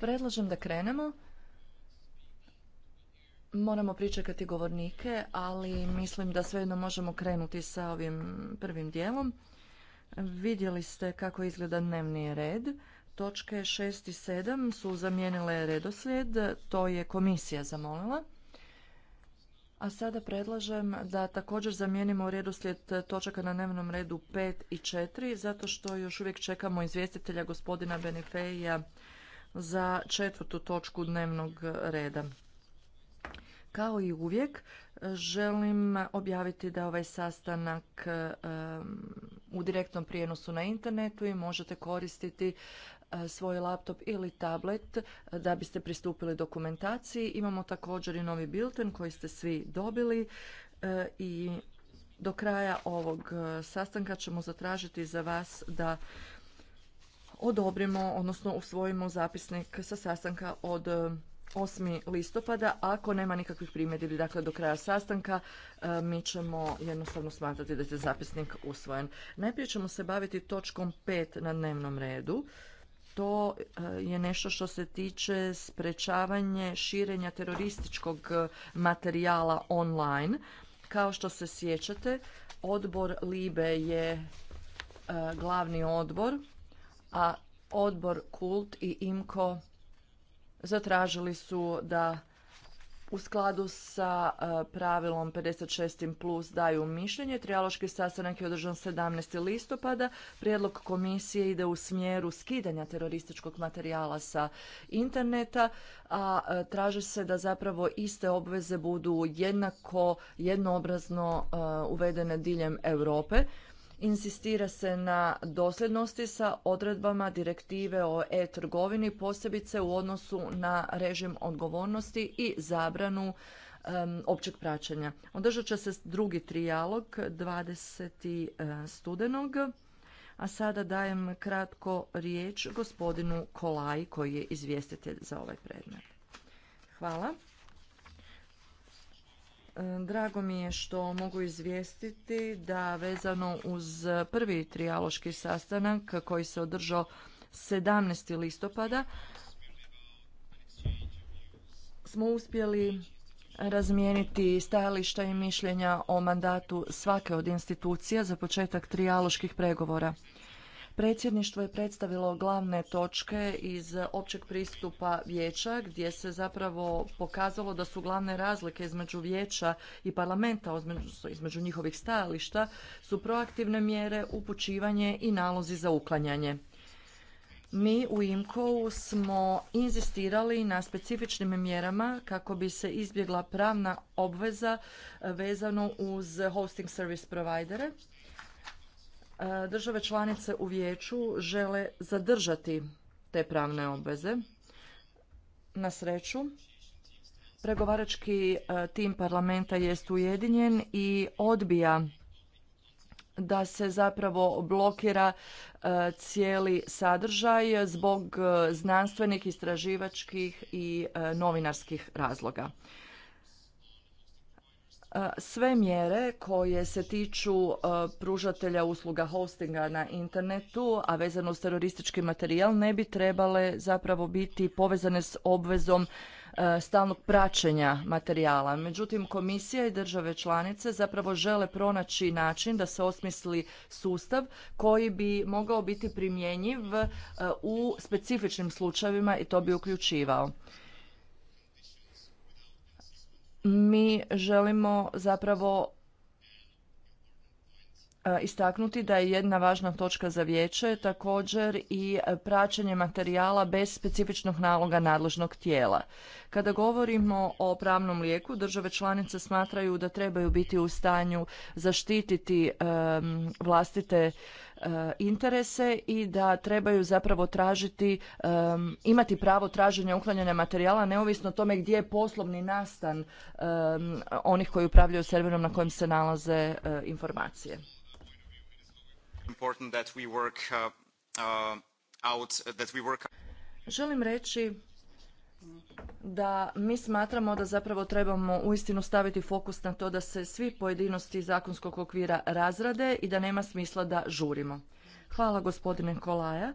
Predlažem da krenemo. Moramo pričekati govornike, ali mislim da svejedno možemo krenuti sa ovim prvim dijelom. Vidjeli ste kako izgleda dnevni red. Točke 6 i 7 su zamijenile redoslijed, to je komisija zamolila. A sada predlažem da također zamijenimo redoslijed točaka na dnevnom redu 5 i 4, zato što još uvijek čekamo izvjestitelja gospodina Benifeja za četvrtu točku dnevnog reda. Kao i uvijek, želim objaviti da ovaj sastanak u direktnom prijenosu na internetu i možete koristiti E, svoj laptop ili tablet e, da biste pristupili dokumentaciji. Imamo također i novi bilten koji ste svi dobili e, i do kraja ovog sastanka ćemo zatražiti za vas da odobrimo, odnosno usvojimo zapisnik sa sastanka od 8. listopada. Ako nema nikakvih primjedbi, dakle do kraja sastanka, mi ćemo jednostavno smatrati da je zapisnik usvojen. Najprije ćemo se baviti točkom 5 na dnevnom redu to eh, je nešto što se tiče sprečavanje širenja terorističkog eh, materijala online. Kao što se sjećate, odbor Libe je eh, glavni odbor, a odbor Kult i Imko zatražili su da u skladu sa e, pravilom 56. plus daju mišljenje. Trijaloški sastanak je održan 17. listopada. Prijedlog komisije ide u smjeru skidanja terorističkog materijala sa interneta, a e, traže se da zapravo iste obveze budu jednako jednoobrazno e, uvedene diljem Europe. Insistira se na dosljednosti sa odredbama direktive o e-trgovini, posebice u odnosu na režim odgovornosti i zabranu općeg praćenja. Održat će se drugi trijalog 20. E, studenog. A sada dajem kratko riječ gospodinu Kolaj koji je izvjestitelj za ovaj predmet. Hvala. Drago mi je što mogu izvijestiti da vezano uz prvi trijaloški sastanak koji se održao 17. listopada smo uspjeli razmijeniti stajališta i mišljenja o mandatu svake od institucija za početak trijaloških pregovora. Predsjedništvo je predstavilo glavne točke iz općeg pristupa vijeća gdje se zapravo pokazalo da su glavne razlike između vijeća i parlamenta, između njihovih stajališta, su proaktivne mjere, upućivanje i nalozi za uklanjanje. Mi u imco smo inzistirali na specifičnim mjerama kako bi se izbjegla pravna obveza vezano uz hosting service providere E, države članice u vijeću žele zadržati te pravne obveze. Na sreću, pregovarački e, tim parlamenta jest ujedinjen i odbija da se zapravo blokira e, cijeli sadržaj zbog znanstvenih, istraživačkih i novinarskih razloga. Sve mjere koje se tiču pružatelja usluga hostinga na internetu, a vezano uz teroristički materijal, ne bi trebale zapravo biti povezane s obvezom stalnog praćenja materijala. Međutim, komisija i države članice zapravo žele pronaći način da se osmisli sustav koji bi mogao biti primjenjiv u specifičnim slučajevima i to bi uključivao mi želimo zapravo e, istaknuti da je jedna važna točka za vijeće također i praćenje materijala bez specifičnog naloga nadležnog tijela. Kada govorimo o pravnom lijeku, države članice smatraju da trebaju biti u stanju zaštititi vlastite E, interese i da trebaju zapravo tražiti, e, imati pravo traženja uklanjanja materijala neovisno o tome gdje je poslovni nastan e, onih koji upravljaju serverom na kojem se nalaze informacije. Uh, uh, Želim reći da mi smatramo da zapravo trebamo uistinu staviti fokus na to da se svi pojedinosti zakonskog okvira razrade i da nema smisla da žurimo. Hvala gospodine Kolaja.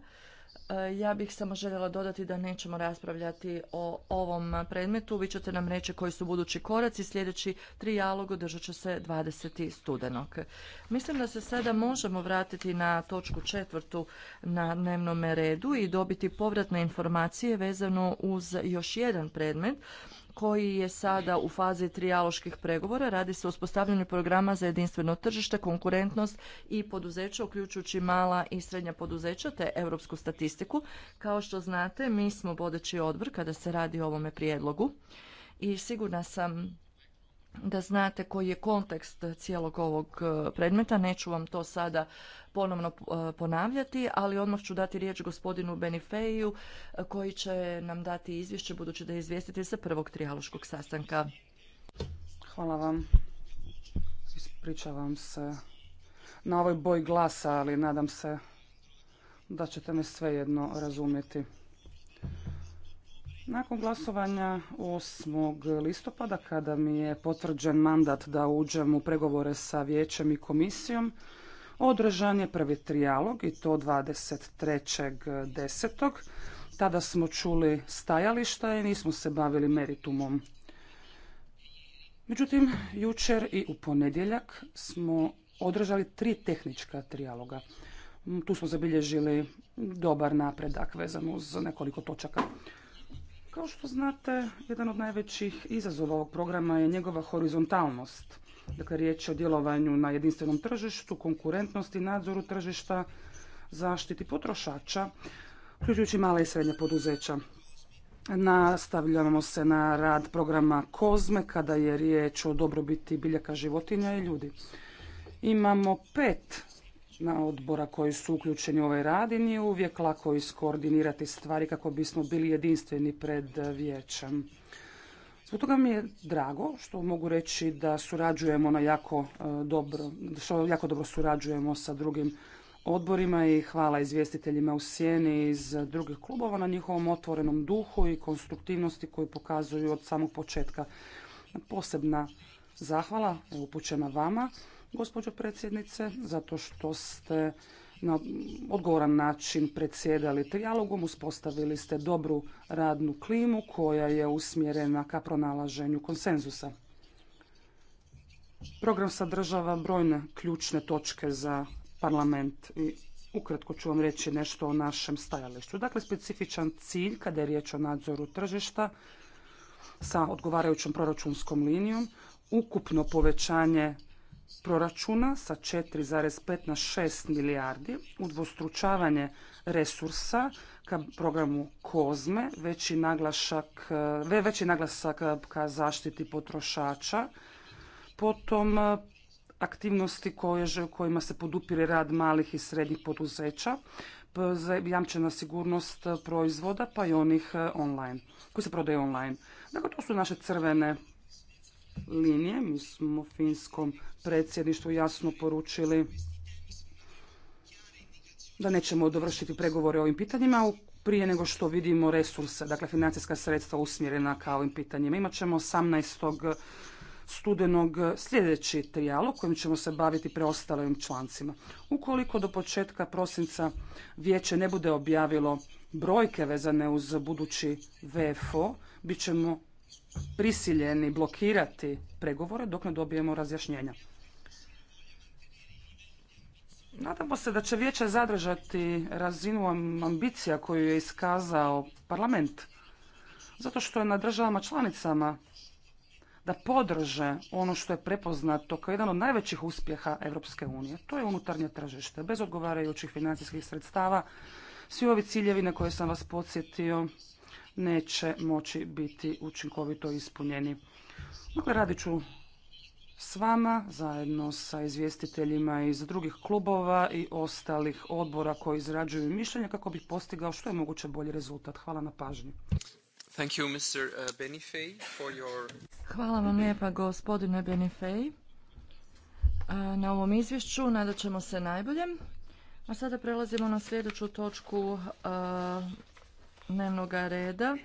E, ja bih samo željela dodati da nećemo raspravljati o ovom predmetu. Vi ćete nam reći koji su budući koraci. Sljedeći trijalog održat će se 20. studenog. Mislim da se sada možemo vratiti na točku četvrtu na dnevnom redu i dobiti povratne informacije vezano uz još jedan predmet koji je sada u fazi trijaloških pregovora. Radi se o uspostavljanju programa za jedinstveno tržište, konkurentnost i poduzeća, uključujući mala i srednja poduzeća te europsku statistiku. Kao što znate, mi smo vodeći odbor kada se radi o ovome prijedlogu i sigurna sam da znate koji je kontekst cijelog ovog e, predmeta. Neću vam to sada ponovno e, ponavljati, ali odmah ću dati riječ gospodinu Benifeju e, koji će nam dati izvješće budući da je izvjestitelj sa prvog trijaloškog sastanka. Hvala vam. Ispričavam se na ovoj boj glasa, ali nadam se da ćete me svejedno razumjeti. Nakon glasovanja 8. listopada, kada mi je potvrđen mandat da uđem u pregovore sa vijećem i komisijom, održan je prvi trijalog i to 23.10. Tada smo čuli stajališta i nismo se bavili meritumom. Međutim, jučer i u ponedjeljak smo održali tri tehnička trijaloga. Tu smo zabilježili dobar napredak vezan uz nekoliko točaka. Kao što znate, jedan od najvećih izazova ovog programa je njegova horizontalnost. Dakle, riječ je o djelovanju na jedinstvenom tržištu, konkurentnosti, nadzoru tržišta, zaštiti potrošača, uključujući mala i srednja poduzeća. Nastavljamo se na rad programa Kozme kada je riječ o dobrobiti biljaka životinja i ljudi. Imamo pet na odbora koji su uključeni u ovaj rad i nije uvijek lako iskoordinirati stvari kako bismo bili jedinstveni pred vijećem. Zbog toga mi je drago što mogu reći da surađujemo na jako e, dobro, što jako dobro surađujemo sa drugim odborima i hvala izvjestiteljima u sjeni iz drugih klubova na njihovom otvorenom duhu i konstruktivnosti koju pokazuju od samog početka. Posebna zahvala upućena vama gospođo predsjednice, zato što ste na odgovoran način predsjedali trijalogom, uspostavili ste dobru radnu klimu koja je usmjerena ka pronalaženju konsenzusa. Program sadržava brojne ključne točke za parlament i ukratko ću vam reći nešto o našem stajalištu. Dakle, specifičan cilj kada je riječ o nadzoru tržišta sa odgovarajućom proračunskom linijom, ukupno povećanje proračuna sa 4,5 na 6 milijardi, udvostručavanje resursa ka programu Kozme, veći naglašak, veći naglasak ka zaštiti potrošača, potom e, aktivnosti kojima se podupire rad malih i srednjih poduzeća, jamčena sigurnost proizvoda pa i onih e, online, koji se prodaju online. Dakle, to su naše crvene linije. Mi smo finskom predsjedništvu jasno poručili da nećemo dovršiti pregovore o ovim pitanjima prije nego što vidimo resurse, dakle financijska sredstva usmjerena ka ovim pitanjima. ćemo 18. studenog sljedeći u kojim ćemo se baviti preostalim člancima. Ukoliko do početka prosinca vijeće ne bude objavilo brojke vezane uz budući VFO, bit ćemo prisiljeni blokirati pregovore dok ne dobijemo razjašnjenja. Nadamo se da će vijeće zadržati razinu ambicija koju je iskazao parlament, zato što je na državama članicama da podrže ono što je prepoznato kao jedan od najvećih uspjeha Europske unije. To je unutarnje tržište, bez odgovarajućih financijskih sredstava. Svi ovi ciljevi na koje sam vas podsjetio neće moći biti učinkovito ispunjeni. Dakle, radit ću s vama zajedno sa izvjestiteljima iz drugih klubova i ostalih odbora koji izrađuju mišljenja kako bih postigao što je moguće bolji rezultat. Hvala na pažnji. Uh, Hvala vam lijepa gospodine Benifej uh, na ovom izvješću. Nadat ćemo se najboljem. A sada prelazimo na sljedeću točku uh, dnevnoga reda.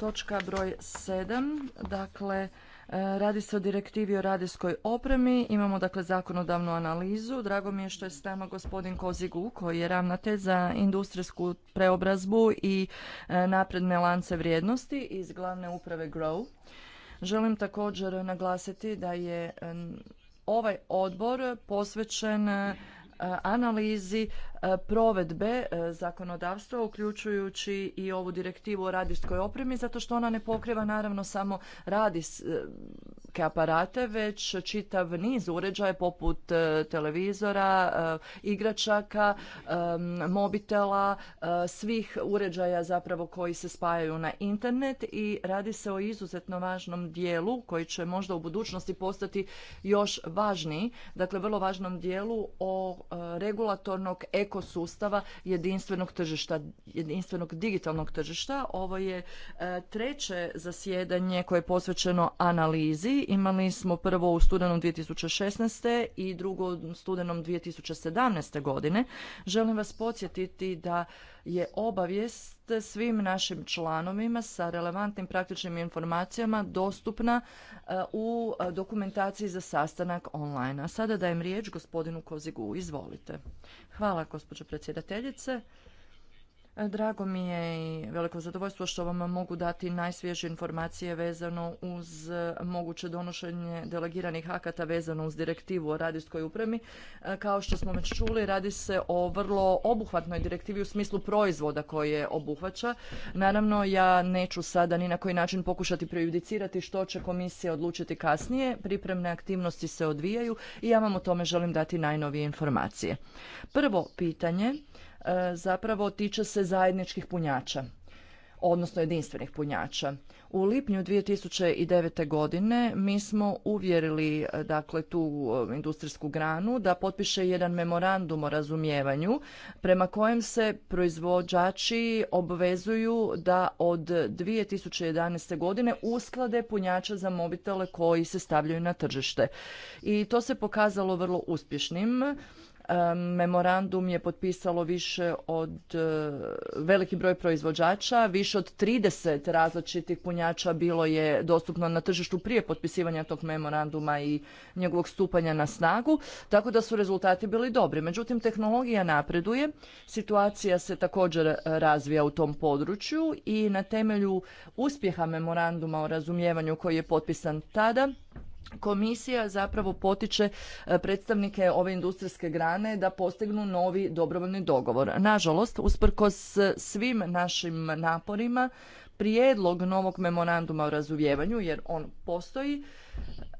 Točka broj 7, dakle e, radi se o direktivi o radijskoj opremi. Imamo dakle zakonodavnu analizu. Drago mi je što je s nama gospodin Kozigu koji je ravnatelj za industrijsku preobrazbu i e, napredne lance vrijednosti iz glavne uprave Grow. Želim također naglasiti da je ovaj odbor posvećen e, analizi E, provedbe e, zakonodavstva uključujući i ovu direktivu o radijskoj opremi zato što ona ne pokriva naravno samo radijske aparate već čitav niz uređaja poput e, televizora, igračaka, mobitela, svih uređaja zapravo koji se spajaju na internet i radi se o izuzetno važnom dijelu koji će možda u budućnosti postati još važniji, dakle vrlo važnom dijelu o regulatornog sustava jedinstvenog tržišta, jedinstvenog digitalnog tržišta. Ovo je e, treće zasjedanje koje je posvećeno analizi. Imali smo prvo u studenom 2016. i drugo u studenom 2017. godine. Želim vas podsjetiti da je obavijest svim našim članovima sa relevantnim praktičnim informacijama dostupna e, u e, dokumentaciji za sastanak online. A sada dajem riječ gospodinu Kozigu. Izvolite. Hvala, gospođo predsjedateljice. Drago mi je i veliko zadovoljstvo što vam mogu dati najsvježe informacije vezano uz moguće donošenje delegiranih akata vezano uz direktivu o radijskoj upremi. E, kao što smo već čuli, radi se o vrlo obuhvatnoj direktivi u smislu proizvoda koje obuhvaća. Naravno, ja neću sada ni na koji način pokušati prejudicirati što će komisija odlučiti kasnije. Pripremne aktivnosti se odvijaju i ja vam o tome želim dati najnovije informacije. Prvo pitanje E, zapravo tiče se zajedničkih punjača odnosno jedinstvenih punjača. U lipnju 2009. godine mi smo uvjerili e, dakle tu e, industrijsku granu da potpiše jedan memorandum o razumijevanju prema kojem se proizvođači obvezuju da od 2011. godine usklade punjača za mobitele koji se stavljaju na tržište. I to se pokazalo vrlo uspješnim Memorandum je potpisalo više od e, veliki broj proizvođača, više od 30 različitih punjača bilo je dostupno na tržištu prije potpisivanja tog memoranduma i njegovog stupanja na snagu, tako da su rezultati bili dobri. Međutim, tehnologija napreduje, situacija se također e, razvija u tom području i na temelju uspjeha memoranduma o razumijevanju koji je potpisan tada, Komisija zapravo potiče e, predstavnike ove industrijske grane da postignu novi dobrovoljni dogovor. Nažalost, usprkos svim našim naporima, prijedlog novog memoranduma o razuvjevanju, jer on postoji,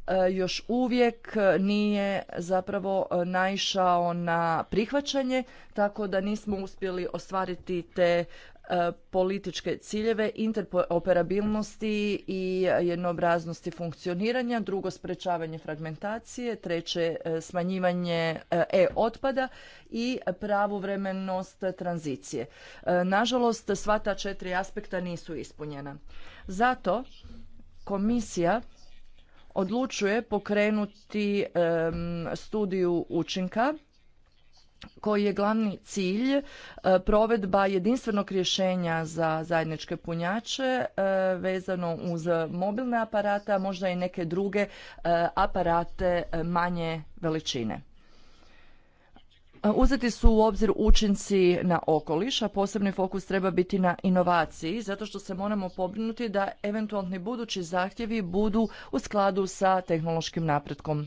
e, još uvijek nije zapravo naišao na prihvaćanje, tako da nismo uspjeli ostvariti te E, političke ciljeve interoperabilnosti i jednoobraznosti funkcioniranja, drugo sprečavanje fragmentacije, treće e, smanjivanje e, e-otpada i pravovremenost tranzicije. Nažalost, sva ta četiri aspekta nisu ispunjena. Zato komisija odlučuje pokrenuti studiju učinka koji je glavni cilj e, provedba jedinstvenog rješenja za zajedničke punjače e, vezano uz mobilne aparate, a možda i neke druge e, aparate manje veličine. Uzeti su u obzir učinci na okoliš, a posebni fokus treba biti na inovaciji, zato što se moramo pobrinuti da eventualni budući zahtjevi budu u skladu sa tehnološkim napretkom.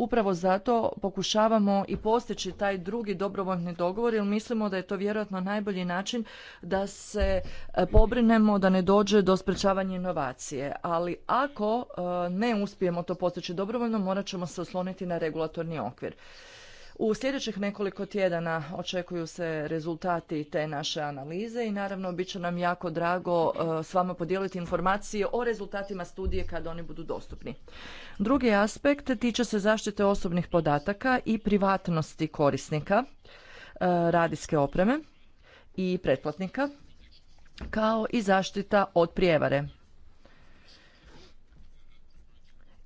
Upravo zato pokušavamo i postići taj drugi dobrovoljni dogovor jer mislimo da je to vjerojatno najbolji način da se e, pobrinemo da ne dođe do sprečavanja inovacije. Ali ako e, ne uspijemo to postići dobrovoljno, morat ćemo se osloniti na regulatorni okvir. U sljedećih nekoliko tjedana očekuju se rezultati te naše analize i naravno bit će nam jako drago e, s vama podijeliti informacije o rezultatima studije kada oni budu dostupni. Drugi aspekt tiče se zaštite osobnih podataka i privatnosti korisnika e, radijske opreme i pretplatnika kao i zaštita od prijevare.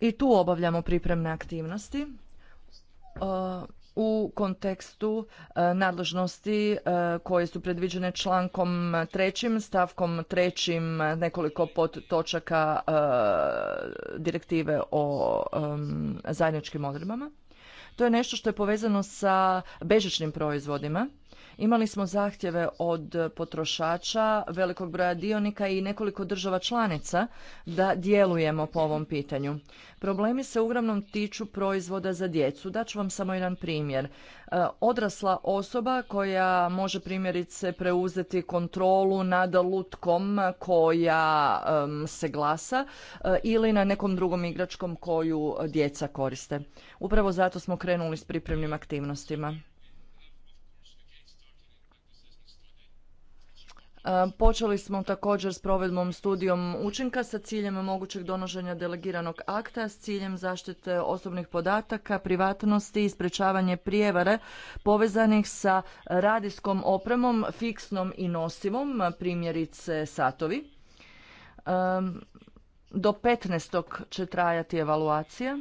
I tu obavljamo pripremne aktivnosti e, u kontekstu e, nadležnosti e, koje su predviđene člankom trećim, stavkom trećim e, nekoliko podtočaka direktive o zajedničkim odredbama. To je nešto što je povezano sa bežičnim proizvodima Imali smo zahtjeve od potrošača, velikog broja dionika i nekoliko država članica da djelujemo po ovom pitanju. Problemi se uglavnom tiču proizvoda za djecu. Daću vam samo jedan primjer. E, odrasla osoba koja može primjerice preuzeti kontrolu nad lutkom koja se glasa e, ili na nekom drugom igračkom koju djeca koriste. Upravo zato smo krenuli s pripremnim aktivnostima. E, počeli smo također s provedbom studijom učinka sa ciljem mogućeg donošenja delegiranog akta s ciljem zaštite osobnih podataka, privatnosti i sprečavanje prijevare povezanih sa radijskom opremom, fiksnom i nosivom, primjerice satovi. E, do 15. će trajati evaluacija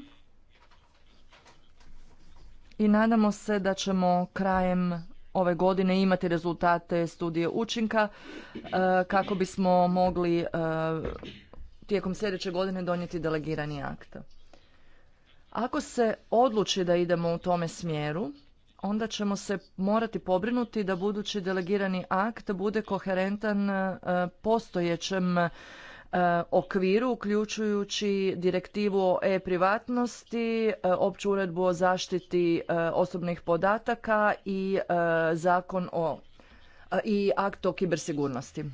i nadamo se da ćemo krajem ove godine imati rezultate studije učinka e, kako bismo mogli e, tijekom sljedeće godine donijeti delegirani akt. Ako se odluči da idemo u tome smjeru, onda ćemo se morati pobrinuti da budući delegirani akt bude koherentan e, postojećem E, okviru uključujući direktivu o e-privatnosti, e, opću uredbu o zaštiti e, osobnih podataka i zakon o i akt o kibersigurnosti.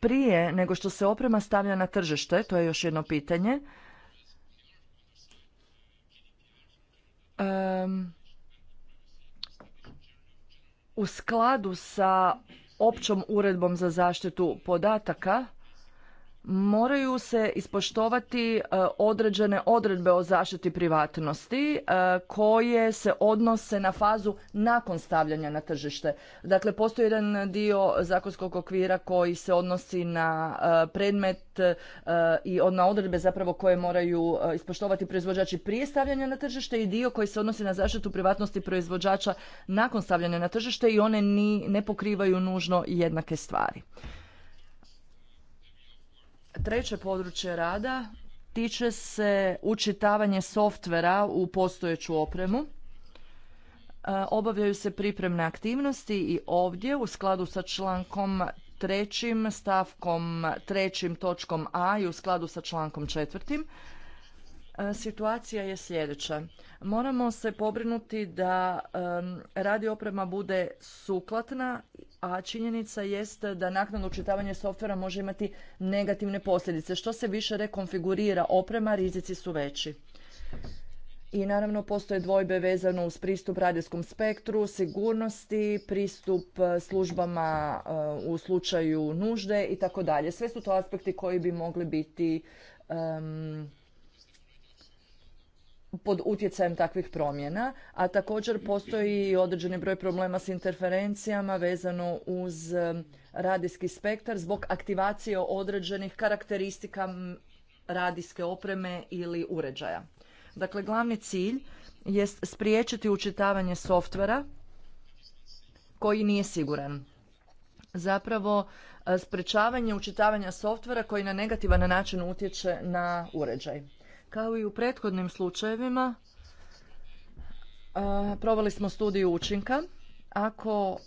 Prije nego što se oprema stavlja na tržište, to je još jedno pitanje, u skladu sa općom uredbom za zaštitu podataka moraju se ispoštovati e, određene odredbe o zaštiti privatnosti e, koje se odnose na fazu nakon stavljanja na tržište. Dakle, postoji jedan dio zakonskog okvira koji se odnosi na e, predmet i na odredbe zapravo koje moraju ispoštovati proizvođači prije stavljanja na tržište i dio koji se odnosi na zaštitu privatnosti proizvođača nakon stavljanja na tržište i one ni, ne pokrivaju nužno jednake stvari. Treće područje rada tiče se učitavanje softvera u postojeću opremu. E, obavljaju se pripremne aktivnosti i ovdje u skladu sa člankom trećim stavkom trećim točkom A i u skladu sa člankom četvrtim E, situacija je sljedeća. Moramo se pobrinuti da radio oprema bude suklatna, a činjenica jest da naknadno učitavanje softvera može imati negativne posljedice. Što se više rekonfigurira oprema, rizici su veći. I naravno postoje dvojbe vezano uz pristup radijskom spektru, sigurnosti, pristup e, službama e, u slučaju nužde i tako dalje. Sve su to aspekti koji bi mogli biti pod utjecajem takvih promjena, a također postoji i određeni broj problema s interferencijama vezano uz um, radijski spektar zbog aktivacije određenih karakteristika radijske opreme ili uređaja. Dakle, glavni cilj jest spriječiti učitavanje softvera koji nije siguran. Zapravo, uh, sprečavanje učitavanja softvera koji na negativan način utječe na uređaj. Kao i u prethodnim slučajevima, proveli smo studiju učinka. Ako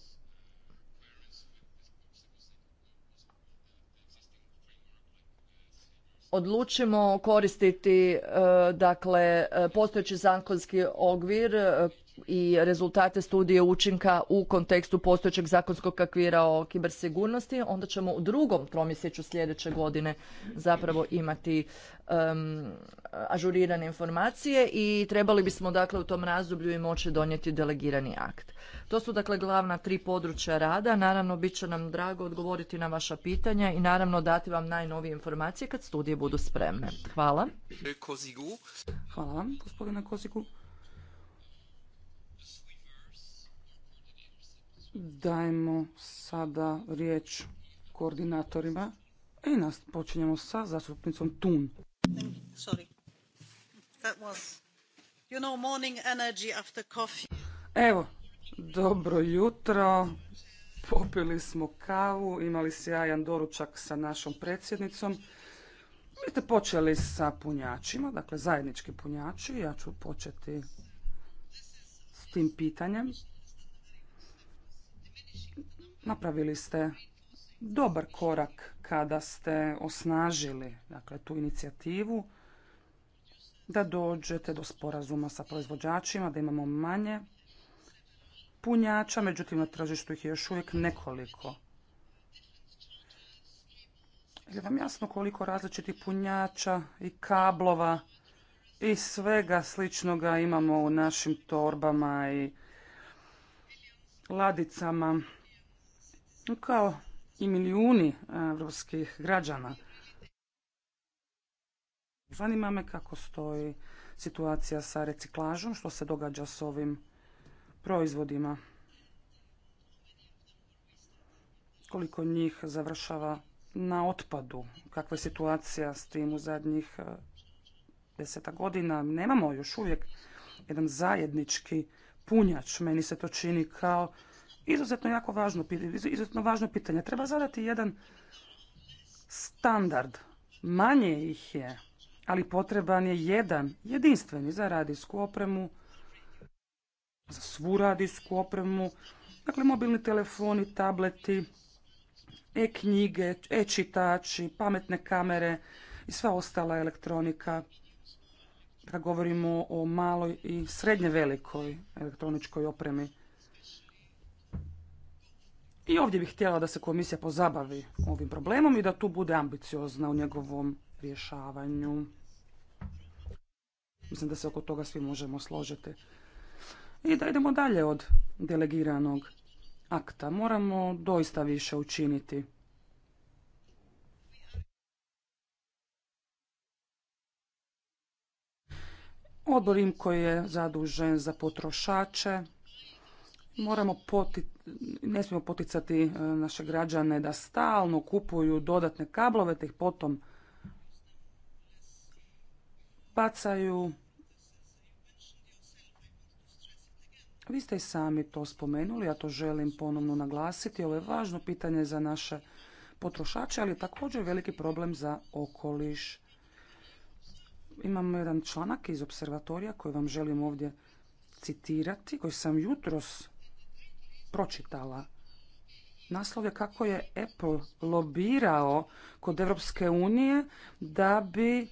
odlučimo koristiti e, dakle e, postojeći zakonski okvir e, i rezultate studije učinka u kontekstu postojećeg zakonskog okvira o kibersigurnosti, onda ćemo u drugom tromjesečju sljedeće godine zapravo imati ažurirane informacije i trebali bismo dakle u tom razdoblju i moći donijeti delegirani akt. To su dakle glavna tri područja rada. Naravno, bit će nam drago odgovoriti na vaša pitanja i naravno dati vam najnovije informacije kad studije budu spremne. Hvala. Hvala vam, gospodina Kozigu. Dajemo sada riječ koordinatorima i nas počinjemo sa zastupnicom Tun. Evo, dobro jutro. Popili smo kavu, imali sjajan doručak sa našom predsjednicom. Mi ste počeli sa punjačima, dakle zajednički punjači. Ja ću početi s tim pitanjem. Napravili ste dobar korak kada ste osnažili dakle, tu inicijativu da dođete do sporazuma sa proizvođačima, da imamo manje punjača, međutim na tržištu ih je još uvijek nekoliko. Je vam jasno koliko različitih punjača i kablova i svega sličnoga imamo u našim torbama i ladicama, kao i milijuni e, evropskih građana. Zanima me kako stoji situacija sa reciklažom, što se događa s ovim proizvodima. Koliko njih završava na otpadu? Kakva je situacija s tim u zadnjih e, deseta godina? Nemamo još uvijek jedan zajednički punjač. Meni se to čini kao izuzetno jako važno, izuzetno važno pitanje. Treba zadati jedan standard. Manje ih je, ali potreban je jedan, jedinstveni za radijsku opremu, za svu radijsku opremu, dakle mobilni telefoni, tableti, e-knjige, e-čitači, pametne kamere i sva ostala elektronika. Kada govorimo o maloj i srednje velikoj elektroničkoj opremi. I ovdje bih htjela da se komisija pozabavi ovim problemom i da tu bude ambiciozna u njegovom rješavanju. Mislim da se oko toga svi možemo složiti i da idemo dalje od delegiranog akta. Moramo doista više učiniti. Odbor koji je zadužen za potrošače. Moramo ne smijemo poticati e, naše građane da stalno kupuju dodatne kablove, te ih potom bacaju Vi ste i sami to spomenuli, ja to želim ponovno naglasiti. Ovo je važno pitanje za naše potrošače, ali je također veliki problem za okoliš. Imamo jedan članak iz observatorija koji vam želim ovdje citirati, koji sam jutros pročitala. Naslov je kako je Apple lobirao kod Europske unije da bi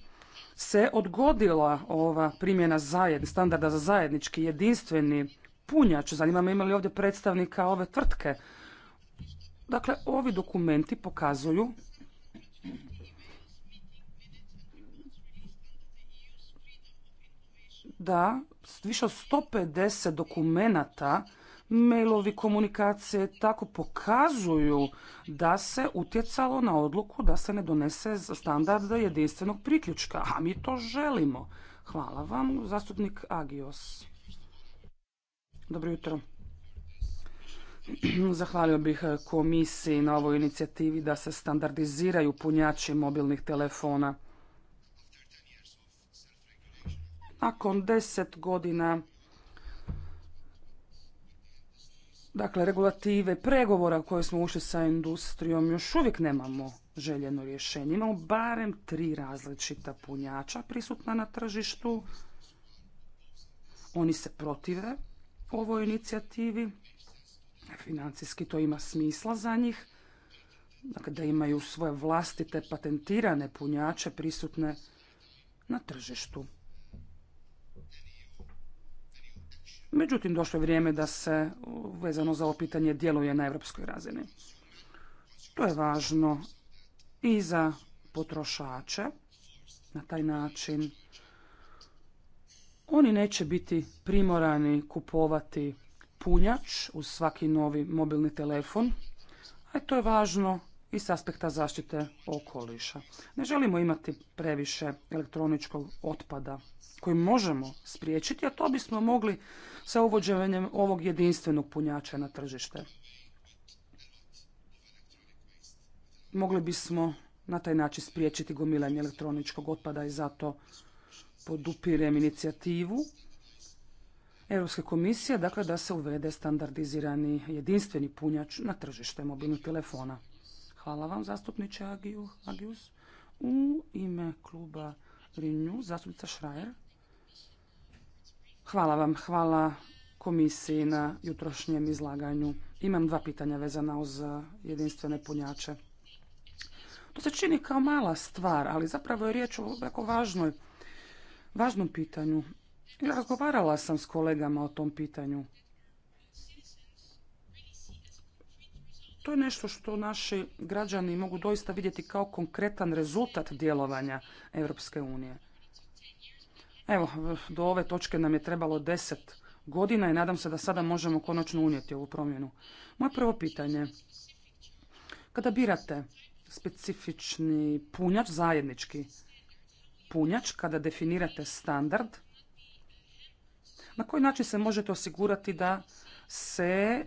se odgodila ova primjena standarda za zajednički jedinstveni punjač. Zanima me imali ovdje predstavnika ove tvrtke. Dakle, ovi dokumenti pokazuju da više od 150 dokumenata mailovi komunikacije tako pokazuju da se utjecalo na odluku da se ne donese standard jedinstvenog priključka, a mi to želimo. Hvala vam, zastupnik Agios. Dobro jutro. Zahvalio bih eh, komisiji na ovoj inicijativi da se standardiziraju punjači mobilnih telefona. Nakon deset godina dakle, regulative, pregovora koje smo ušli sa industrijom, još uvijek nemamo željeno rješenje. Imamo barem tri različita punjača prisutna na tržištu. Oni se protive ovoj inicijativi. Financijski to ima smisla za njih. Dakle, da imaju svoje vlastite patentirane punjače prisutne na tržištu. Međutim, došlo je vrijeme da se vezano za ovo pitanje djeluje na europskoj razini. To je važno i za potrošače. Na taj način oni neće biti primorani kupovati punjač uz svaki novi mobilni telefon, a to je važno i s aspekta zaštite okoliša. Ne želimo imati previše elektroničkog otpada koji možemo spriječiti, a to bismo mogli sa uvođenjem ovog jedinstvenog punjača na tržište. Mogli bismo na taj način spriječiti gomilanje elektroničkog otpada i zato podupirem inicijativu Europske komisije, dakle da se uvede standardizirani jedinstveni punjač na tržište mobilnih telefona. Hvala vam zastupniče Agius. U ime kluba Rinju, zastupnica Šrajer. Hvala vam, hvala komisiji na jutrošnjem izlaganju. Imam dva pitanja vezana uz jedinstvene punjače. To se čini kao mala stvar, ali zapravo je riječ o jako važnoj važnom pitanju. Razgovarala sam s kolegama o tom pitanju. To je nešto što naši građani mogu doista vidjeti kao konkretan rezultat djelovanja Europske unije. Evo, do ove točke nam je trebalo deset godina i nadam se da sada možemo konačno unijeti ovu promjenu. Moje prvo pitanje. Kada birate specifični punjač zajednički, punjač kada definirate standard, na koji način se možete osigurati da se e,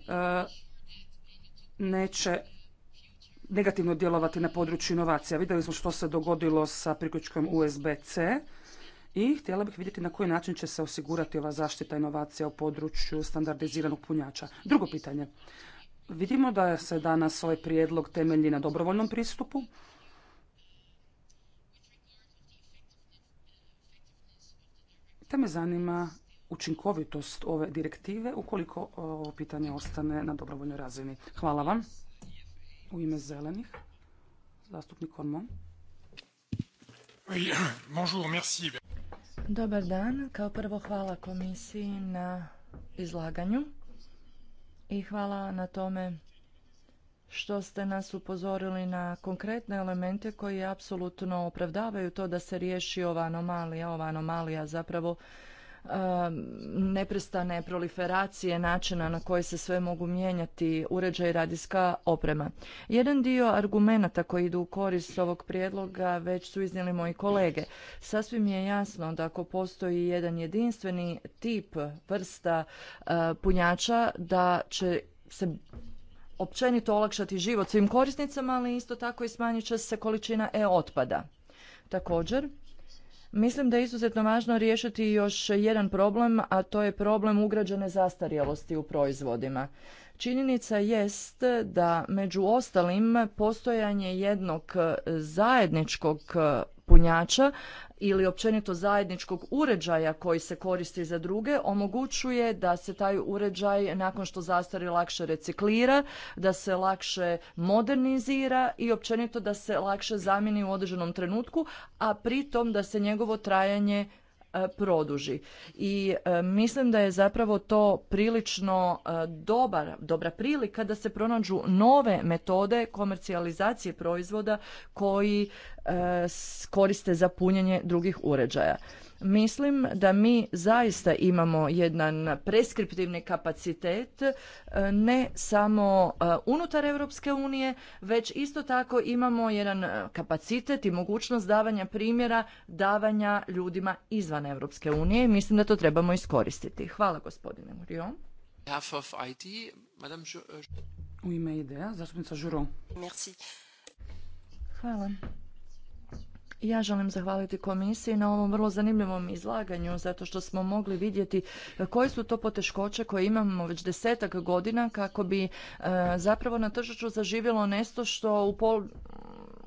neće negativno djelovati na području inovacija. Vidjeli smo što se dogodilo sa priključkom USB-C i htjela bih vidjeti na koji način će se osigurati ova zaštita inovacija u području standardiziranog punjača. Drugo pitanje. Vidimo da se danas ovaj prijedlog temelji na dobrovoljnom pristupu, te me zanima učinkovitost ove direktive ukoliko ovo pitanje ostane na dobrovoljnoj razini. Hvala vam. U ime zelenih, zastupnik Ormon. Dobar dan. Kao prvo hvala komisiji na izlaganju i hvala na tome što ste nas upozorili na konkretne elemente koji apsolutno opravdavaju to da se riješi ova anomalija. Ova anomalija zapravo neprestane proliferacije načina na koji se sve mogu mijenjati uređaj i radijska oprema. Jedan dio argumenata koji idu u korist ovog prijedloga već su iznijeli moji kolege. Sasvim je jasno da ako postoji jedan jedinstveni tip vrsta punjača da će se općenito olakšati život svim korisnicama, ali isto tako i smanjit će se količina e-otpada. Također, Mislim da je izuzetno važno riješiti još jedan problem, a to je problem ugrađene zastarjelosti u proizvodima. Činjenica jest da među ostalim postojanje jednog zajedničkog punjača ili općenito zajedničkog uređaja koji se koristi za druge omogućuje da se taj uređaj nakon što zastari lakše reciklira, da se lakše modernizira i općenito da se lakše zamijeni u određenom trenutku, a pritom da se njegovo trajanje E, produži. I e, mislim da je zapravo to prilično e, dobra prilika da se pronađu nove metode komercijalizacije proizvoda koji koriste za punjenje drugih uređaja. Mislim da mi zaista imamo jedan preskriptivni kapacitet e, ne samo e, unutar Europske unije, već isto tako imamo jedan e, kapacitet i mogućnost davanja primjera, davanja ljudima izvan Europske unije i mislim da to trebamo iskoristiti. Hvala gospodine Murion. U ime ideja, zastupnica Žuro. Hvala. Ja želim zahvaliti komisiji na ovom vrlo zanimljivom izlaganju zato što smo mogli vidjeti koje su to poteškoće koje imamo već desetak godina kako bi e, zapravo na tržištu zaživjelo nešto što u pol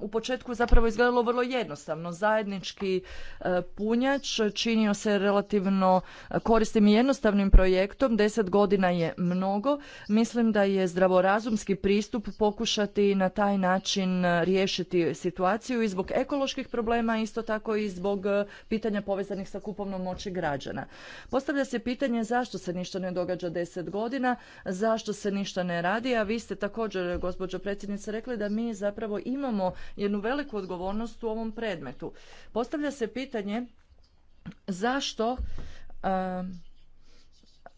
u početku zapravo izgledalo vrlo jednostavno. Zajednički e, punjač činio se relativno e, korisnim i jednostavnim projektom. Deset godina je mnogo. Mislim da je zdravorazumski pristup pokušati na taj način e, riješiti situaciju i zbog ekoloških problema, isto tako i zbog pitanja povezanih sa kupovnom moći građana. Postavlja se pitanje zašto se ništa ne događa deset godina, zašto se ništa ne radi, a vi ste također, gospođo predsjednice, rekli da mi zapravo imamo jednu veliku odgovornost u ovom predmetu. Postavlja se pitanje zašto ehm,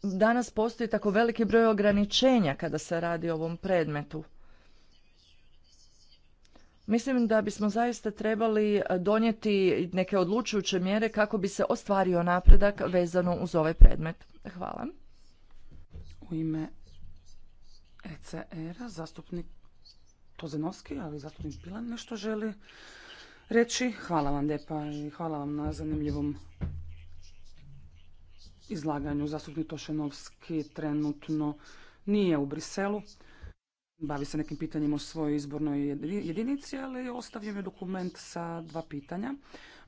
danas postoji tako veliki broj ograničenja kada se radi o ovom predmetu. Mislim da bismo zaista trebali donijeti neke odlučujuće mjere kako bi se ostvario napredak vezano uz ovaj predmet. Hvala. U ime ECR-a zastupnik Pozenovski, ali zastupnik Pilan nešto želi reći. Hvala vam lijepa i hvala vam na zanimljivom izlaganju. Zastupnik Tošenovski trenutno nije u Briselu. Bavi se nekim pitanjima o svojoj izbornoj jedinici, ali ostavio je dokument sa dva pitanja.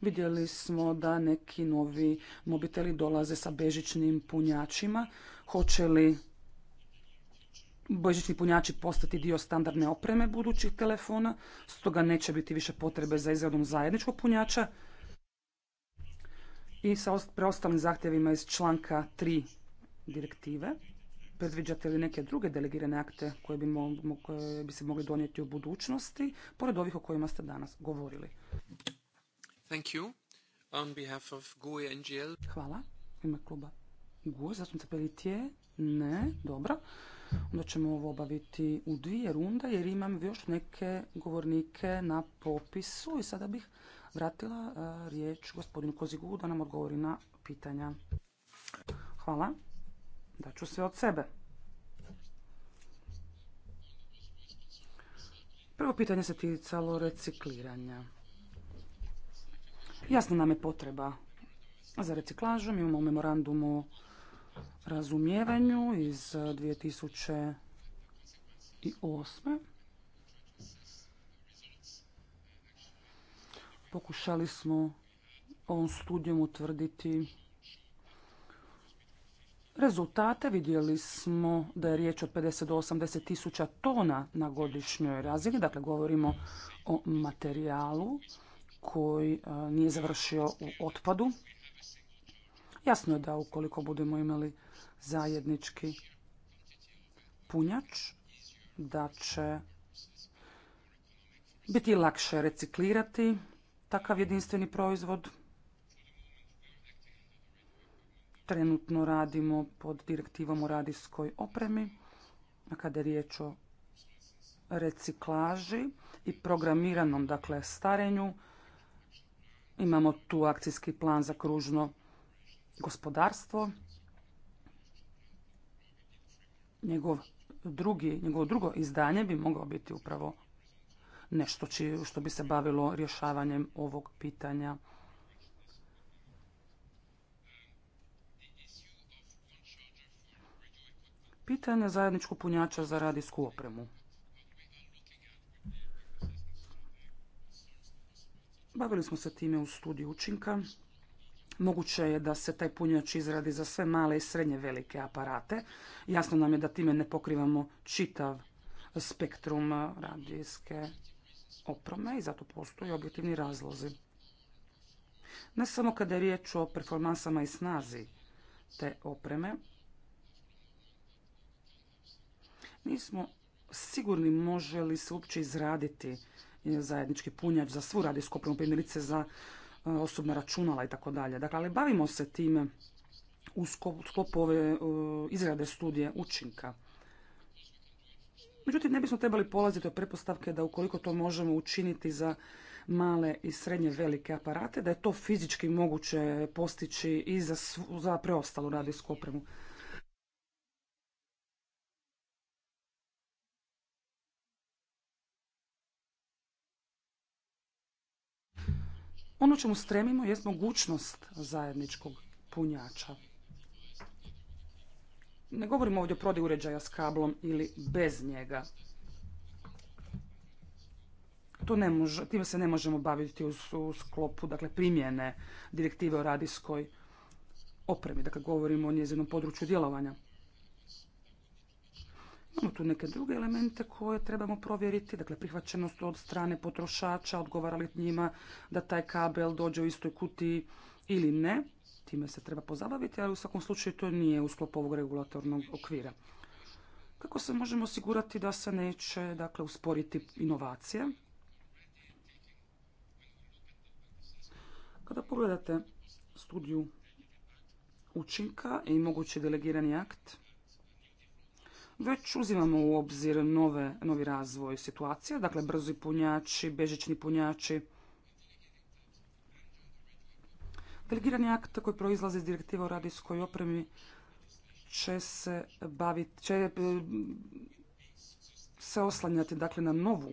Vidjeli smo da neki novi mobiteli dolaze sa bežičnim punjačima. Hoće li božićni punjači postati dio standardne opreme budućih telefona, stoga neće biti više potrebe za izradom zajedničkog punjača i sa preostalim zahtjevima iz članka 3 direktive. Predviđate li neke druge delegirane akte koje bi, mo bi se mogli donijeti u budućnosti, pored ovih o kojima ste danas govorili? Thank you. On behalf of NGL. Hvala. kluba Ne, dobro. Onda ćemo ovo obaviti u dvije runde jer imam još neke govornike na popisu i sada bih vratila e, riječ gospodinu Kozigu da nam odgovori na pitanja. Hvala. Daću sve od sebe. Prvo pitanje se ticalo recikliranja. Jasna nam je potreba za reciklažom. Imamo u memorandumu razumijevanju iz 2008. E, Pokušali smo ovom studijom utvrditi rezultate. Vidjeli smo da je riječ od 50 do 80 tisuća tona na godišnjoj razini. Dakle, govorimo o materijalu koji e, nije završio u otpadu. Jasno je da ukoliko budemo imali zajednički punjač, da će biti lakše reciklirati takav jedinstveni proizvod. Trenutno radimo pod direktivom o radijskoj opremi, a kada je riječ o reciklaži i programiranom dakle starenju, imamo tu akcijski plan za kružno gospodarstvo, njegov drugi, njegovo drugo izdanje bi moglo biti upravo nešto či, što bi se bavilo rješavanjem ovog pitanja. Pitanje zajedničkog punjača za radijsku opremu. Bavili smo se time u studiju učinka. Moguće je da se taj punjač izradi za sve male i srednje velike aparate. Jasno nam je da time ne pokrivamo čitav spektrum radijske opreme i zato postoje objektivni razlozi. Ne samo kada je riječ o performansama i snazi te opreme, nismo sigurni može li se uopće izraditi zajednički punjač za svu radijsku opremu, primjerice za osobna računala i tako dalje. Dakle, ali bavimo se time u sklopu ove e, izrade studije učinka. Međutim, ne bismo trebali polaziti od pretpostavke da ukoliko to možemo učiniti za male i srednje velike aparate, da je to fizički moguće postići i za, za preostalu radijsku opremu. Ono čemu stremimo je mogućnost zajedničkog punjača. Ne govorimo ovdje o prodi uređaja s kablom ili bez njega. To ne time se ne možemo baviti u sklopu dakle, primjene direktive o radijskoj opremi. Dakle, govorimo o njezinom području djelovanja. Imamo tu neke druge elemente koje trebamo provjeriti, dakle prihvaćenost od strane potrošača, odgovara li njima da taj kabel dođe u istoj kutiji ili ne. Time se treba pozabaviti, ali u svakom slučaju to nije u sklopu ovog regulatornog okvira. Kako se možemo osigurati da se neće dakle, usporiti inovacije? Kada pogledate studiju učinka i mogući delegirani akt, već uzimamo u obzir nove, novi razvoj situacije, dakle brzi punjači, bežični punjači. Delegirani akt koji proizlazi iz direktiva o radijskoj opremi će se baviti, će e, se oslanjati dakle na novu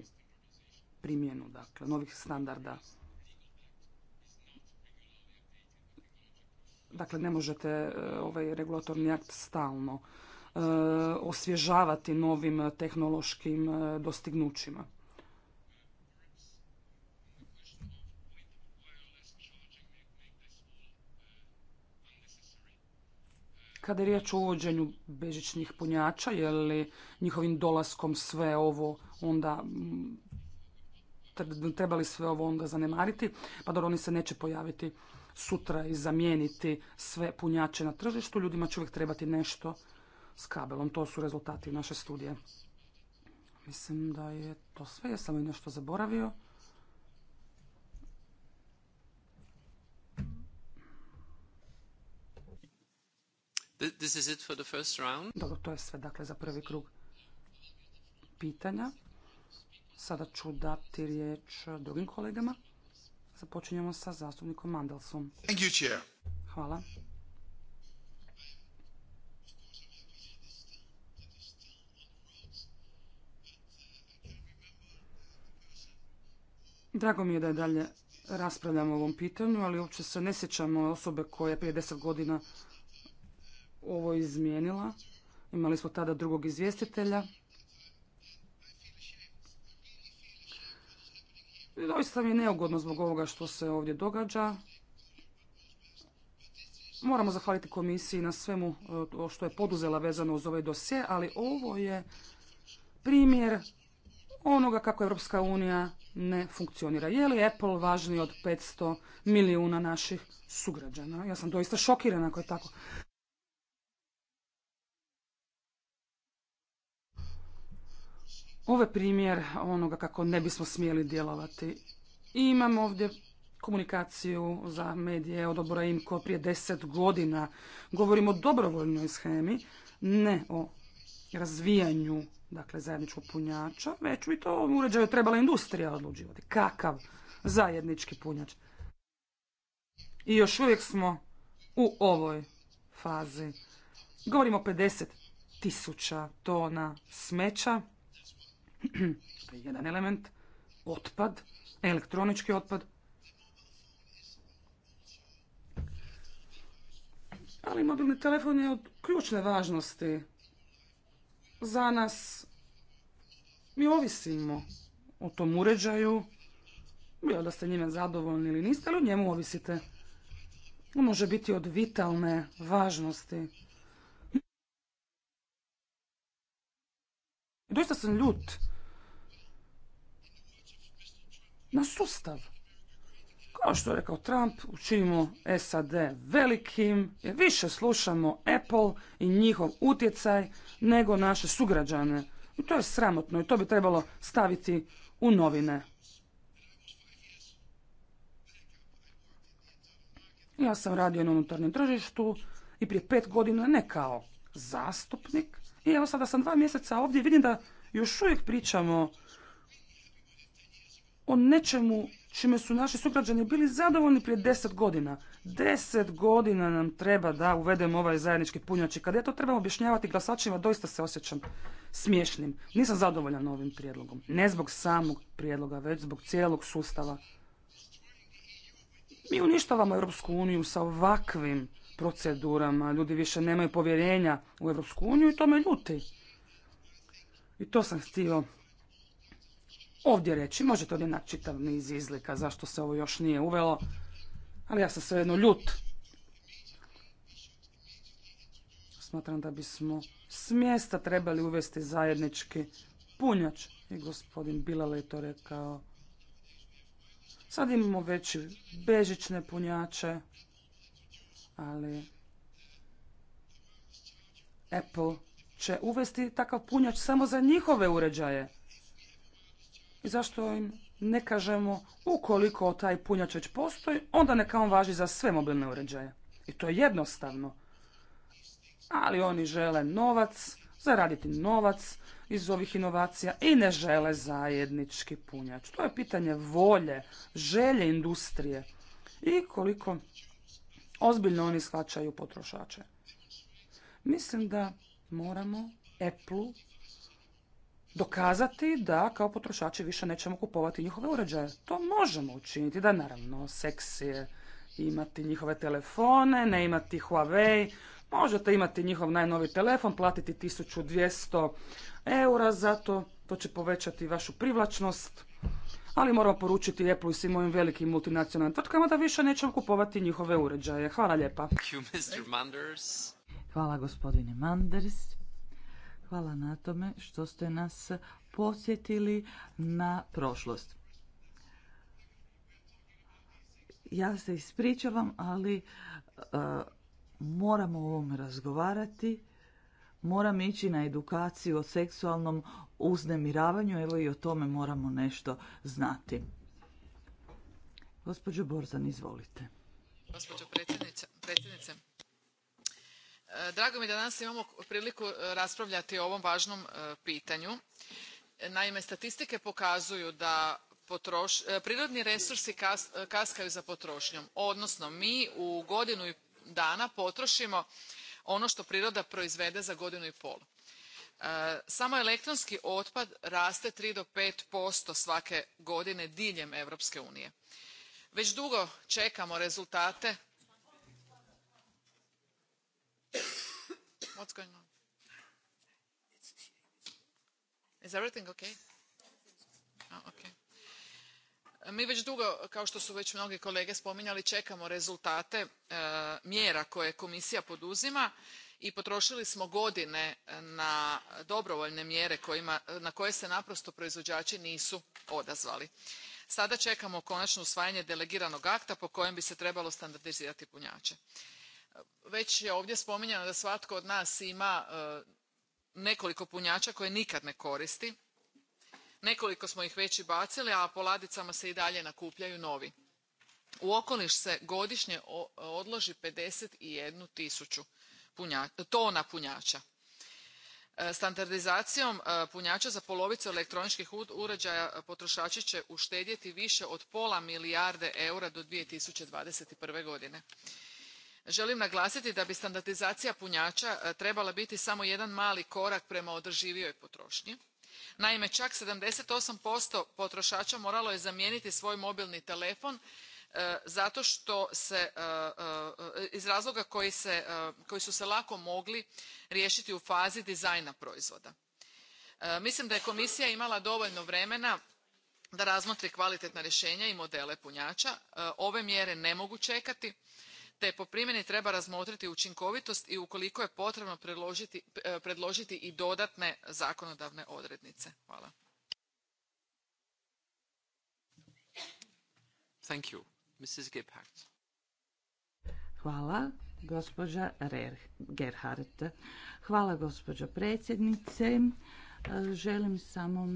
primjenu, dakle novih standarda. Dakle, ne možete e, ovaj regulatorni akt stalno E, osvježavati novim tehnološkim e, dostignućima. Kada je riječ o uvođenju bežičnih punjača, je li njihovim dolaskom sve ovo onda trebali sve ovo onda zanemariti, pa dobro oni se neće pojaviti sutra i zamijeniti sve punjače na tržištu, ljudima će uvijek trebati nešto s kabelom. To su rezultati naše studije. Mislim da je to sve. Jesam li nešto zaboravio? Dobro, to je sve dakle za prvi krug pitanja. Sada ću dati riječ drugim kolegama. Započinjemo sa zastupnikom Mandelsom. Hvala. Drago mi je da je dalje raspravljamo o ovom pitanju, ali uopće se ne sjećamo osobe koja je prije deset godina ovo izmijenila. Imali smo tada drugog izvjestitelja. doista mi je neugodno zbog ovoga što se ovdje događa. Moramo zahvaliti komisiji na svemu e, što je poduzela vezano uz ovaj dosje, ali ovo je primjer onoga kako Europska unija ne funkcionira. Je li Apple važniji od 500 milijuna naših sugrađana? Ja sam doista šokirana ako je tako. Ovo je primjer onoga kako ne bismo smjeli djelovati. I imam ovdje komunikaciju za medije od Obora IMCO prije deset godina. Govorimo o dobrovoljnoj schemi, ne o razvijanju dakle, zajedničkog punjača, već bi to uređaju trebala industrija odluđivati. Kakav zajednički punjač? I još uvijek smo u ovoj fazi. Govorimo o 50 tisuća tona smeća. Jedan element, otpad, elektronički otpad. Ali mobilni telefon je od ključne važnosti za nas. Mi ovisimo o tom uređaju, bilo da ste njime zadovoljni ili niste, ali o njemu ovisite. On može biti od vitalne važnosti. Doista sam ljut na sustav. Kao što je rekao Trump, učinimo SAD velikim, jer više slušamo Apple i njihov utjecaj nego naše sugrađane. I to je sramotno i to bi trebalo staviti u novine. Ja sam radio na unutarnjem tržištu i prije pet godina ne kao zastupnik. I evo sada sam dva mjeseca ovdje i vidim da još uvijek pričamo o nečemu čime su naši sugrađani bili zadovoljni prije deset godina. Deset godina nam treba da uvedemo ovaj zajednički punjač i kad ja to trebam objašnjavati glasačima, doista se osjećam smiješnim. Nisam zadovoljan ovim prijedlogom. Ne zbog samog prijedloga, već zbog cijelog sustava. Mi uništavamo Europsku uniju sa ovakvim procedurama. Ljudi više nemaju povjerenja u Europsku uniju i to me ljuti. I to sam htio ovdje reći. Možete ovdje naći čitav niz izlika zašto se ovo još nije uvelo, ali ja sam svejedno ljut. Smatram da bismo s mjesta trebali uvesti zajednički punjač. I gospodin Bilal je to rekao. Sad imamo već bežične punjače, ali Apple će uvesti takav punjač samo za njihove uređaje i zašto im ne kažemo ukoliko taj punjač već postoji, onda neka on važi za sve mobilne uređaje. I to je jednostavno. Ali oni žele novac, zaraditi novac iz ovih inovacija i ne žele zajednički punjač. To je pitanje volje, želje industrije i koliko ozbiljno oni shvaćaju potrošače. Mislim da moramo Apple dokazati da kao potrošači više nećemo kupovati njihove uređaje. To možemo učiniti, da naravno seks je imati njihove telefone, ne imati Huawei, možete imati njihov najnovi telefon, platiti 1200 eura za to, to će povećati vašu privlačnost, ali moramo poručiti Apple i svim ovim velikim multinacionalnim tvrtkama da više nećemo kupovati njihove uređaje. Hvala lijepa. Hvala gospodine Manders. Hvala na tome što ste nas posjetili na prošlost. Ja se ispričavam, ali e, moramo o ovom razgovarati. Moram ići na edukaciju o seksualnom uznemiravanju. Evo i o tome moramo nešto znati. Gospođo Borzan, izvolite. Gospođo predsjednice, E, drago mi je da danas imamo priliku e, raspravljati o ovom važnom e, pitanju. naime statistike pokazuju da prirodni resursi kaskaju za potrošnjom odnosno mi u godinu dana potrošimo ono što priroda proizvede za godinu i pol. samo elektronski otpad raste three do five svake godine diljem europske unije. već dugo čekamo rezultate What's going Is everything okay? Ah, okay. E, mi već dugo, kao što su već mnogi kolege spominjali, čekamo rezultate e, mjera koje komisija poduzima i potrošili smo godine na dobrovoljne mjere kojima, na koje se naprosto proizvođači nisu odazvali. Sada čekamo konačno usvajanje delegiranog akta po kojem bi se trebalo standardizirati punjače već je ovdje spominjano da svatko od nas ima e, nekoliko punjača koje nikad ne koristi. Nekoliko smo ih već i bacili, a po ladicama se i dalje nakupljaju novi. U okoliš se godišnje odloži 51 tisuću tona punjača. E, standardizacijom e, punjača za polovicu elektroničkih uređaja potrošači će uštedjeti više od pola milijarde eura do 2021. godine. Želim naglasiti da bi standardizacija punjača e, trebala biti samo jedan mali korak prema održivijoj potrošnji. Naime, čak 78% potrošača moralo je zamijeniti svoj mobilni telefon e, zato što se e, iz razloga koji, koji su se lako mogli riješiti u fazi dizajna proizvoda. Mislim da je komisija imala dovoljno vremena da razmotri kvalitetna rješenja i modele punjača. Ove mjere ne mogu čekati te po primjeni treba razmotriti učinkovitost i ukoliko je potrebno predložiti, e, i dodatne zakonodavne odrednice. Hvala. Hvala, gospođa Hvala, gospođo predsjednice. E, želim samo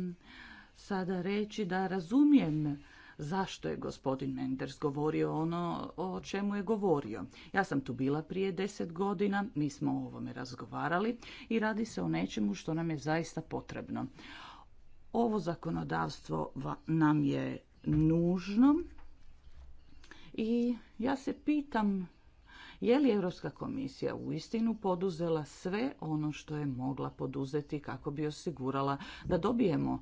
sada reći da razumijem zašto je gospodin Menders govorio ono o čemu je govorio. Ja sam tu bila prije deset godina, mi smo o ovome razgovarali i radi se o nečemu što nam je zaista potrebno. Ovo zakonodavstvo nam je nužno i ja se pitam je li Europska komisija uistinu poduzela sve ono što je mogla poduzeti kako bi osigurala da dobijemo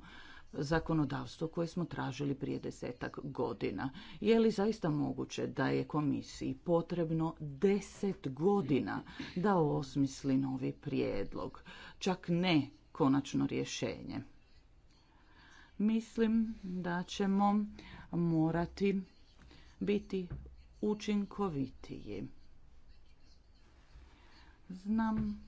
zakonodavstvo koje smo tražili prije desetak godina. Je li zaista moguće da je komisiji potrebno deset godina da osmisli novi prijedlog, čak ne konačno rješenje? Mislim da ćemo morati biti učinkovitiji. Znam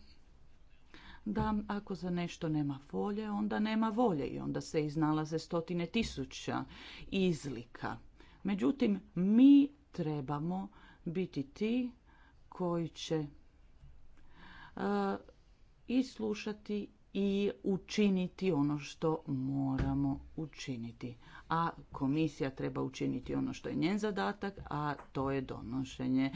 da ako za nešto nema volje, onda nema volje i onda se iznalaze stotine tisuća izlika. Međutim, mi trebamo biti ti koji će uh, i slušati i učiniti ono što moramo učiniti a komisija treba učiniti ono što je njen zadatak, a to je donošenje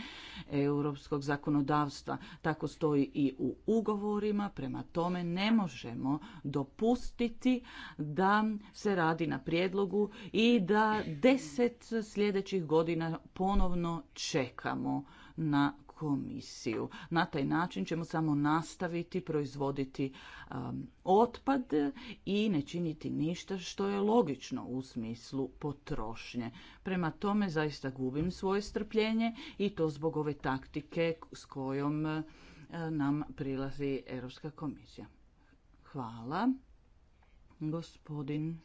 europskog zakonodavstva. Tako stoji i u ugovorima, prema tome ne možemo dopustiti da se radi na prijedlogu i da deset sljedećih godina ponovno čekamo na komisiju. Na taj način ćemo samo nastaviti proizvoditi um, otpad i ne činiti ništa što je logično u smislu potrošnje. Prema tome zaista gubim svoje strpljenje i to zbog ove taktike s kojom uh, nam prilazi Europska komisija. Hvala, gospodin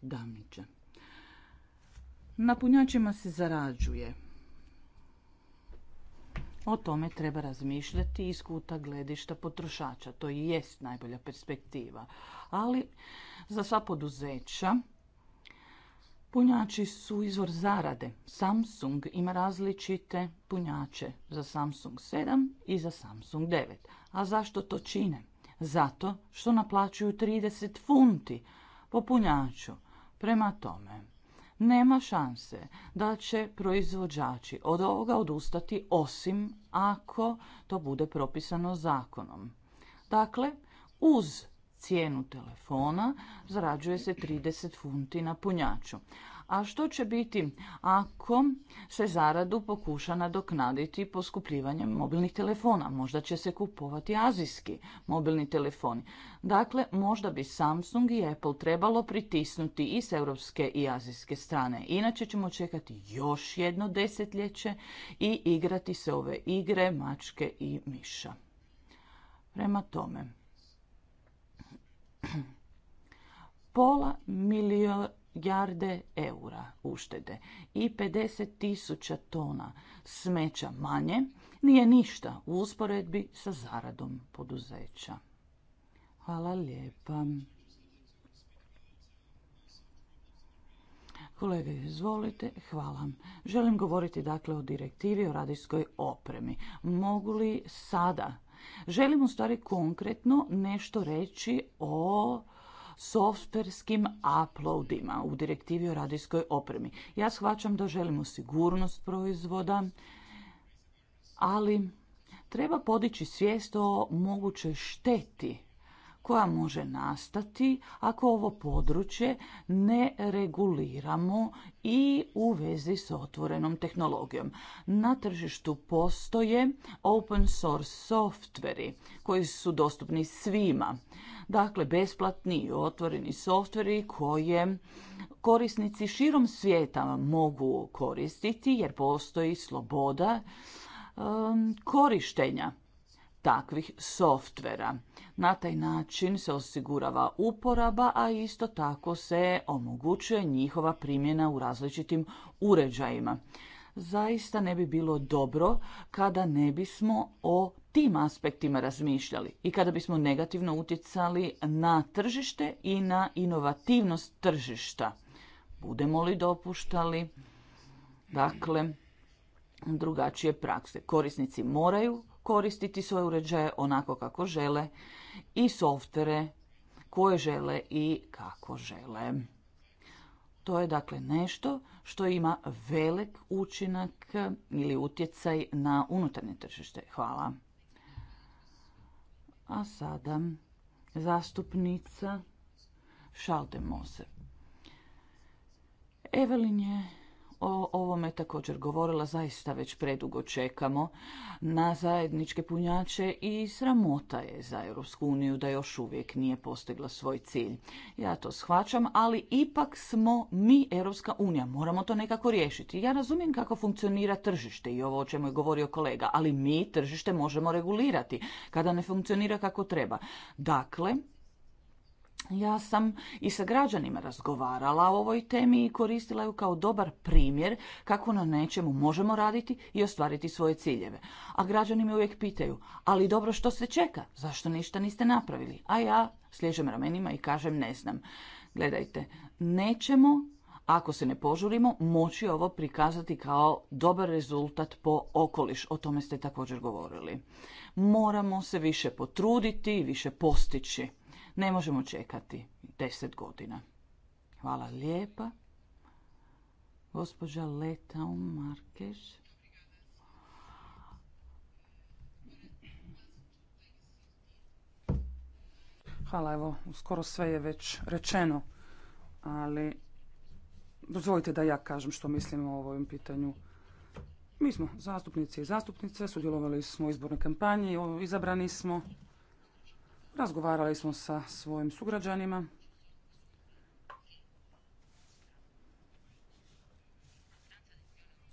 Damiće. Na punjačima se zarađuje. O tome treba razmišljati iz kuta gledišta potrošača. To i jest najbolja perspektiva. Ali za sva poduzeća punjači su izvor zarade. Samsung ima različite punjače za Samsung 7 i za Samsung 9. A zašto to čine? Zato što naplaćuju 30 funti po punjaču. Prema tome, nema šanse da će proizvođači od ovoga odustati osim ako to bude propisano zakonom. Dakle, uz cijenu telefona zarađuje se 30 funti na punjaču. A što će biti ako se zaradu pokuša nadoknaditi poskupljivanjem mobilnih telefona? Možda će se kupovati azijski mobilni telefoni. Dakle, možda bi Samsung i Apple trebalo pritisnuti i s europske i azijske strane. Inače ćemo čekati još jedno desetljeće i igrati se ove igre mačke i miša. Prema tome, pola milijuna milijarde eura uštede i 50 tisuća tona smeća manje nije ništa u usporedbi sa zaradom poduzeća. Hvala lijepa. Kolege, izvolite. Hvala. Želim govoriti dakle o direktivi o radijskoj opremi. Mogu li sada? Želim u stvari konkretno nešto reći o softverskim uploadima u direktivi o radijskoj opremi. Ja shvaćam da želimo sigurnost proizvoda, ali treba podići svijest o mogućoj šteti koja može nastati ako ovo područje ne reguliramo i u vezi s otvorenom tehnologijom. Na tržištu postoje open source softveri koji su dostupni svima. Dakle, besplatni i otvoreni softveri koje korisnici širom svijeta mogu koristiti jer postoji sloboda um, korištenja takvih softvera. Na taj način se osigurava uporaba, a isto tako se omogućuje njihova primjena u različitim uređajima. Zaista ne bi bilo dobro kada ne bismo o tim aspektima razmišljali i kada bismo negativno utjecali na tržište i na inovativnost tržišta. Budemo li dopuštali, dakle, drugačije prakse. Korisnici moraju koristiti svoje uređaje onako kako žele i softvere koje žele i kako žele. To je dakle nešto što ima velik učinak ili utjecaj na unutarnje tržište. Hvala. A sada zastupnica Šalde Mose. Evelin je o ovome također govorila, zaista već predugo čekamo na zajedničke punjače i sramota je za Europsku uniju da još uvijek nije postigla svoj cilj. Ja to shvaćam, ali ipak smo mi Europska unija, moramo to nekako riješiti. Ja razumijem kako funkcionira tržište i ovo o čemu je govorio kolega, ali mi tržište možemo regulirati kada ne funkcionira kako treba. Dakle, ja sam i sa građanima razgovarala o ovoj temi i koristila ju kao dobar primjer kako na nečemu možemo raditi i ostvariti svoje ciljeve. A građani me uvijek pitaju, ali dobro što se čeka, zašto ništa niste napravili? A ja sliježem ramenima i kažem ne znam. Gledajte, nećemo ako se ne požurimo, moći ovo prikazati kao dobar rezultat po okoliš. O tome ste također govorili. Moramo se više potruditi i više postići. Ne možemo čekati deset godina. Hvala lijepa. Gospođa Letao Markeš. Hvala, evo, skoro sve je već rečeno, ali dozvolite da ja kažem što mislim o ovom pitanju. Mi smo zastupnici i zastupnice, sudjelovali smo u izbornoj kampanji, izabrani smo, Razgovarali smo sa svojim sugrađanima.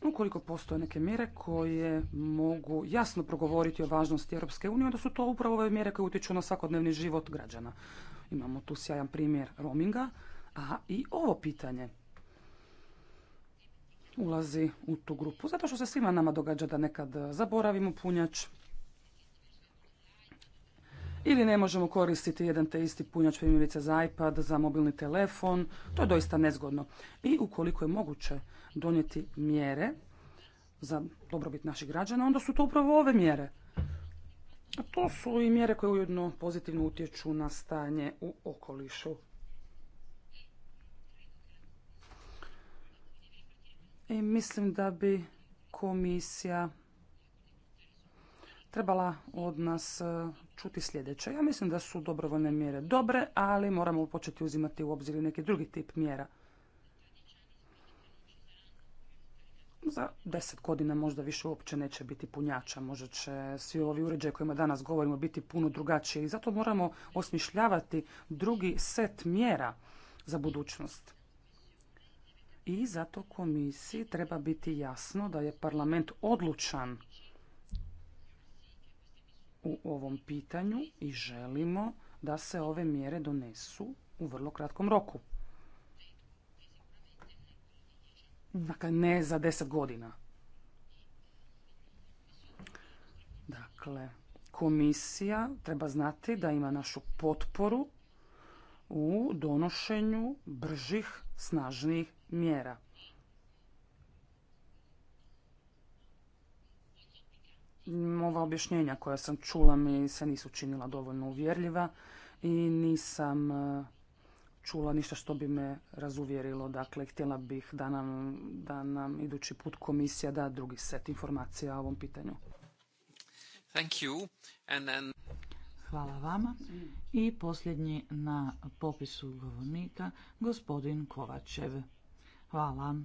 Ukoliko postoje neke mjere koje mogu jasno progovoriti o važnosti Europske unije, onda su to upravo ove mjere koje utječu na svakodnevni život građana. Imamo tu sjajan primjer roaminga, a i ovo pitanje ulazi u tu grupu, zato što se svima nama događa da nekad zaboravimo punjač, ili ne možemo koristiti jedan te isti punjač primjerice za iPad, za mobilni telefon. To je doista nezgodno. I ukoliko je moguće donijeti mjere za dobrobit naših građana, onda su to upravo ove mjere. A to su i mjere koje ujedno pozitivno utječu na stanje u okolišu. I mislim da bi komisija trebala od nas e, čuti sljedeće. Ja mislim da su dobrovoljne mjere dobre, ali moramo početi uzimati u obzir neki drugi tip mjera. Za deset godina možda više uopće neće biti punjača, možda će svi ovi uređaji kojima danas govorimo biti puno drugačiji i zato moramo osmišljavati drugi set mjera za budućnost. I zato komisiji treba biti jasno da je parlament odlučan u ovom pitanju i želimo da se ove mjere donesu u vrlo kratkom roku. Dakle, ne za deset godina. Dakle, komisija treba znati da ima našu potporu u donošenju bržih, snažnijih mjera. ova objašnjenja koja sam čula mi se nisu činila dovoljno uvjerljiva i nisam e, čula ništa što bi me razuvjerilo. Dakle, htjela bih da nam, da nam idući put komisija da drugi set informacija o ovom pitanju. Thank you. And Hvala vama. I posljednji na popisu govornika, gospodin Kovačev. Hvala.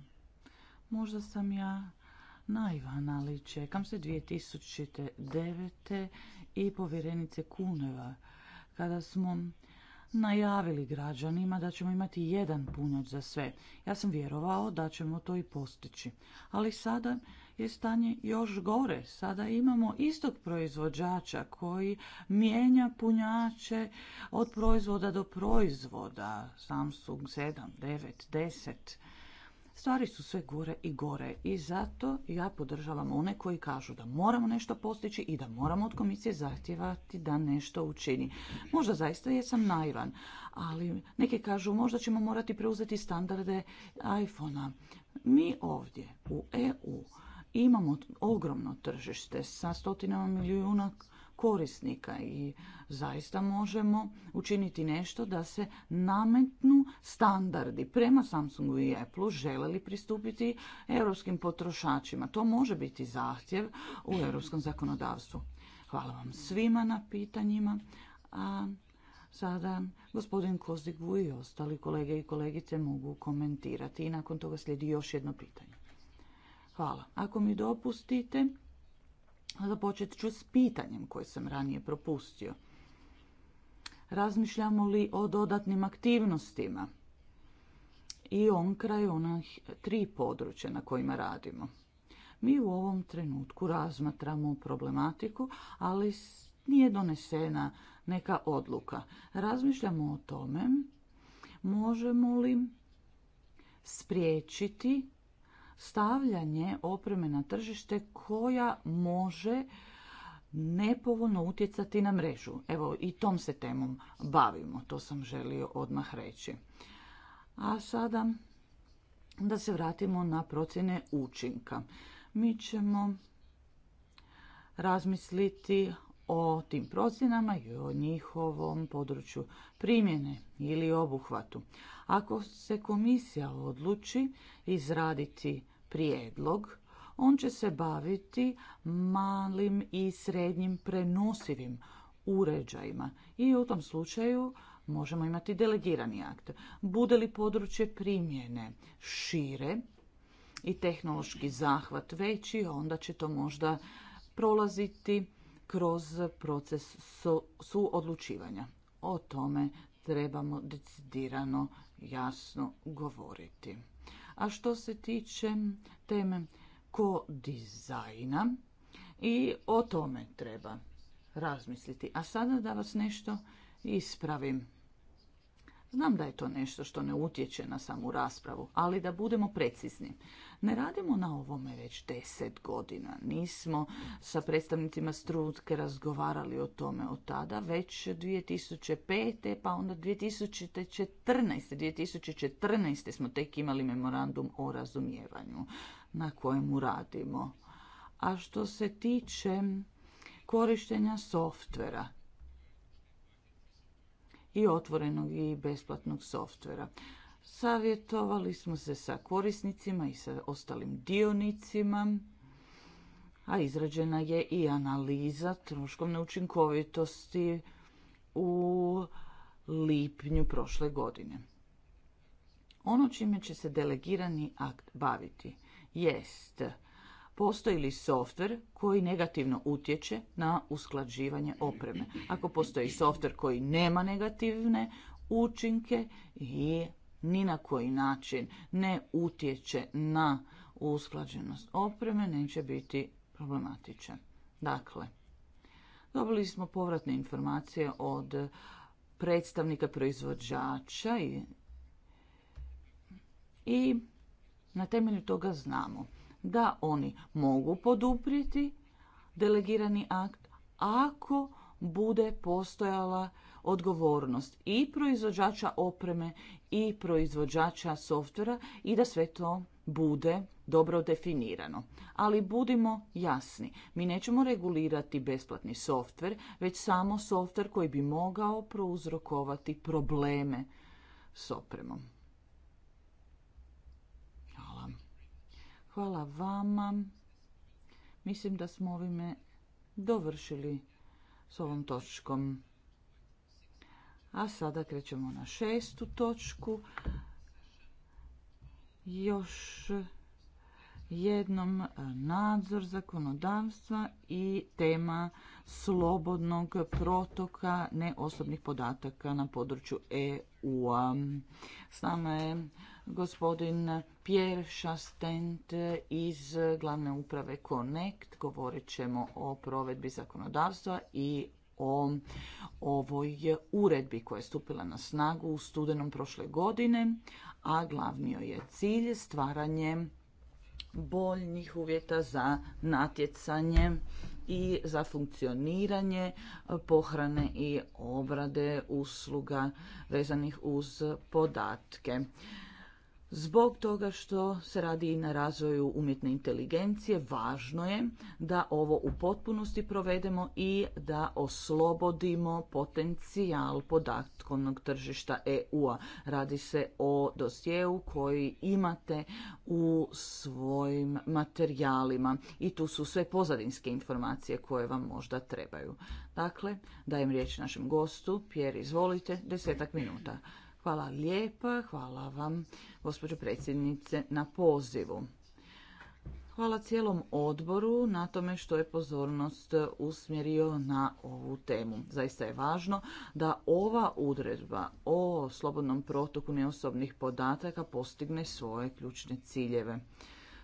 Možda sam ja naivan, ali čekam se 2009. i povjerenice Kuneva, kada smo najavili građanima da ćemo imati jedan punjač za sve. Ja sam vjerovao da ćemo to i postići. Ali sada je stanje još gore. Sada imamo istog proizvođača koji mijenja punjače od proizvoda do proizvoda. Samsung 7, 9, 10 Stvari su sve gore i gore i zato ja podržavam one koji kažu da moramo nešto postići i da moramo od komisije zahtjevati da nešto učini. Možda zaista jesam naivan, ali neki kažu možda ćemo morati preuzeti standarde iphone Mi ovdje u EU imamo ogromno tržište sa stotinama milijuna korisnika i zaista možemo učiniti nešto da se nametnu standardi prema Samsungu i Apple žele li pristupiti europskim potrošačima. To može biti zahtjev u europskom zakonodavstvu. Hvala vam svima na pitanjima. A sada gospodin kozigu i ostali kolege i kolegice mogu komentirati i nakon toga slijedi još jedno pitanje. Hvala. Ako mi dopustite, Započet ću s pitanjem koje sam ranije propustio. Razmišljamo li o dodatnim aktivnostima i on kraj onih tri područja na kojima radimo? Mi u ovom trenutku razmatramo problematiku, ali nije donesena neka odluka. Razmišljamo o tome možemo li spriječiti stavljanje opreme na tržište koja može nepovoljno utjecati na mrežu. Evo i tom se temom bavimo, to sam želio odmah reći. A sada da se vratimo na procjene učinka. Mi ćemo razmisliti o tim procjenama i o njihovom području primjene ili obuhvatu. Ako se komisija odluči izraditi prijedlog, on će se baviti malim i srednjim prenosivim uređajima i u tom slučaju možemo imati delegirani akt. Bude li područje primjene šire i tehnološki zahvat veći, onda će to možda prolaziti kroz proces suodlučivanja. O tome trebamo decidirano jasno govoriti. A što se tiče teme kodizajna i o tome treba razmisliti. A sada da vas nešto ispravim. Znam da je to nešto što ne utječe na samu raspravu, ali da budemo precizni. Ne radimo na ovome već deset godina. Nismo sa predstavnicima strutke razgovarali o tome od tada, već 2005. pa onda 2014. 2014. smo tek imali memorandum o razumijevanju na kojemu radimo. A što se tiče korištenja softvera, i otvorenog i besplatnog softvera. Savjetovali smo se sa korisnicima i sa ostalim dionicima, a izrađena je i analiza troškovne učinkovitosti u lipnju prošle godine. Ono čime će se delegirani akt baviti jest postoji li softver koji negativno utječe na usklađivanje opreme. Ako postoji softver koji nema negativne učinke i ni na koji način ne utječe na usklađenost opreme, neće biti problematičan. Dakle, dobili smo povratne informacije od predstavnika proizvođača i, i na temelju toga znamo da oni mogu poduprijeti delegirani akt ako bude postojala odgovornost i proizvođača opreme i proizvođača softvera i da sve to bude dobro definirano. Ali budimo jasni, mi nećemo regulirati besplatni softver, već samo softver koji bi mogao prouzrokovati probleme s opremom. Hvala. Hvala vama. Mislim da smo ovime dovršili s ovom točkom. A sada krećemo na šestu točku. Još jednom e, nadzor zakonodavstva i tema slobodnog protoka neosobnih podataka na području EU-a. S nama je gospodin Pierre Chastent iz glavne uprave Connect. Govorit ćemo o provedbi zakonodavstva i o ovoj uredbi koja je stupila na snagu u studenom prošle godine, a glavni je cilj stvaranje boljnih uvjeta za natjecanje i za funkcioniranje pohrane i obrade usluga vezanih uz podatke. Zbog toga što se radi i na razvoju umjetne inteligencije, važno je da ovo u potpunosti provedemo i da oslobodimo potencijal podatkovnog tržišta EU-a. Radi se o dosjeu koji imate u svojim materijalima i tu su sve pozadinske informacije koje vam možda trebaju. Dakle, dajem riječ našem gostu. Pjer, izvolite, desetak minuta. Hvala lijepa, hvala vam, gospođo predsjednice, na pozivu. Hvala cijelom odboru na tome što je pozornost usmjerio na ovu temu. Zaista je važno da ova udredba o slobodnom protoku neosobnih podataka postigne svoje ključne ciljeve.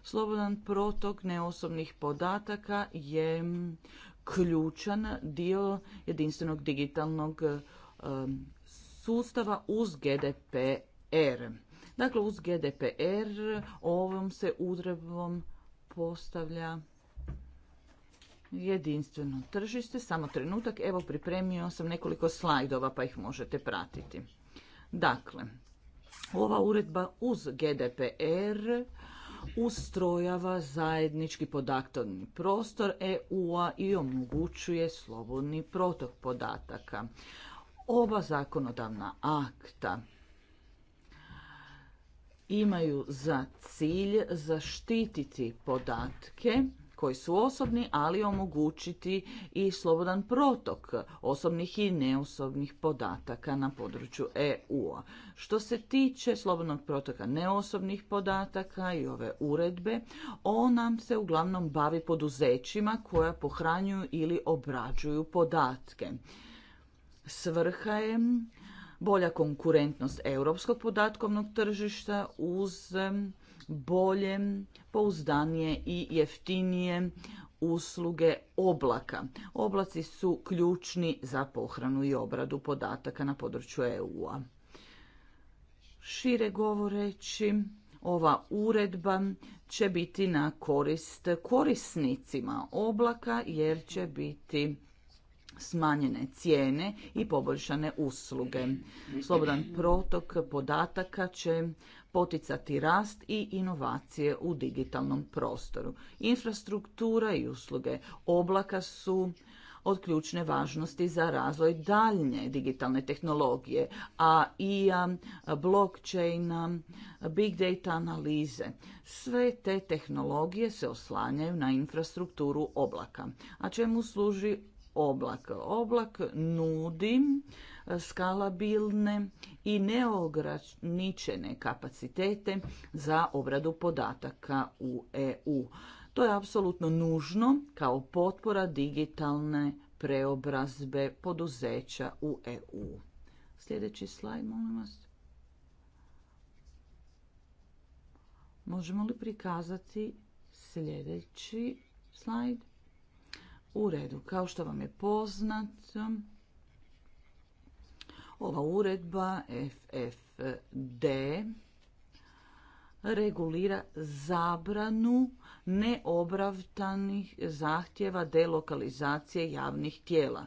Slobodan protok neosobnih podataka je ključan dio jedinstvenog digitalnog Ustava uz GDPR. Dakle, uz GDPR ovom se udrebom postavlja jedinstveno tržište. Samo trenutak, evo pripremio sam nekoliko slajdova pa ih možete pratiti. Dakle, ova uredba uz GDPR ustrojava zajednički podaktorni prostor EU-a i omogućuje slobodni protok podataka oba zakonodavna akta imaju za cilj zaštititi podatke koji su osobni, ali omogućiti i slobodan protok osobnih i neosobnih podataka na području EU-a. Što se tiče slobodnog protoka neosobnih podataka i ove uredbe, ona se uglavnom bavi poduzećima koja pohranjuju ili obrađuju podatke. Svrha je bolja konkurentnost europskog podatkovnog tržišta uz bolje, pouzdanije i jeftinije usluge oblaka. Oblaci su ključni za pohranu i obradu podataka na području EU-a. Šire govoreći, ova uredba će biti na korist korisnicima oblaka jer će biti smanjene cijene i poboljšane usluge. Slobodan protok podataka će poticati rast i inovacije u digitalnom prostoru. Infrastruktura i usluge oblaka su od ključne važnosti za razvoj daljnje digitalne tehnologije, a i blockchaina, big data analize. Sve te tehnologije se oslanjaju na infrastrukturu oblaka, a čemu služi oblak. Oblak nudi e, skalabilne i neograničene kapacitete za obradu podataka u EU. To je apsolutno nužno kao potpora digitalne preobrazbe poduzeća u EU. Sljedeći slajd, molim vas. Možemo li prikazati sljedeći slajd? U redu, kao što vam je poznato, ova uredba FFD regulira zabranu neobravtanih zahtjeva delokalizacije javnih tijela.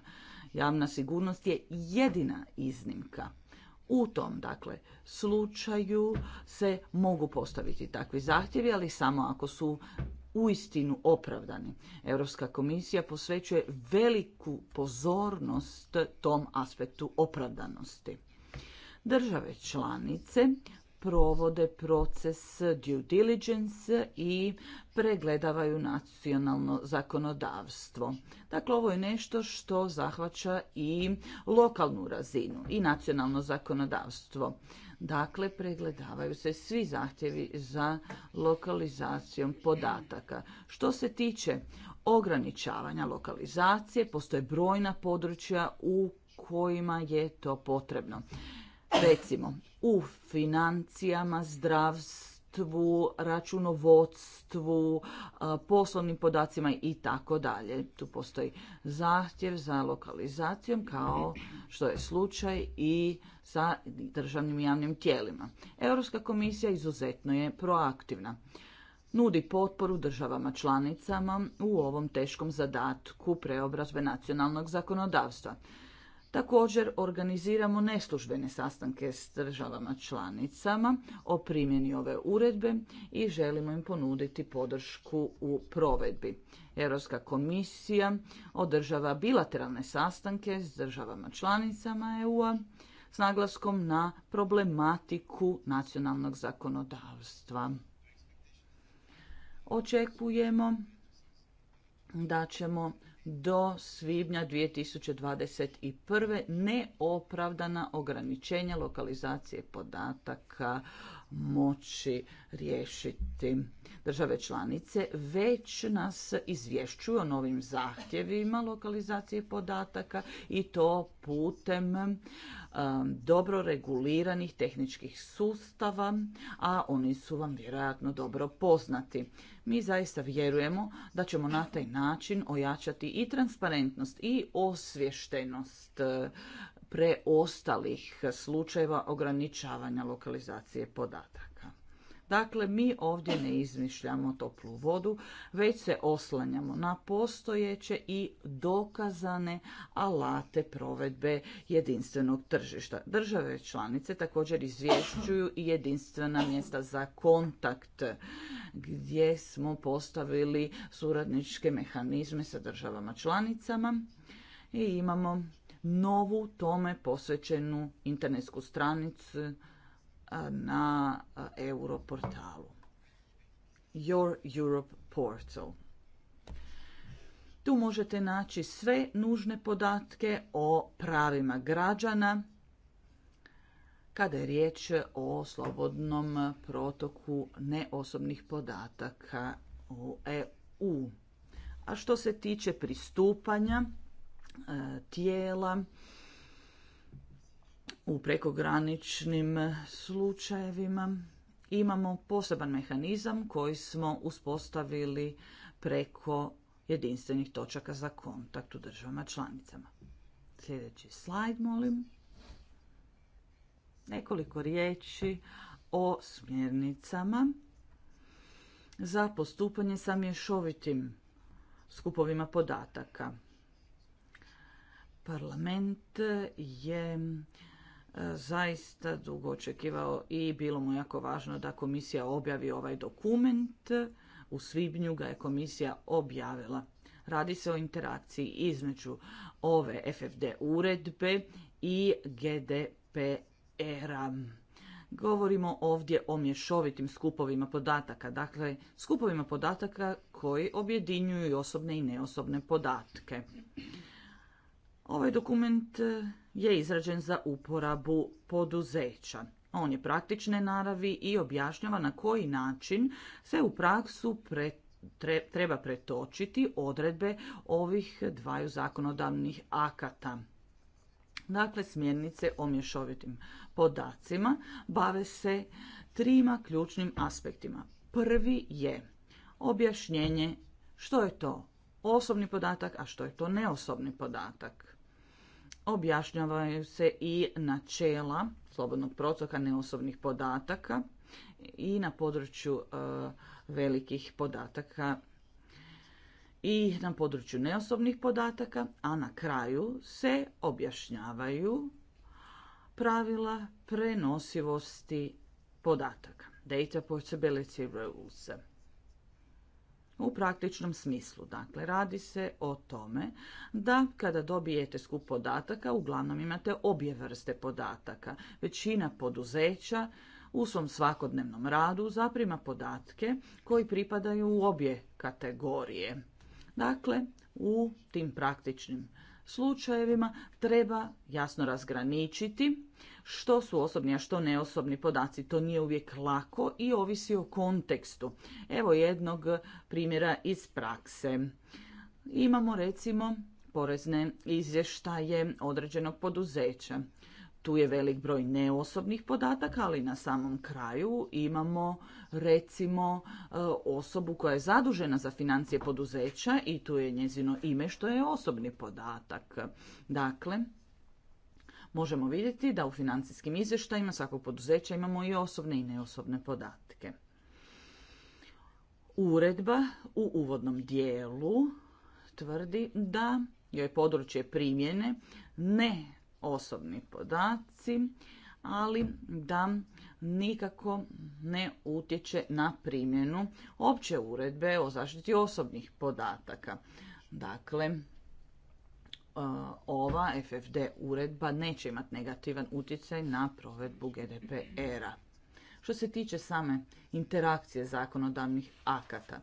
Javna sigurnost je jedina iznimka. U tom dakle slučaju se mogu postaviti takvi zahtjevi, ali samo ako su uistinu opravdani. Europska komisija posvećuje veliku pozornost tom aspektu opravdanosti. Države članice provode proces due diligence i pregledavaju nacionalno zakonodavstvo. Dakle, ovo je nešto što zahvaća i lokalnu razinu i nacionalno zakonodavstvo. Dakle, pregledavaju se svi zahtjevi za lokalizacijom podataka. Što se tiče ograničavanja lokalizacije, postoje brojna područja u kojima je to potrebno. Recimo, u financijama, zdravstvu, računovodstvu, računovodstvu, poslovnim podacima i tako dalje. Tu postoji zahtjev za lokalizacijom kao što je slučaj i sa državnim javnim tijelima. Europska komisija izuzetno je proaktivna nudi potporu državama članicama u ovom teškom zadatku preobrazbe nacionalnog zakonodavstva. Također organiziramo neslužbene sastanke s državama članicama o primjeni ove uredbe i želimo im ponuditi podršku u provedbi. Europska komisija održava bilateralne sastanke s državama članicama EU-a s naglaskom na problematiku nacionalnog zakonodavstva. Očekujemo da ćemo do svibnja 2021. neopravdana ograničenja lokalizacije podataka moći riješiti. Države članice već nas izvješćuju o novim zahtjevima lokalizacije podataka i to putem um, dobro reguliranih tehničkih sustava, a oni su vam vjerojatno dobro poznati. Mi zaista vjerujemo da ćemo na taj način ojačati i transparentnost i osvještenost uh, preostalih slučajeva ograničavanja lokalizacije podataka. Dakle, mi ovdje ne izmišljamo toplu vodu, već se oslanjamo na postojeće i dokazane alate provedbe jedinstvenog tržišta. Države članice također izvješćuju i jedinstvena mjesta za kontakt gdje smo postavili suradničke mehanizme sa državama članicama i imamo novu tome posvećenu internetsku stranicu na eh, Europortalu. Your Europe Portal. Tu možete naći sve nužne podatke o pravima građana kada je riječ o slobodnom protoku neosobnih podataka u EU. A što se tiče pristupanja eh, tijela u prekograničnim slučajevima imamo poseban mehanizam koji smo uspostavili preko jedinstvenih točaka za kontakt u državama članicama. Sljedeći slajd, molim. Nekoliko riječi o smjernicama za postupanje sa mješovitim skupovima podataka. Parlament je zaista dugo očekivao i bilo mu jako važno da komisija objavi ovaj dokument. U svibnju ga je komisija objavila. Radi se o interakciji između ove FFD uredbe i GDPR-a. Govorimo ovdje o mješovitim skupovima podataka, dakle skupovima podataka koji objedinjuju osobne i neosobne podatke. Ovaj dokument je izrađen za uporabu poduzeća. On je praktične naravi i objašnjava na koji način se u praksu treba pretočiti odredbe ovih dvaju zakonodavnih akata. Dakle, smjernice o mješovitim podacima bave se trima ključnim aspektima. Prvi je objašnjenje što je to osobni podatak, a što je to neosobni podatak objašnjavaju se i načela slobodnog protoka neosobnih podataka i na području e, velikih podataka i na području neosobnih podataka, a na kraju se objašnjavaju pravila prenosivosti podataka. Data Portability Rules u praktičnom smislu. Dakle, radi se o tome da kada dobijete skup podataka, uglavnom imate obje vrste podataka. Većina poduzeća u svom svakodnevnom radu zaprima podatke koji pripadaju u obje kategorije. Dakle, u tim praktičnim slučajevima treba jasno razgraničiti što su osobni, a što neosobni podaci. To nije uvijek lako i ovisi o kontekstu. Evo jednog primjera iz prakse. Imamo recimo porezne izvještaje određenog poduzeća. Tu je velik broj neosobnih podataka, ali na samom kraju imamo recimo e, osobu koja je zadužena za financije poduzeća i tu je njezino ime što je osobni podatak. Dakle, možemo vidjeti da u financijskim izvještajima svakog poduzeća imamo i osobne i neosobne podatke. Uredba u uvodnom dijelu tvrdi da joj područje primjene ne osobni podaci, ali da nikako ne utječe na primjenu opće uredbe o zaštiti osobnih podataka. Dakle, ova FFD uredba neće imati negativan utjecaj na provedbu GDPR-a. Što se tiče same interakcije zakonodavnih akata,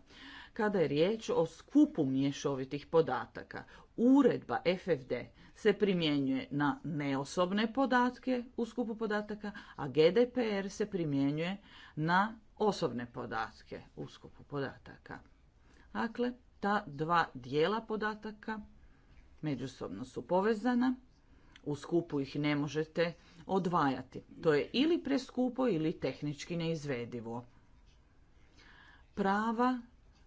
kada je riječ o skupu mješovitih podataka, uredba FFD se primjenjuje na neosobne podatke u skupu podataka, a GDPR se primjenjuje na osobne podatke u skupu podataka. Dakle, ta dva dijela podataka međusobno su povezana, u skupu ih ne možete odvajati. To je ili preskupo ili tehnički neizvedivo. Prava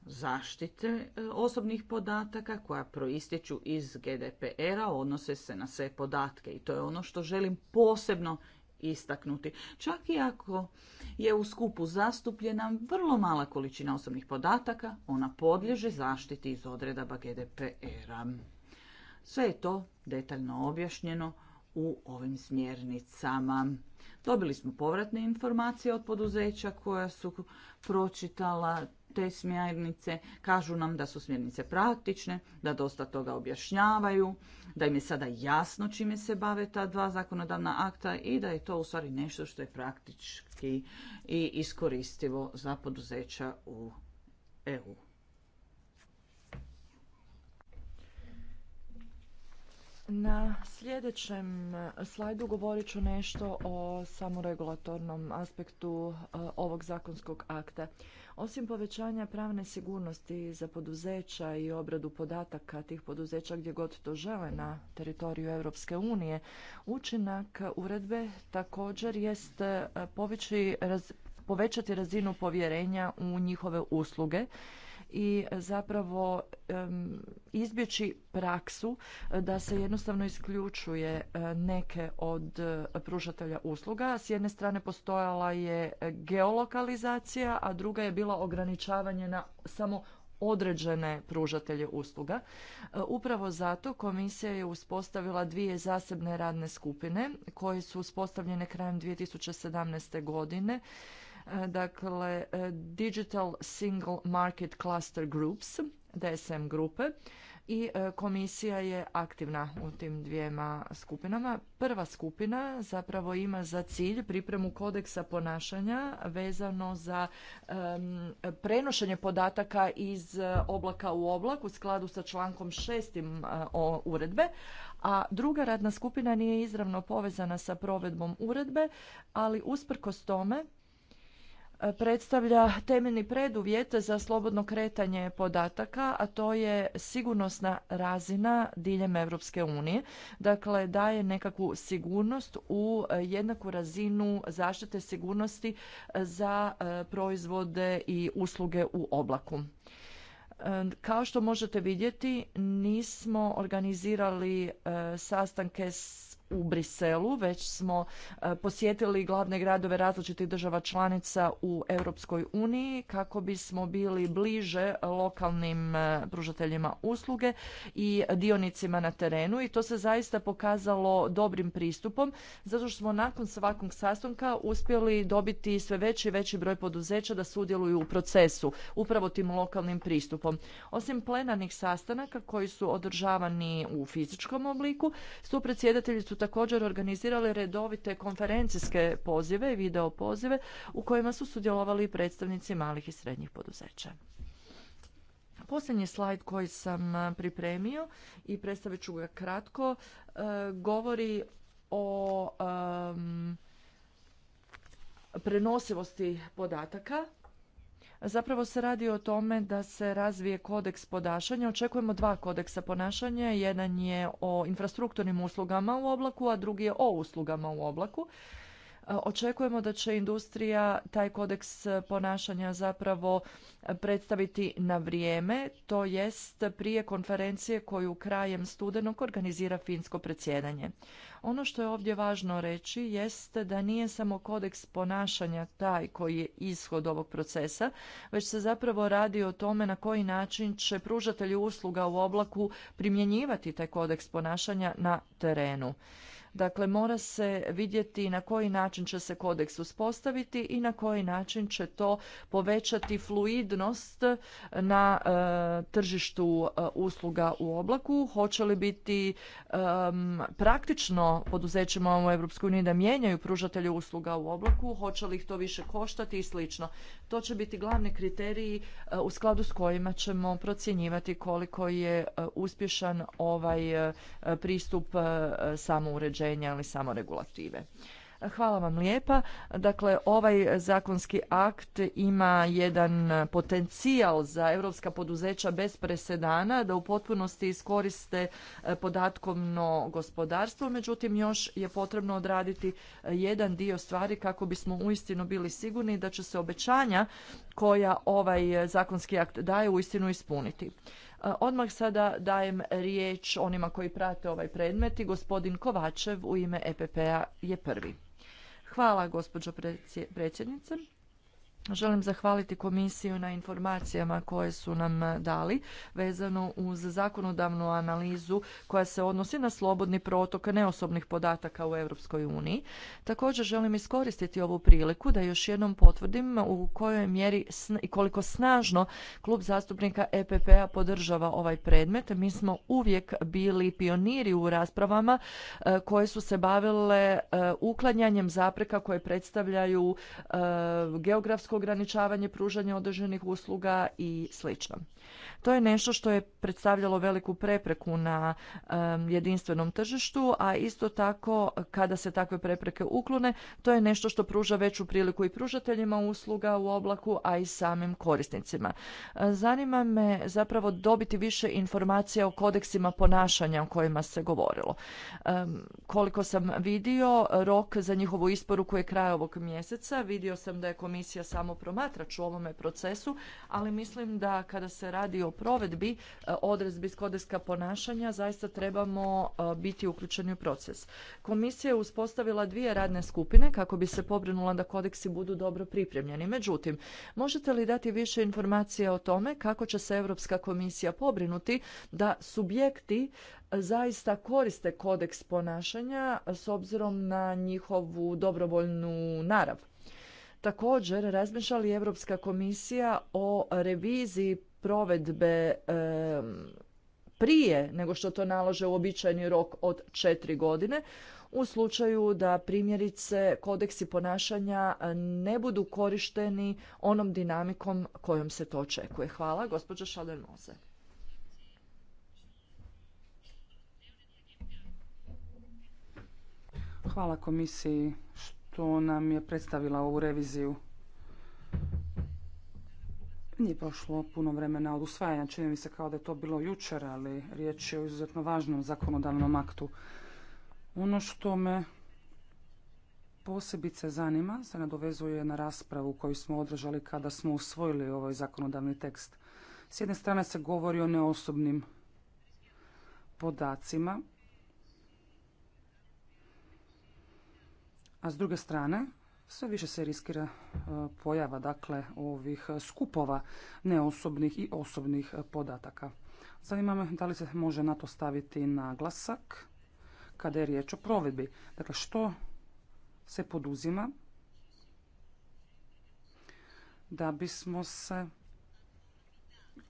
zaštite e, osobnih podataka koja proistječu iz GDPR-a odnose se na sve podatke i to je ono što želim posebno istaknuti. Čak i ako je u skupu zastupljena vrlo mala količina osobnih podataka, ona podlježe zaštiti iz odredaba GDPR-a. Sve je to detaljno objašnjeno u ovim smjernicama. Dobili smo povratne informacije od poduzeća koja su pročitala te smjernice. Kažu nam da su smjernice praktične, da dosta toga objašnjavaju, da im je sada jasno čime se bave ta dva zakonodavna akta i da je to u stvari nešto što je praktički i iskoristivo za poduzeća u EU. Na sljedećem e, slajdu govorit ću nešto o samoregulatornom aspektu e, ovog zakonskog akta. Osim povećanja pravne sigurnosti za poduzeća i obradu podataka tih poduzeća gdje god to žele na teritoriju Europske unije, učinak uredbe također jest e, povećati razinu povjerenja u njihove usluge i zapravo izbjeći praksu da se jednostavno isključuje eh, neke od eh, pružatelja usluga. S jedne strane postojala je geolokalizacija, a druga je bila ograničavanje na samo određene pružatelje usluga. Eh, upravo zato komisija je uspostavila dvije zasebne radne skupine koje su uspostavljene krajem 2017. godine E, dakle e, Digital Single Market Cluster Groups, DSM grupe i e, komisija je aktivna u tim dvijema skupinama. Prva skupina zapravo ima za cilj pripremu kodeksa ponašanja vezano za prenošenje podataka iz oblaka u oblak u skladu sa člankom šestim uredbe, a druga radna skupina nije izravno povezana sa provedbom uredbe, ali usprkos tome predstavlja temeljni preduvjet za slobodno kretanje podataka, a to je sigurnosna razina diljem Europske unije. Dakle, daje nekakvu sigurnost u e, jednaku razinu zaštite sigurnosti e, za e, proizvode i usluge u oblaku. Kao što možete vidjeti, nismo organizirali sastanke s u Briselu, već smo e, posjetili glavne gradove različitih država članica u Europskoj uniji kako bismo bili bliže lokalnim e, pružateljima usluge i dionicima na terenu i to se zaista pokazalo dobrim pristupom zato što smo nakon svakog sastanka uspjeli dobiti sve veći i veći broj poduzeća da sudjeluju u procesu upravo tim lokalnim pristupom. Osim plenarnih sastanaka koji su održavani u fizičkom obliku, su predsjedatelji su su također organizirali redovite konferencijske pozive i video pozive u kojima su sudjelovali predstavnici malih i srednjih poduzeća. Posljednji slajd koji sam pripremio i predstavit ću ga kratko, e, govori o prenosivosti podataka Zapravo se radi o tome da se razvije kodeks ponašanja. Očekujemo dva kodeksa ponašanja. Jedan je o infrastrukturnim uslugama u oblaku, a drugi je o uslugama u oblaku. Očekujemo da će industrija taj kodeks ponašanja zapravo predstaviti na vrijeme, to jest prije konferencije koju krajem studenog organizira finsko predsjedanje. Ono što je ovdje važno reći jest da nije samo kodeks ponašanja taj koji je ishod ovog procesa, već se zapravo radi o tome na koji način će pružatelji usluga u oblaku primjenjivati taj kodeks ponašanja na terenu. Dakle, mora se vidjeti na koji način će se kodeks uspostaviti i na koji način će to povećati fluidnost na e, tržištu e, usluga u oblaku. Hoće li biti praktično poduzećima u EU da mijenjaju pružatelje usluga u oblaku, hoće li ih to više koštati i slično. To će biti glavni kriteriji e, u skladu s kojima ćemo procjenjivati koliko je uspješan ovaj pristup samouređenja rješenja samo regulative. Hvala vam lijepa. Dakle, ovaj zakonski akt ima jedan potencijal za europska poduzeća bez presedana da u potpunosti iskoriste e, podatkovno gospodarstvo, međutim još je potrebno odraditi e, jedan dio stvari kako bismo uistinu bili sigurni da će se obećanja koja ovaj zakonski akt daje uistinu ispuniti. E, odmah sada dajem riječ onima koji prate ovaj predmet i gospodin Kovačev u ime EPP-a je prvi. Hvala gospođo predsjednice. Želim zahvaliti komisiju na informacijama koje su nam e, dali vezano uz zakonodavnu analizu koja se odnosi na slobodni protok neosobnih podataka u Europskoj uniji. Također želim iskoristiti ovu priliku da još jednom potvrdim u kojoj mjeri i koliko snažno klub zastupnika EPP-a podržava ovaj predmet. Mi smo uvijek bili pioniri u raspravama e, koje su se bavile e, uklanjanjem zapreka koje predstavljaju geografsko ograničavanje, pružanja određenih usluga i sl. To je nešto što je predstavljalo veliku prepreku na jedinstvenom tržištu, a isto tako kada se takve prepreke uklone, to je nešto što pruža veću priliku i pružateljima usluga u oblaku, a i samim korisnicima. E, zanima me zapravo dobiti više informacija o kodeksima ponašanja o kojima se govorilo. koliko sam vidio, rok za njihovu isporuku je kraj ovog mjeseca. Vidio sam da je komisija sa samo promatrač u ovome procesu, ali mislim da kada se radi o provedbi e, odredbi s kodeska ponašanja zaista trebamo e, biti uključeni u proces. Komisija je uspostavila dvije radne skupine kako bi se pobrinula da kodeksi budu dobro pripremljeni. Međutim, možete li dati više informacija o tome kako će se Europska komisija pobrinuti da subjekti e, zaista koriste kodeks ponašanja s obzirom na njihovu dobrovoljnu narav? Također razmišlja li Europska komisija o reviziji provedbe prije nego što to nalože uobičajeni rok od četiri godine u slučaju da primjerice kodeksi ponašanja ne budu korišteni onom dinamikom kojom se to očekuje. Hvala, gospođa Šaldermoze. Hvala komisiji što nam je predstavila ovu reviziju. Nije prošlo puno vremena od usvajanja, čini mi se kao da je to bilo jučer, ali riječ je o izuzetno važnom zakonodavnom aktu. Ono što me posebice zanima se nadovezuje na raspravu koju smo održali kada smo usvojili ovaj zakonodavni tekst. S jedne strane se govori o neosobnim podacima, A s druge strane, sve više se riskira e, pojava dakle ovih skupova neosobnih i osobnih podataka. Zanima me da li se može na to staviti naglasak kada je riječ o provedbi. Dakle, što se poduzima da bismo se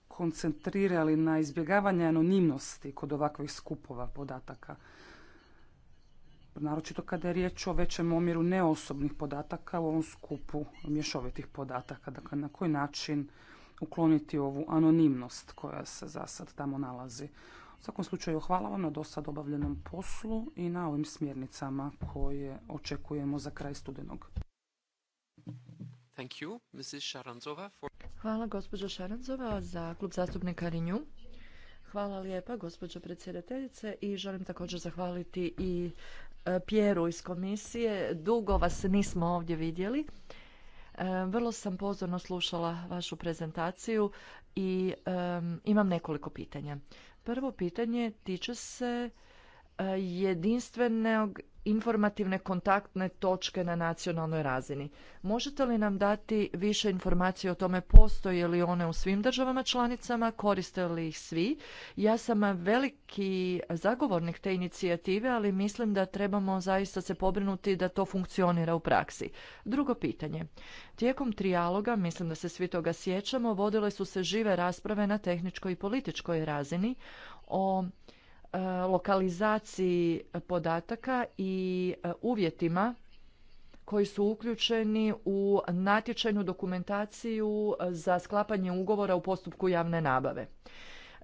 koncentrirali na izbjegavanje anonimnosti kod ovakvih skupova podataka naročito kada je riječ o većem omjeru neosobnih podataka u ovom skupu mješovitih podataka. Dakle, na koji način ukloniti ovu anonimnost koja se za sad tamo nalazi. U svakom slučaju hvala vam na dosad obavljenom poslu i na ovim smjernicama koje očekujemo za kraj studenog. Hvala gospođo Šaranzova za klub zastupnika Rinju. Hvala lijepa gospođo predsjedateljice i želim također zahvaliti i E, Pjeru iz komisije. Dugo vas nismo ovdje vidjeli. E, vrlo sam pozorno slušala vašu prezentaciju i e, imam nekoliko pitanja. Prvo pitanje tiče se jedinstvenog informativne kontaktne točke na nacionalnoj razini. Možete li nam dati više informacije o tome postoje li one u svim državama članicama, koriste li ih svi? Ja sam veliki zagovornik te inicijative, ali mislim da trebamo zaista se pobrinuti da to funkcionira u praksi. Drugo pitanje. Tijekom trijaloga, mislim da se svi toga sjećamo, vodile su se žive rasprave na tehničkoj i političkoj razini o E, lokalizaciji podataka i e, uvjetima koji su uključeni u natječajnu dokumentaciju e, za sklapanje ugovora u postupku javne nabave.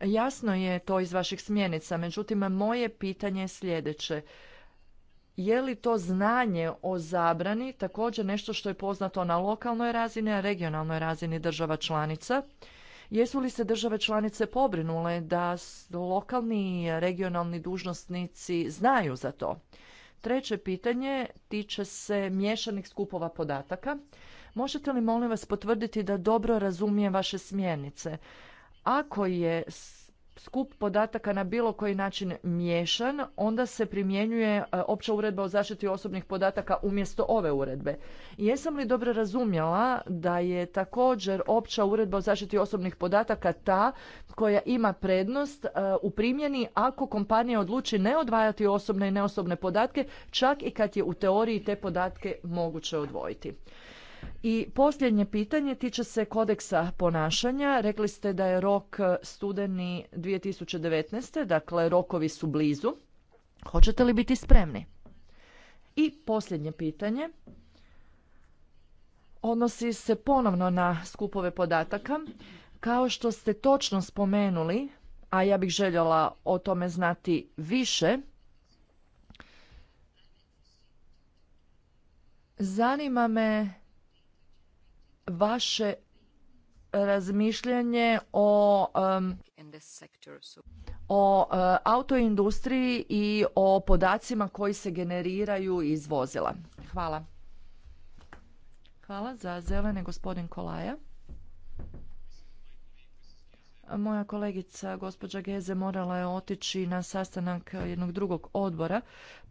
Jasno je to iz vaših smjenica, međutim moje pitanje je sljedeće. Je li to znanje o zabrani također nešto što je poznato na lokalnoj razini, a regionalnoj razini država članica? Jesu li se države članice pobrinule da lokalni i regionalni dužnosnici znaju za to? Treće pitanje tiče se miješanih skupova podataka. Možete li molim vas potvrditi da dobro razumijem vaše smjernice? Ako je skup podataka na bilo koji način miješan, onda se primjenjuje e, opća uredba o zaštiti osobnih podataka umjesto ove uredbe. Jesam li dobro razumjela da je također opća uredba o zaštiti osobnih podataka ta koja ima prednost e, u primjeni ako kompanija odluči ne odvajati osobne i neosobne podatke, čak i kad je u teoriji te podatke moguće odvojiti. I posljednje pitanje tiče se kodeksa ponašanja. Rekli ste da je rok studeni 2019. Dakle, rokovi su blizu. Hoćete li biti spremni? I posljednje pitanje odnosi se ponovno na skupove podataka. Kao što ste točno spomenuli, a ja bih željela o tome znati više, zanima me vaše razmišljanje o o e, autoindustriji i o podacima koji se generiraju iz vozila. Hvala. Hvala za zelene gospodin Kolaja. Moja kolegica gospođa Geze morala je otići na sastanak jednog drugog odbora,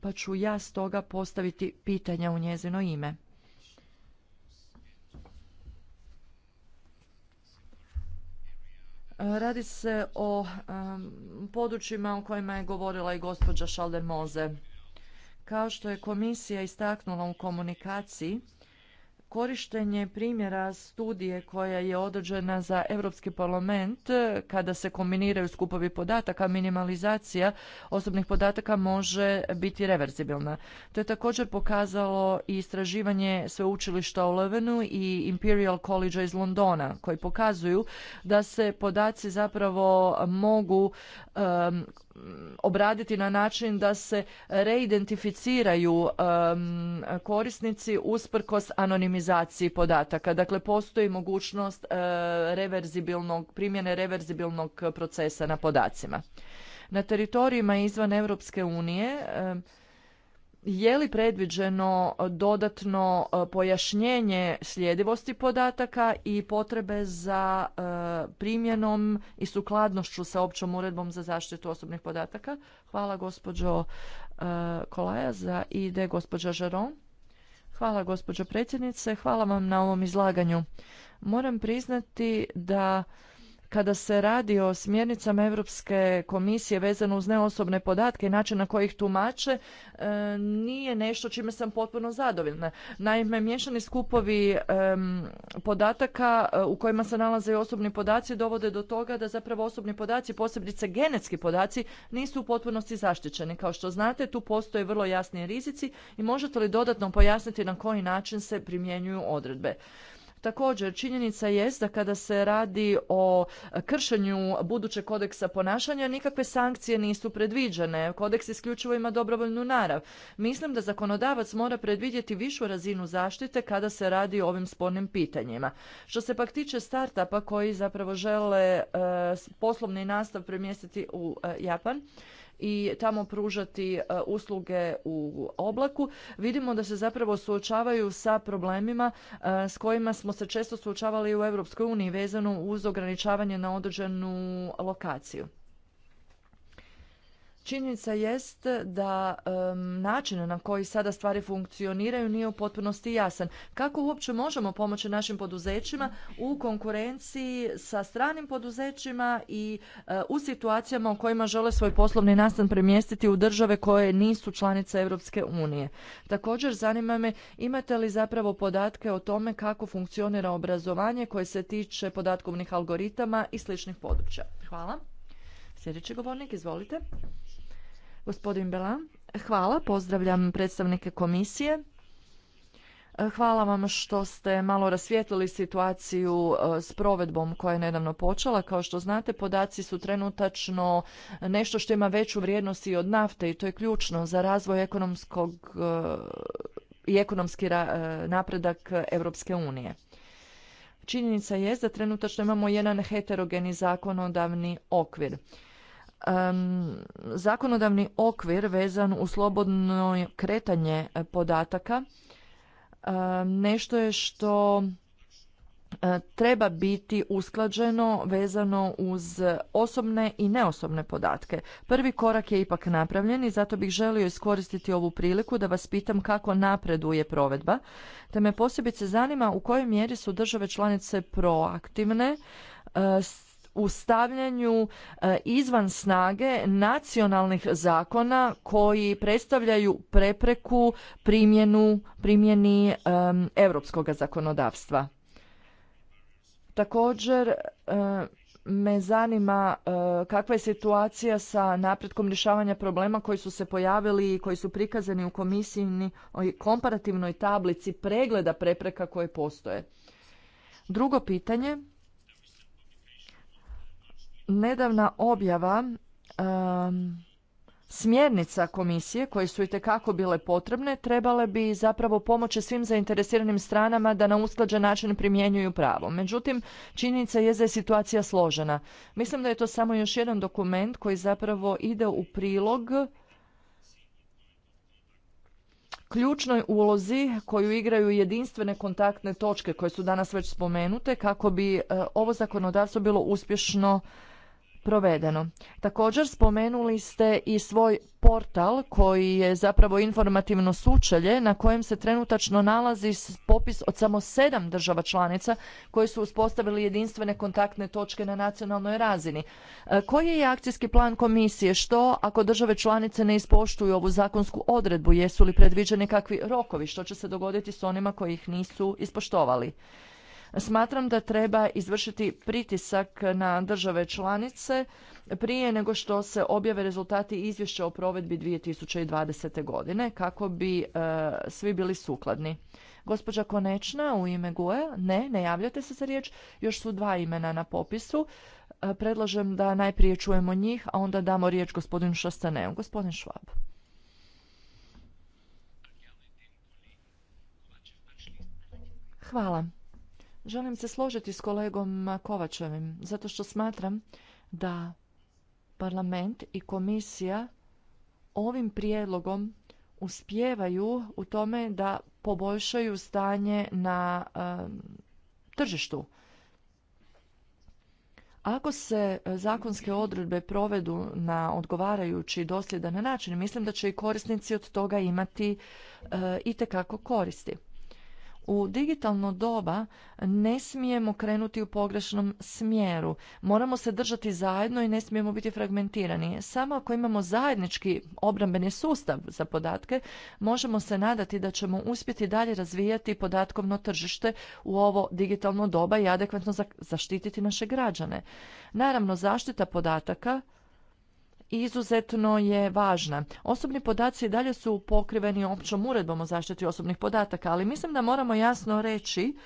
pa ću ja stoga postaviti pitanja u njezino ime. Radi se o područjima o kojima je govorila i gospođa Šaldemoze. Kao što je komisija istaknula u komunikaciji, korištenje primjera studije koja je određena za Europski parlament kada se kombiniraju skupovi podataka, minimalizacija osobnih podataka može biti reverzibilna. To je također pokazalo i istraživanje sveučilišta u Levenu i Imperial College iz Londona koji pokazuju da se podaci zapravo mogu Mm, obraditi na način da se reidentificiraju korisnici usprkos anonimizaciji podataka. Dakle, postoji mogućnost eh, reverzibilnog, primjene reverzibilnog procesa na podacima. Na teritorijima izvan Europske unije je li predviđeno dodatno e, pojašnjenje sljedivosti podataka i potrebe za e, primjenom i sukladnošću sa općom uredbom za zaštitu osobnih podataka? Hvala gospođo e, Kolaja za ide gospođa Žaron. Hvala gospođo predsjednice, hvala vam na ovom izlaganju. Moram priznati da kada se radi o smjernicama Europske komisije vezano uz neosobne podatke i način na koji ih tumače, e, nije nešto čime sam potpuno zadovoljna. Naime, miješani skupovi podataka e, u kojima se nalaze osobni podaci dovode do toga da zapravo osobni podaci, posebice genetski podaci, nisu u potpunosti zaštićeni. Kao što znate, tu postoje vrlo jasni rizici i možete li dodatno pojasniti na koji način se primjenjuju odredbe. Također, činjenica jest da kada se radi o kršenju budućeg kodeksa ponašanja, nikakve sankcije nisu predviđene. Kodeks isključivo ima dobrovoljnu narav. Mislim da zakonodavac mora predvidjeti višu razinu zaštite kada se radi o ovim spornim pitanjima. Što se pak tiče startupa koji zapravo žele e, poslovni nastav premjestiti u e, Japan, i tamo pružati e, usluge u oblaku, vidimo da se zapravo suočavaju sa problemima e, s kojima smo se često suočavali u Europskoj uniji vezano uz ograničavanje na određenu lokaciju. Činjenica jest da um, način na koji sada stvari funkcioniraju nije u potpunosti jasan. Kako uopće možemo pomoći našim poduzećima u konkurenciji sa stranim poduzećima i e, u situacijama u kojima žele svoj poslovni nastan premjestiti u države koje nisu članice Europske unije. Također zanima me imate li zapravo podatke o tome kako funkcionira obrazovanje koje se tiče podatkovnih algoritama i sličnih područja. Hvala. Sljedeći govornik, izvolite. Gospodin Belan, hvala, pozdravljam predstavnike komisije. Hvala vam što ste malo rasvijetlili situaciju e, s provedbom koja je nedavno počela. Kao što znate, podaci su trenutačno nešto što ima veću vrijednost i od nafte i to je ključno za razvoj ekonomskog e, i ekonomski e, napredak Europske unije. Činjenica je da trenutačno imamo jedan heterogeni zakonodavni okvir um, zakonodavni okvir vezan u slobodno kretanje podataka nešto je što e, treba biti usklađeno vezano uz osobne i neosobne podatke. Prvi korak je ipak napravljen i zato bih želio iskoristiti ovu priliku da vas pitam kako napreduje provedba, te me posebice zanima u kojoj mjeri su države članice proaktivne e, s u stavljanju e, izvan snage nacionalnih zakona koji predstavljaju prepreku primjenu primjeni europskoga zakonodavstva. Također e, me zanima e, kakva je situacija sa napretkom rješavanja problema koji su se pojavili i koji su prikazani u komisijni komparativnoj tablici pregleda prepreka koje postoje. Drugo pitanje nedavna objava smjernica komisije koje su itekako bile potrebne trebale bi zapravo pomoći svim zainteresiranim stranama da na usklađen način primjenjuju pravo. Međutim, činjenica je da je situacija složena. Mislim da je to samo još jedan dokument koji zapravo ide u prilog ključnoj ulozi koju igraju jedinstvene kontaktne točke koje su danas već spomenute kako bi eh, ovo zakonodavstvo bilo uspješno provedeno. Također spomenuli ste i svoj portal koji je zapravo informativno sučelje na kojem se trenutačno nalazi popis od samo sedam država članica koji su uspostavili jedinstvene kontaktne točke na nacionalnoj razini. E, koji je akcijski plan komisije? Što ako države članice ne ispoštuju ovu zakonsku odredbu? Jesu li predviđeni kakvi rokovi? Što će se dogoditi s onima koji ih nisu ispoštovali? Smatram da treba izvršiti pritisak na države članice prije nego što se objave rezultati izvješća o provedbi 2020. godine kako bi e, svi bili sukladni. Gospođa Konečna u ime GUE, ne, ne javljate se za riječ, još su dva imena na popisu. E, predlažem da najprije čujemo njih, a onda damo riječ gospodinu Šastaneu. Gospodin Švab. Hvala. Želim se složiti s kolegom Kovačevim, zato što smatram da parlament i komisija ovim prijedlogom uspijevaju u tome da poboljšaju stanje na tržištu. Ako se e, zakonske odredbe provedu na odgovarajući dosljedan način, mislim da će i korisnici od toga imati e, itekako koristi. U digitalno doba ne smijemo krenuti u pogrešnom smjeru. Moramo se držati zajedno i ne smijemo biti fragmentirani. Samo ako imamo zajednički obrambeni sustav za podatke, možemo se nadati da ćemo uspjeti dalje razvijati podatkovno tržište u ovo digitalno doba i adekvatno zaštititi naše građane. Naravno, zaštita podataka izuzetno je važna. Osobni podaci i dalje su pokriveni općom uredbom o zaštiti osobnih podataka, ali mislim da moramo jasno reći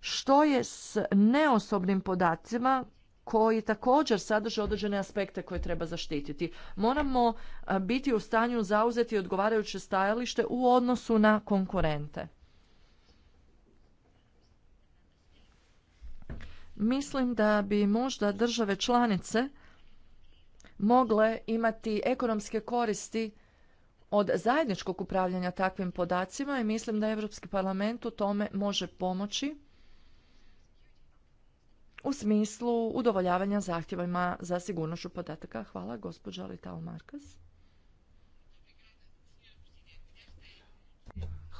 što je s neosobnim podacima koji također sadrže određene aspekte koje treba zaštititi. Moramo e, biti u stanju zauzeti odgovarajuće stajalište u odnosu na konkurente. Mislim da bi možda države članice mogle imati ekonomske koristi od zajedničkog upravljanja takvim podacima i mislim da Europski parlament u tome može pomoći u smislu udovoljavanja zahtjevima za sigurnošću podataka. Hvala, gospođa Litao Markas.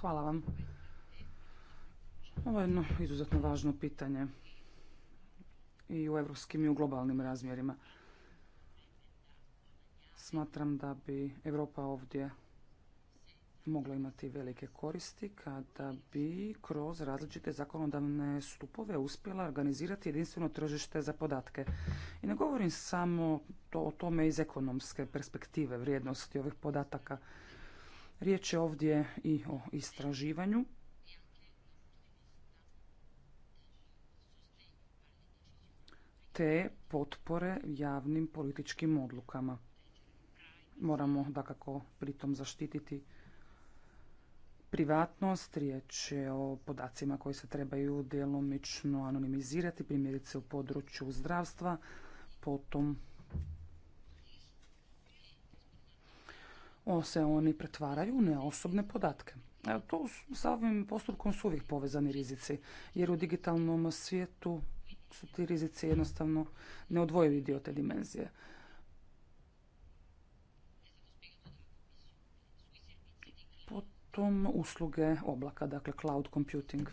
Hvala vam. Ovo je jedno izuzetno važno pitanje i u evropskim i u globalnim razmjerima. Smatram da bi Europa ovdje mogla imati velike koristi kada bi kroz različite zakonodavne stupove uspjela organizirati jedinstveno tržište za podatke. I ne govorim samo to, o tome iz ekonomske perspektive vrijednosti ovih podataka. Riječ je ovdje i o istraživanju. te potpore javnim političkim odlukama. Moramo dakako pritom zaštititi privatnost, riječ je o podacima koji se trebaju djelomično anonimizirati, primjerice u području zdravstva, potom o, se oni pretvaraju u neosobne podatke. E, to sa ovim postupkom su uvijek povezani rizici, jer u digitalnom svijetu su ti rizici jednostavno neodvojivi dio te dimenzije. usluge oblaka, dakle cloud computing.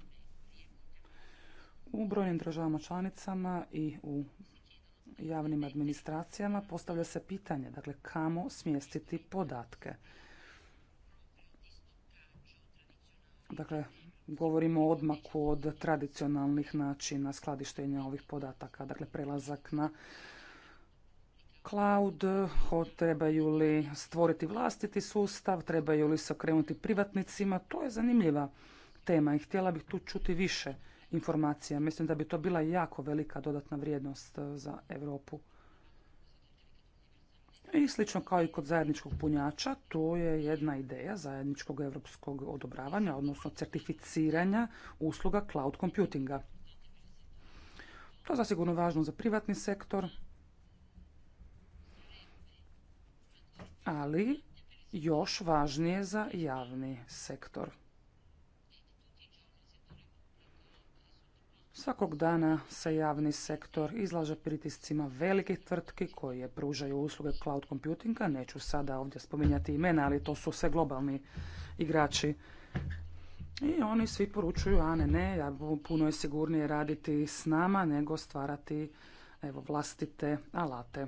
U brojnim državama članicama i u javnim administracijama postavlja se pitanje, dakle kamo smjestiti podatke. Dakle, govorimo o odmaku od tradicionalnih načina skladištenja ovih podataka, dakle prelazak na cloud, trebaju li stvoriti vlastiti sustav, trebaju li se okrenuti privatnicima, to je zanimljiva tema i htjela bih tu čuti više informacija. Mislim da bi to bila jako velika dodatna vrijednost e, za Europu. I slično kao i kod zajedničkog punjača, to je jedna ideja zajedničkog europskog odobravanja, odnosno certificiranja usluga cloud computinga. To je zasigurno važno za privatni sektor, ali još važnije za javni sektor. Svakog dana se javni sektor izlaže pritiscima velikih tvrtki koje pružaju usluge cloud computinga. Neću sada ovdje spominjati imena, ali to su sve globalni igrači. I oni svi poručuju, a ne, ne, puno je sigurnije raditi s nama nego stvarati evo, vlastite alate.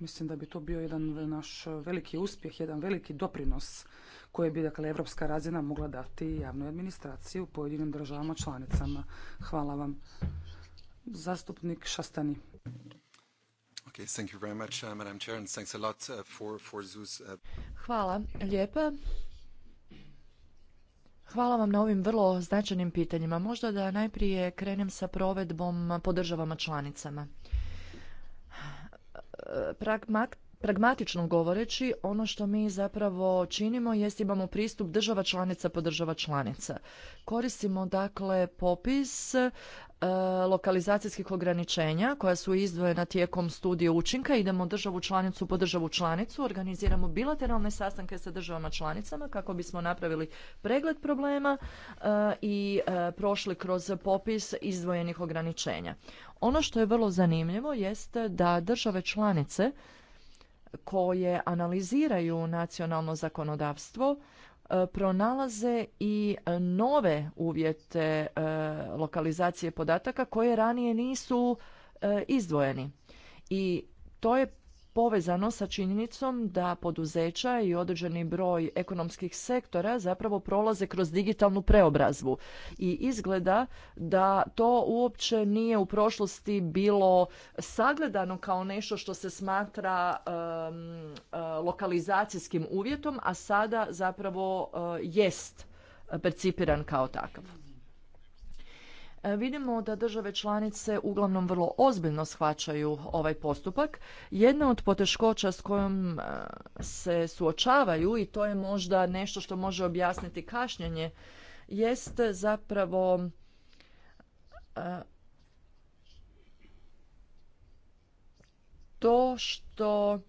Mislim da bi to bio jedan naš veliki uspjeh, jedan veliki doprinos koje bi dakle evropska razina mogla dati javnoj administraciji u pojedinim državama članicama. Hvala vam. Zastupnik Šastani. Hvala lijepa. Hvala vam na ovim vrlo značajnim pitanjima. Možda da najprije krenem sa provedbom po državama članicama pragmat Pragmatično govoreći, ono što mi zapravo činimo jest imamo pristup država članica po država članica. Koristimo dakle popis e, lokalizacijskih ograničenja koja su izdvojena tijekom studije učinka. Idemo državu članicu po državu članicu, organiziramo bilateralne sastanke sa državama članicama kako bismo napravili pregled problema e, i e, prošli kroz popis izdvojenih ograničenja. Ono što je vrlo zanimljivo jest da države članice koje analiziraju nacionalno zakonodavstvo e, pronalaze i nove uvjete e, lokalizacije podataka koje ranije nisu e, izdvojeni. I to je povezano sa činjenicom da poduzeća i određeni broj ekonomskih sektora zapravo prolaze kroz digitalnu preobrazbu i izgleda da to uopće nije u prošlosti bilo sagledano kao nešto što se smatra eh, lokalizacijskim uvjetom, a sada zapravo eh, jest percipiran kao takav. E, vidimo da države članice uglavnom vrlo ozbiljno shvaćaju ovaj postupak. Jedna od poteškoća s kojom e, se suočavaju i to je možda nešto što može objasniti kašnjenje jest zapravo e, to što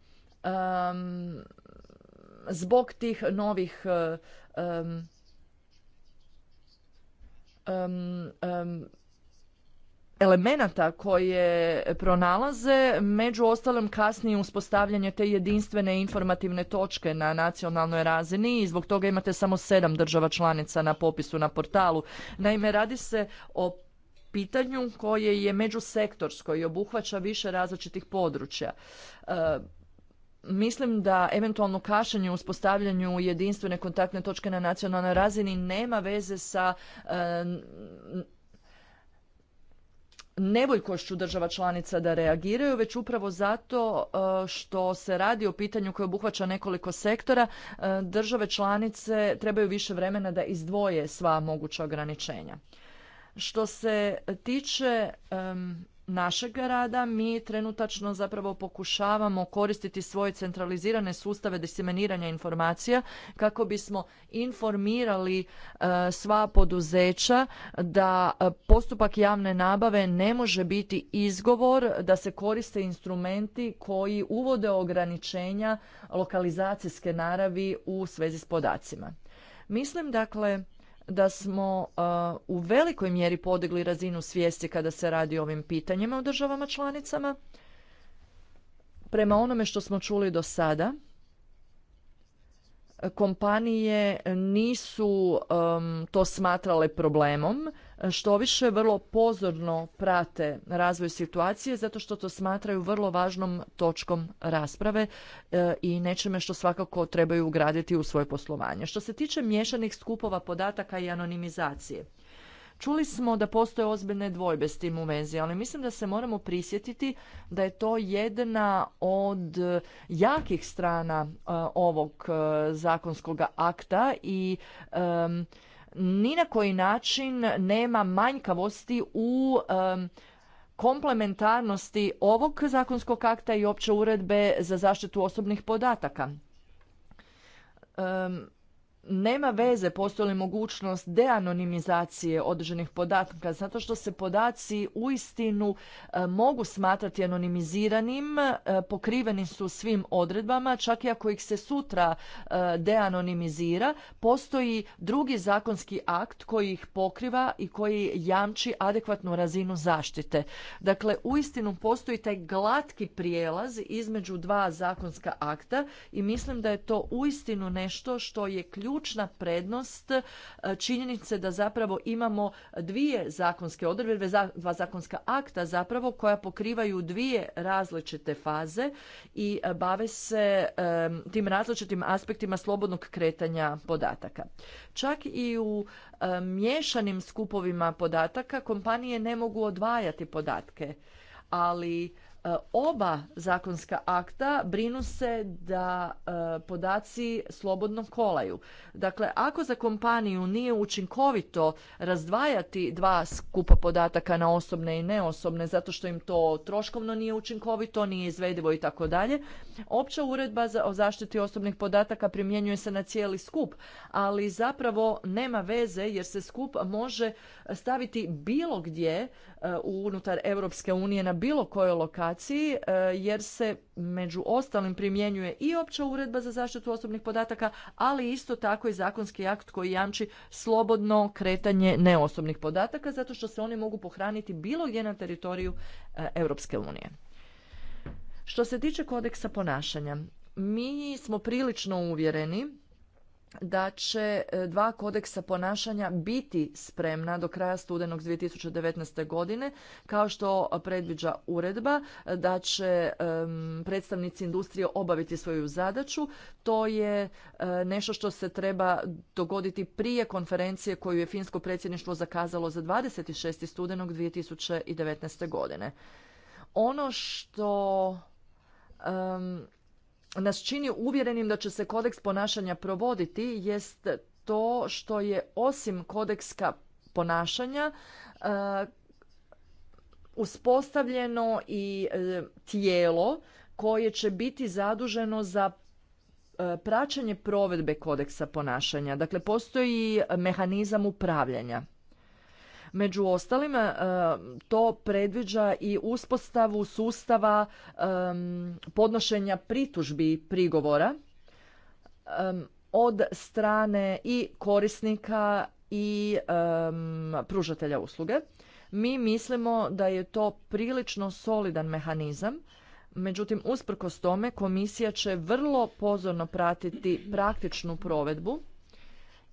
zbog tih novih um, um, elemenata koje pronalaze, među ostalim kasnije uspostavljanje te jedinstvene informativne točke na nacionalnoj razini i zbog toga imate samo sedam država članica na popisu na portalu. Naime, radi se o pitanju koje je međusektorsko i obuhvaća više različitih područja. E, Mislim da eventualno kašanje u uspostavljanju jedinstvene kontaktne točke na nacionalnoj razini nema veze sa e, nevoljkošću država članica da reagiraju, već upravo zato e, što se radi o pitanju koje obuhvaća nekoliko sektora, e, države članice trebaju više vremena da izdvoje sva moguća ograničenja. Što se tiče našeg rada mi trenutačno zapravo pokušavamo koristiti svoje centralizirane sustave diseminiranja informacija kako bismo informirali e, sva poduzeća da e, postupak javne nabave ne može biti izgovor da se koriste instrumenti koji uvode ograničenja lokalizacijske naravi u svezi s podacima. Mislim dakle da smo u velikoj mjeri podigli razinu svijesti kada se radi o ovim pitanjima u državama članicama. Prema onome što smo čuli do sada, kompanije nisu to smatrale problemom što više vrlo pozorno prate razvoj situacije zato što to smatraju vrlo važnom točkom rasprave e, i nečime što svakako trebaju ugraditi u svoje poslovanje. Što se tiče miješanih skupova podataka i anonimizacije, Čuli smo da postoje ozbiljne dvojbe s tim u vezi, ali mislim da se moramo prisjetiti da je to jedna od jakih strana e, ovog e, zakonskog akta i ni na koji način nema manjkavosti u komplementarnosti ovog zakonskog akta i opće uredbe za zaštitu osobnih podataka. Um, nema veze postoji li mogućnost deanonimizacije određenih podataka zato što se podaci uistinu e, mogu smatrati anonimiziranim, e, pokriveni su svim odredbama, čak i ako ih se sutra e, deanonimizira, postoji drugi zakonski akt koji ih pokriva i koji jamči adekvatnu razinu zaštite. Dakle, uistinu postoji taj glatki prijelaz između dva zakonska akta i mislim da je to uistinu nešto što je ključ ključna prednost e, činjenice da zapravo imamo dvije zakonske odredbe, dva zakonska akta zapravo koja pokrivaju dvije različite faze i e, bave se e, tim različitim aspektima slobodnog kretanja podataka. Čak i u miješanim skupovima podataka kompanije ne mogu odvajati podatke, ali E, oba zakonska akta brinu se da e, podaci slobodno kolaju. Dakle, ako za kompaniju nije učinkovito razdvajati dva skupa podataka na osobne i neosobne zato što im to troškovno nije učinkovito, nije izvedivo i tako dalje, opća uredba o zaštiti osobnih podataka primjenjuje se na cijeli skup, ali zapravo nema veze jer se skup može staviti bilo gdje unutar Europske unije na bilo kojoj lokaciji e, jer se među ostalim primjenjuje i opća uredba za zaštitu osobnih podataka, ali isto tako i zakonski akt koji jamči slobodno kretanje neosobnih podataka zato što se oni mogu pohraniti bilo gdje na teritoriju e, Europske unije. Što se tiče kodeksa ponašanja, mi smo prilično uvjereni da će e, dva kodeksa ponašanja biti spremna do kraja studenog 2019. godine, kao što predviđa uredba, da će predstavnici industrije obaviti svoju zadaću. To je e, nešto što se treba dogoditi prije konferencije koju je Finsko predsjedništvo zakazalo za 26. studenog 2019. godine. Ono što nas čini uvjerenim da će se kodeks ponašanja provoditi jest to što je osim kodekska ponašanja e, uspostavljeno i e, tijelo koje će biti zaduženo za e, praćenje provedbe kodeksa ponašanja. Dakle, postoji mehanizam upravljanja. Među ostalim, e, to predviđa i uspostavu sustava podnošenja pritužbi i prigovora od strane i korisnika i pružatelja usluge. Mi mislimo da je to prilično solidan mehanizam Međutim, usprkos tome, komisija će vrlo pozorno pratiti praktičnu provedbu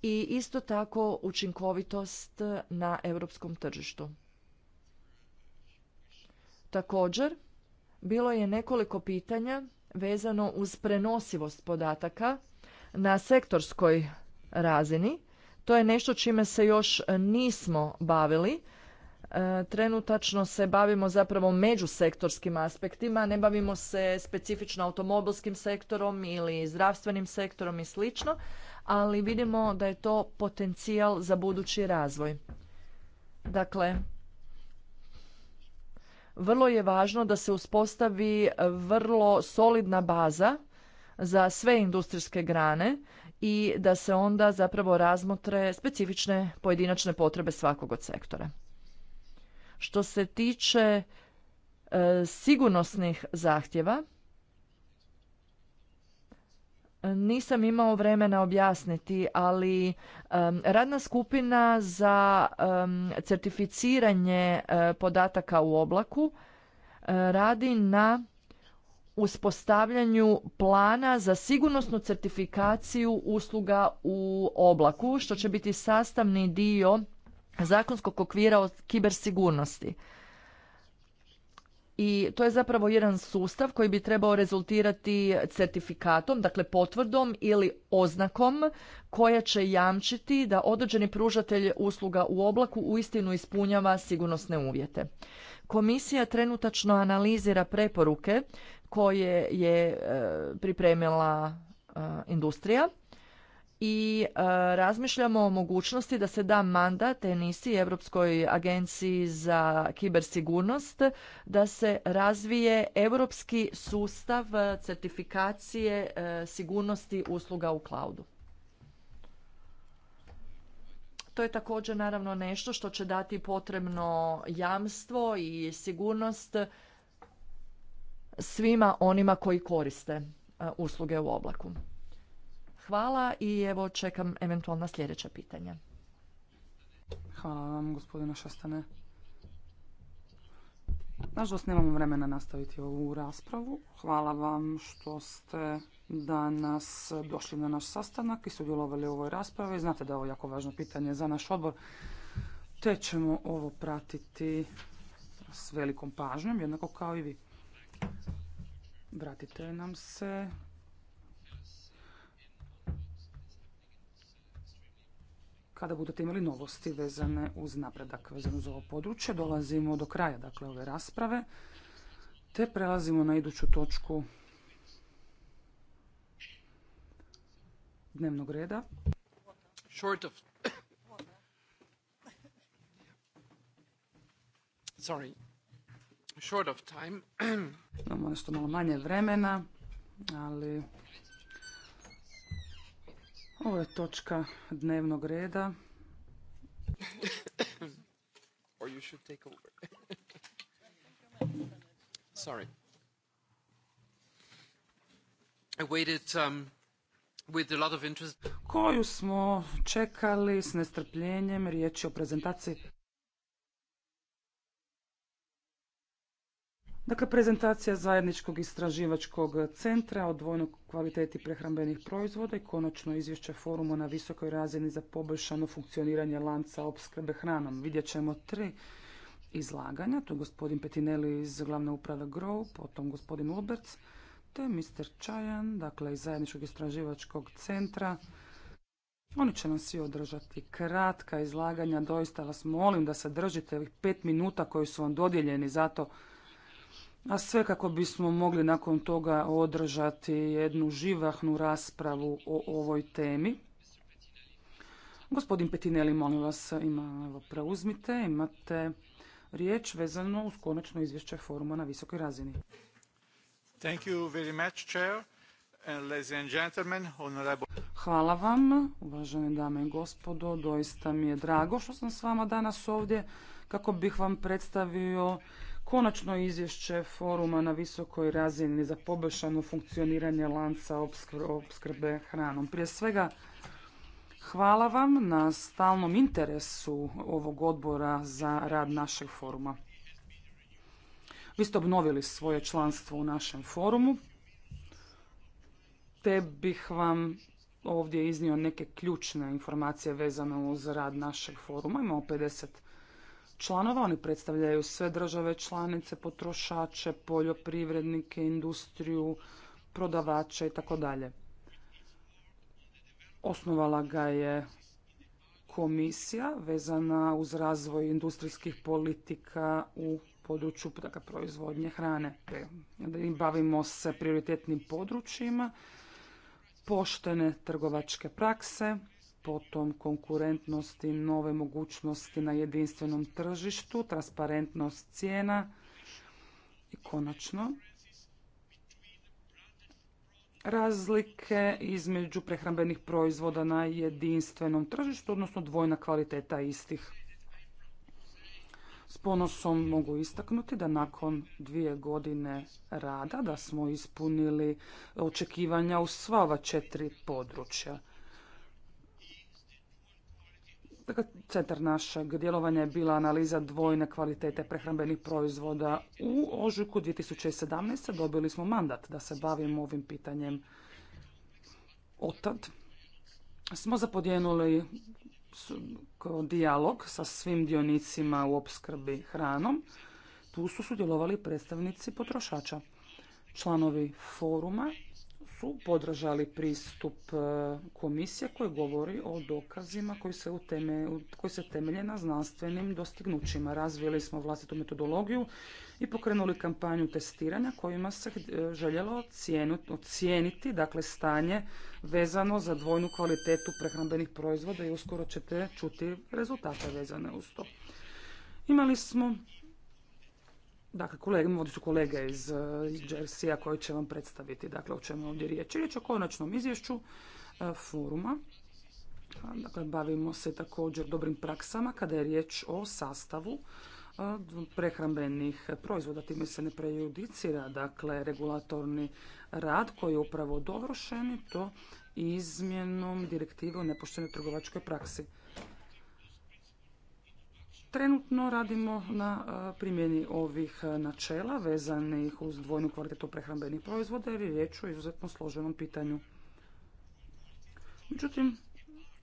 i isto tako učinkovitost na europskom tržištu. Također, bilo je nekoliko pitanja vezano uz prenosivost podataka na sektorskoj razini. To je nešto čime se još nismo bavili. E, trenutačno se bavimo zapravo međusektorskim aspektima, ne bavimo se specifično automobilskim sektorom ili zdravstvenim sektorom i slično, ali vidimo da je to potencijal za budući razvoj. Dakle, vrlo je važno da se uspostavi vrlo solidna baza za sve industrijske grane i da se onda zapravo razmotre specifične pojedinačne potrebe svakog od sektora. Što se tiče e, sigurnosnih zahtjeva, nisam imao vremena objasniti, ali radna skupina za certificiranje e, podataka u oblaku e, radi na uspostavljanju plana za sigurnosnu certifikaciju usluga u oblaku, što će biti sastavni dio zakonskog okvira o kibersigurnosti i to je zapravo jedan sustav koji bi trebao rezultirati certifikatom, dakle potvrdom ili oznakom koja će jamčiti da određeni pružatelj usluga u oblaku uistinu ispunjava sigurnosne uvjete. Komisija trenutačno analizira preporuke koje je e, pripremila e, industrija i e, razmišljamo o mogućnosti da se da mandat ENISI, Europskoj agenciji za kibersigurnost, da se razvije europski sustav certifikacije e, sigurnosti usluga u cloudu. To je također naravno nešto što će dati potrebno jamstvo i sigurnost svima onima koji koriste e, usluge u oblaku. Hvala i evo čekam eventualna sljedeća pitanja. Hvala vam gospodina Šastane. Nažalost nemamo vremena nastaviti ovu raspravu. Hvala vam što ste danas došli na naš sastanak i sudjelovali u ovoj raspravi. Znate da je ovo jako važno pitanje za naš odbor. Te ćemo ovo pratiti s velikom pažnjom, jednako kao i vi. Vratite nam se kada budete imali novosti vezane uz napredak, vezano uz ovo područje. Dolazimo do kraja dakle, ove rasprave, te prelazimo na iduću točku dnevnog reda. Imamo nešto malo manje vremena, ali ovo je točka dnevnog reda. Or you should take over. Sorry. I waited um, with a lot of interest. Koju smo čekali s nestrpljenjem riječi o prezentaciji Dakle, prezentacija zajedničkog istraživačkog centra o dvojnoj kvaliteti prehrambenih proizvoda i konačno izvješće foruma na visokoj razini za poboljšano funkcioniranje lanca opskrbe hranom. Vidjet ćemo tri izlaganja. Tu je gospodin Petinelli iz glavne uprave GROW, potom gospodin Ulberts, te mister Čajan, dakle iz zajedničkog istraživačkog centra. Oni će nam svi održati kratka izlaganja. Doista vas molim da se držite ovih pet minuta koji su vam dodijeljeni zato a sve kako bismo mogli nakon toga održati jednu živahnu raspravu o ovoj temi. Gospodin Petinelli, molim vas, ima, evo, preuzmite, imate riječ vezano uz konačno izvješće foruma na visokoj razini. Thank you very much, Chair. Hvala vam, uvažene dame i gospodo. Doista mi je drago što sam s vama danas ovdje kako bih vam predstavio konačno izvješće foruma na visokoj razini za poboljšano funkcioniranje lanca opskrbe hranom. Prije svega, hvala vam na stalnom interesu ovog odbora za rad našeg foruma. Vi ste obnovili svoje članstvo u našem forumu, te bih vam ovdje iznio neke ključne informacije vezane uz rad našeg foruma. Imamo 50 članova. Oni predstavljaju sve države članice, potrošače, poljoprivrednike, industriju, prodavače i tako dalje. Osnovala ga je komisija vezana uz razvoj industrijskih politika u području dakle, proizvodnje hrane. Dakle, bavimo se prioritetnim područjima, poštene trgovačke prakse, potom konkurentnosti, nove mogućnosti na jedinstvenom tržištu, transparentnost cijena i konačno razlike između prehrambenih proizvoda na jedinstvenom tržištu, odnosno dvojna kvaliteta istih. S ponosom mogu istaknuti da nakon dvije godine rada da smo ispunili očekivanja u sva ova četiri područja. Dakle, centar našeg djelovanja je bila analiza dvojne kvalitete prehrambenih proizvoda. U ožujku 2017. dobili smo mandat da se bavimo ovim pitanjem. Otad smo zapodijenuli dijalog sa svim dionicima u opskrbi hranom. Tu su sudjelovali predstavnici potrošača, članovi foruma su podržali pristup e, komisije koji govori o dokazima koji se, koji se temelje na znanstvenim dostignućima. Razvili smo vlastitu metodologiju i pokrenuli kampanju testiranja kojima se e, željelo ocijeniti dakle, stanje vezano za dvojnu kvalitetu prehrambenih proizvoda i uskoro ćete čuti rezultate vezane uz to. Imali smo Dakle, kolege, ovdje su kolege iz e, Jersey-a koji će vam predstaviti dakle, o čemu ovdje riječ. Riječ o konačnom izvješću e, foruma. Dakle, bavimo se također dobrim praksama kada je riječ o sastavu e, prehrambenih proizvoda. Time se ne prejudicira dakle, regulatorni rad koji je upravo dovršen i to izmjenom direktive o nepoštenoj trgovačkoj praksi. Trenutno radimo na e, primjeni ovih e, načela vezanih uz dvojnu kvalitetu prehrambenih proizvoda jer je riječ o izuzetno složenom pitanju. Međutim,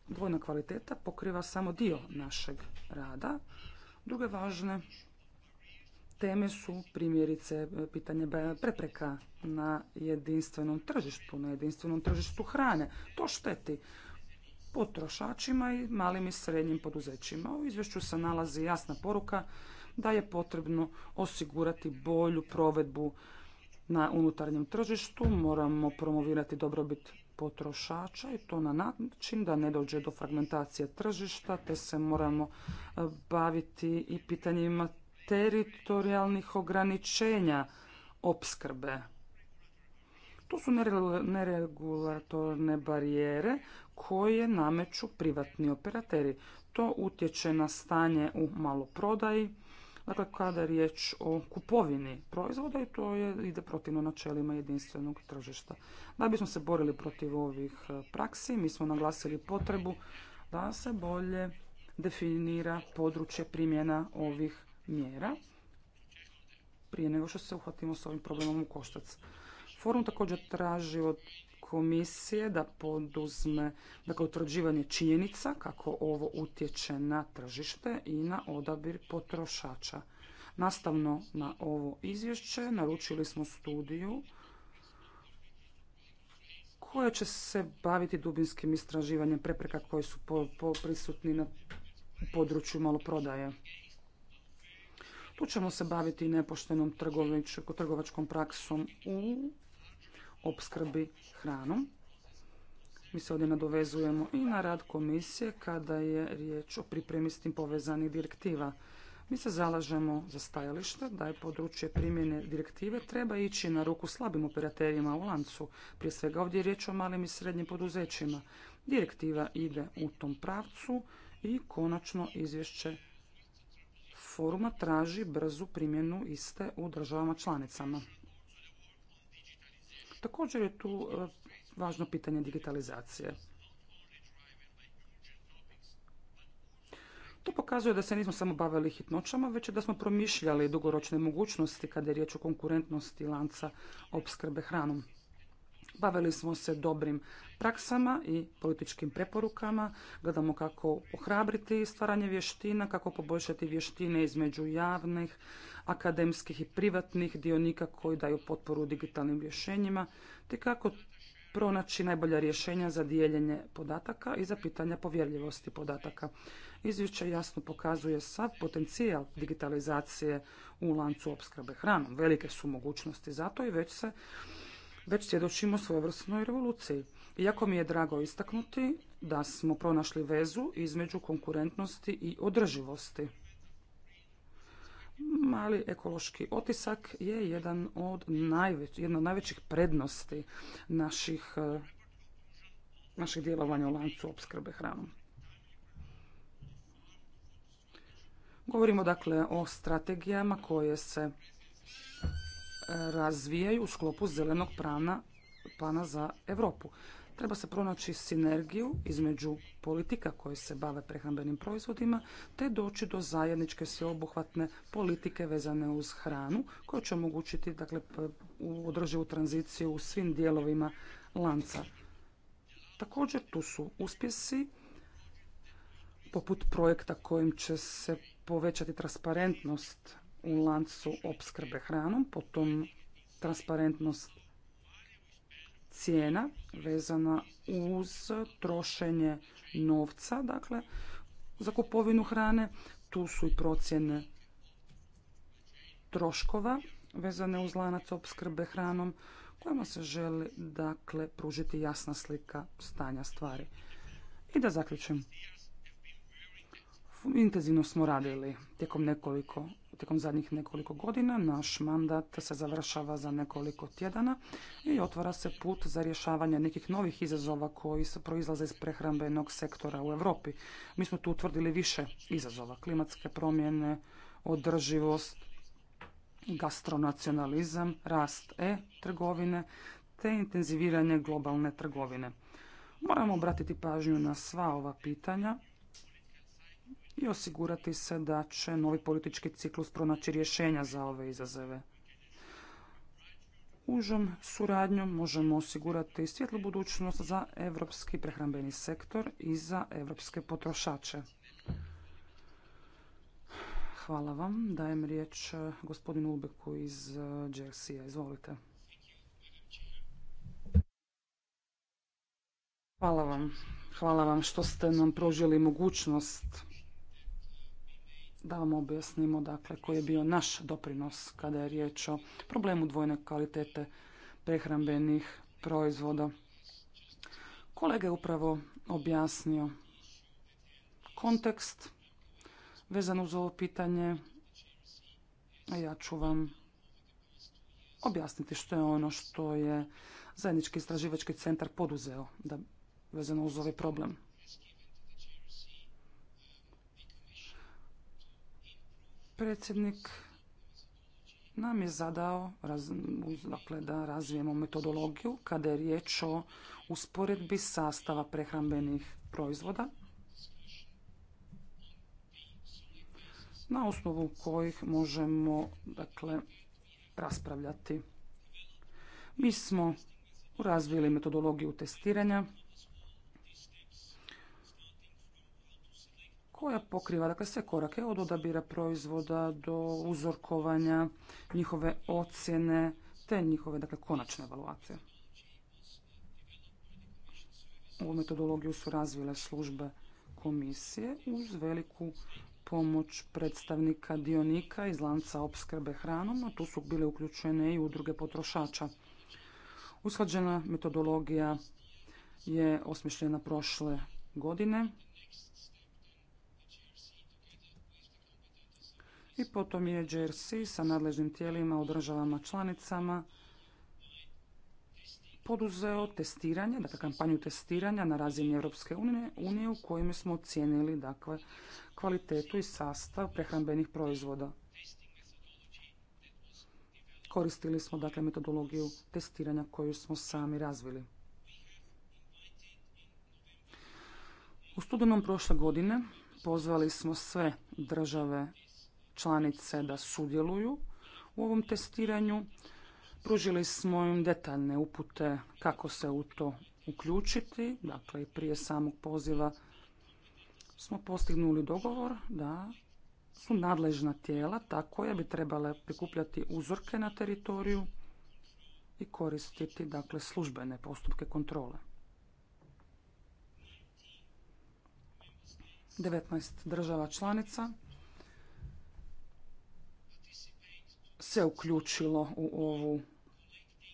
dvojna kvaliteta pokriva samo dio našeg rada. Druge važne teme su primjerice e, pitanje prepreka na jedinstvenom tržištu, na jedinstvenom tržištu hrane. To šteti potrošačima i malim i srednjim poduzećima. U izvješću se nalazi jasna poruka da je potrebno osigurati bolju provedbu na unutarnjem tržištu, moramo promovirati dobrobit potrošača i to na način da ne dođe do fragmentacije tržišta, te se moramo e, baviti i pitanjima teritorijalnih ograničenja opskrbe to su neregulatorne barijere koje nameću privatni operateri. To utječe na stanje u maloprodaji, dakle kada je riječ o kupovini proizvoda i to je, ide protivno načelima jedinstvenog tržišta. Da bismo se borili protiv ovih e, praksi, mi smo naglasili potrebu da se bolje definira područje primjena ovih mjera prije nego što se uhvatimo s ovim problemom u koštac. Forum također traži od komisije da poduzme dakle, utvrđivanje činjenica kako ovo utječe na tržište i na odabir potrošača. Nastavno na ovo izvješće naručili smo studiju koja će se baviti dubinskim istraživanjem prepreka koji su po, prisutni na području maloprodaje. Tu ćemo se baviti nepoštenom trgovačkom praksom u opskrbi hranom. Mi se ovdje nadovezujemo i na rad komisije kada je riječ o pripremi s tim povezanih direktiva. Mi se zalažemo za stajalište da je područje primjene direktive treba ići na ruku slabim operaterima u lancu. Prije svega ovdje je riječ o malim i srednjim poduzećima. Direktiva ide u tom pravcu i konačno izvješće foruma traži brzu primjenu iste u državama članicama. Također je tu e, važno pitanje digitalizacije. To pokazuje da se nismo samo bavili hitnoćama, već da smo promišljali dugoročne mogućnosti kada je riječ o konkurentnosti lanca opskrbe hranom. Bavili smo se dobrim praksama i političkim preporukama, gledamo kako ohrabriti stvaranje vještina, kako poboljšati vještine između javnih, akademskih i privatnih dionika koji daju potporu digitalnim rješenjima, te kako pronaći najbolja rješenja za dijeljenje podataka i za pitanja povjerljivosti podataka. Izvješće jasno pokazuje sad potencijal digitalizacije u lancu opskrbe hranom. Velike su mogućnosti zato i već se već svjedočimo svojevrsnoj revoluciji. Iako mi je drago istaknuti da smo pronašli vezu između konkurentnosti i održivosti. Mali ekološki otisak je jedan od najveć, jedna od najvećih prednosti naših, eh, naših djelovanja u lancu opskrbe hranom. Govorimo dakle o strategijama koje se razvijaju u sklopu zelenog plana za Europu. Treba se pronaći sinergiju između politika koje se bave prehrambenim proizvodima te doći do zajedničke sveobuhvatne politike vezane uz hranu koja će omogućiti dakle, održivu tranziciju u svim dijelovima lanca. Također tu su uspjesi poput projekta kojim će se povećati transparentnost u lancu opskrbe hranom, potom transparentnost cijena vezana uz trošenje novca, dakle, za kupovinu hrane. Tu su i procjene troškova vezane uz lanac opskrbe hranom, kojima se želi, dakle, pružiti jasna slika stanja stvari. I da zaključim intenzivno smo radili tijekom nekoliko tijekom zadnjih nekoliko godina. Naš mandat se završava za nekoliko tjedana i otvara se put za rješavanje nekih novih izazova koji se proizlaze iz prehrambenog sektora u Europi. Mi smo tu utvrdili više izazova. Klimatske promjene, održivost, gastronacionalizam, rast e-trgovine te intenziviranje globalne trgovine. Moramo obratiti pažnju na sva ova pitanja i osigurati se da će novi politički ciklus pronaći rješenja za ove izazove. Užom suradnjom možemo osigurati svjetlu budućnost za evropski prehrambeni sektor i za evropske potrošače. Hvala vam. Dajem riječ gospodinu Ulbeku iz Jersey-a. Izvolite. Hvala vam. Hvala vam što ste nam pružili mogućnost da vam objasnimo dakle, koji je bio naš doprinos kada je riječ o problemu dvojne kvalitete prehrambenih proizvoda. Kolega je upravo objasnio kontekst vezano uz ovo pitanje, a ja ću vam objasniti što je ono što je zajednički istraživački centar poduzeo da vezano uz ovaj problem. Predsjednik nam je zadao raz, dakle, da razvijemo metodologiju kada je riječ o usporedbi sastava prehrambenih proizvoda na osnovu kojih možemo dakle, raspravljati. Mi smo razvili metodologiju testiranja koja pokriva dakle, sve korake od odabira proizvoda do uzorkovanja, njihove ocjene te njihove dakle, konačne evaluacije. Ovu metodologiju su razvile službe komisije uz veliku pomoć predstavnika dionika iz lanca opskrbe hranom, a tu su bile uključene i udruge potrošača. Usklađena metodologija je osmišljena prošle godine I potom je Jersey sa nadležnim tijelima u državama članicama poduzeo testiranje, dakle kampanju testiranja na razini Europske unije u kojim smo ocijenili dakle, kvalitetu i sastav prehrambenih proizvoda. Koristili smo dakle metodologiju testiranja koju smo sami razvili. U studenom prošle godine pozvali smo sve države članice da sudjeluju u ovom testiranju. Pružili smo im detaljne upute kako se u to uključiti, dakle i prije samog poziva smo postignuli dogovor da su nadležna tijela ta koja bi trebala prikupljati uzorke na teritoriju i koristiti dakle službene postupke kontrole. 19 država članica se uključilo u ovu